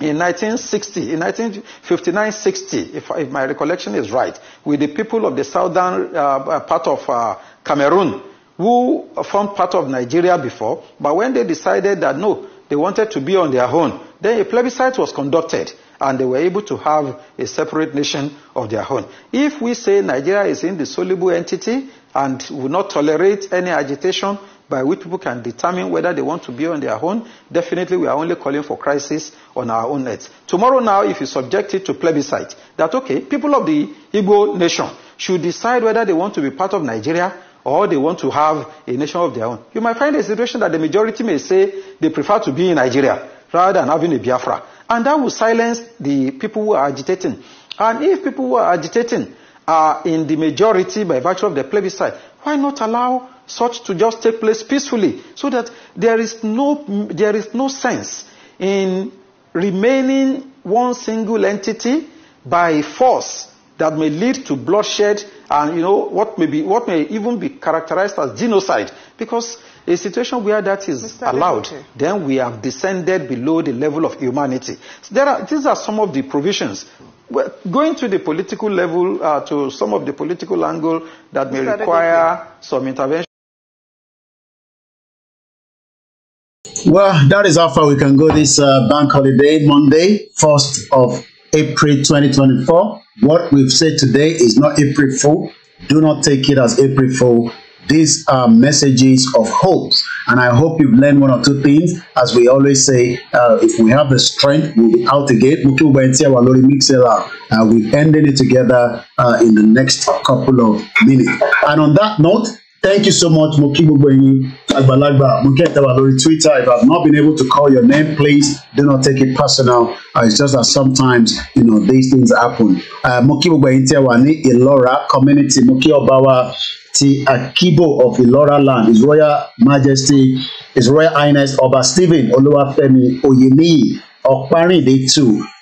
in 1960, in 1959-60, if, if, my recollection is right, with the people of the southern uh, uh, part of uh, Cameroon, who formed part of Nigeria before, but when they decided that no, they wanted to be on their own, then a plebiscite was conducted and they were able to have a separate nation of their own. If we say Nigeria is indissoluble entity and will not tolerate any agitation by which people can determine whether they want to be on their own, definitely we are only calling for crisis on our own earth. Tomorrow now, if you subject it to plebiscite, that okay, people of the Igbo nation should decide whether they want to be part of Nigeria or they want to have a nation of their own. You might find a situation that the majority may say they prefer to be in Nigeria rather than having a Biafra. And that will silence the people who are agitating. And if people who are agitating are in the majority by virtue of the plebiscite, why not allow such to just take place peacefully so that there is no, there is no sense in remaining one single entity by force that may lead to bloodshed and you know what may be what may even be characterized as genocide because a situation where that is Mr. allowed Liberty. then we have descended below the level of humanity so there are these are some of the provisions going to the political level uh, to some of the political angle that Mr. may require Liberty. some intervention Well, that is how far we can go this uh, bank holiday, Monday, 1st of April 2024. What we've said today is not April Fool. Do not take it as April Fool. These are messages of hope. And I hope you've learned one or two things. As we always say, uh, if we have the strength, we'll be out again. Mutuba uh, We're ending it together uh, in the next couple of minutes. And on that note, Thank you so much, Mo kí gbogbo yín àgbàlagbà. Mo kí Twitter. If I've not been able to call your name, please do not take it personal. Uh, it's just that sometimes, you know, these things happen. Uh, mo kí gbogbo Ilora community. Mo kí ti Akibo of Ilora land, His Royal Majesty, His Royal Highness Ọba Stephen Olúwafẹ́mi Oyèníyì. Ọ̀párìndé2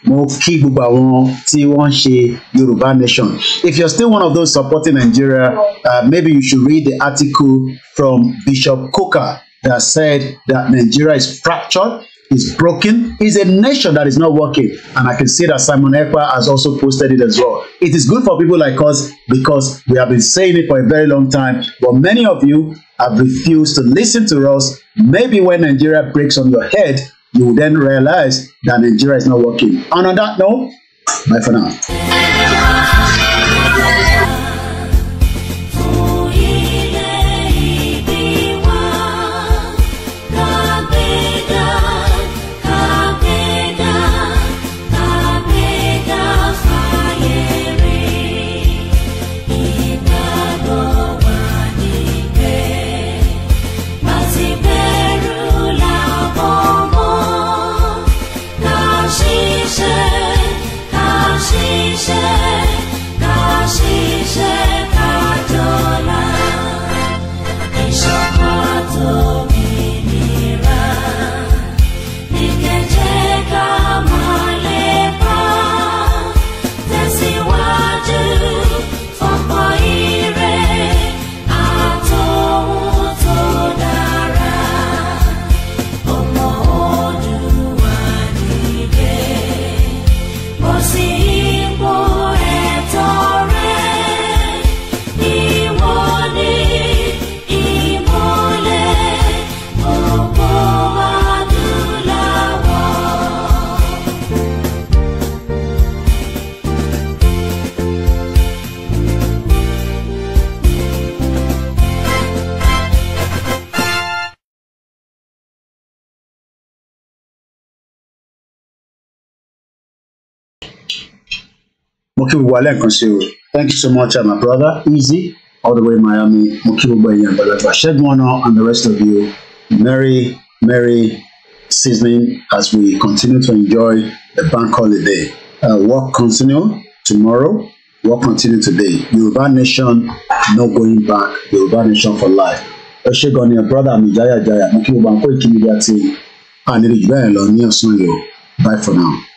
mo kí gbogbo àwọn tí wọ́n ń ṣe Yorùbá Nation if you're still one of those supporting Nigeria uh, maybe you should read the article from Bishop Coker that said that Nigeria is fractured is broken is a nation that is not working. And I can see that Simon Ekpa has also posted it as well. It is good for people like us because we have been saying it for a very long time. But many of you have refused to listen to us. Maybe when Nigeria breaks on your head, you will then realize that Nigeria is not working. And on that note, bye for now. kí gbogbo alẹ́ nǹkan ṣe o thank you so much my brother easy all the way Miami mo kí gbogbo ẹ̀yìn àgbàlagbà ṣẹ́gun ọ̀nà and the rest of you merry merry season as we continue to enjoy the bank holiday uh, work continue tomorrow work continue today Yorùbá nation no going back Yorùbá nation for life ẹ ṣé gan brother mi jáyàjáyà mo kí gbogbo àwọn kó ìkíni bí a ti àníríjú bẹ́ẹ̀ lọ ní ọ̀sán yìí o bye for now.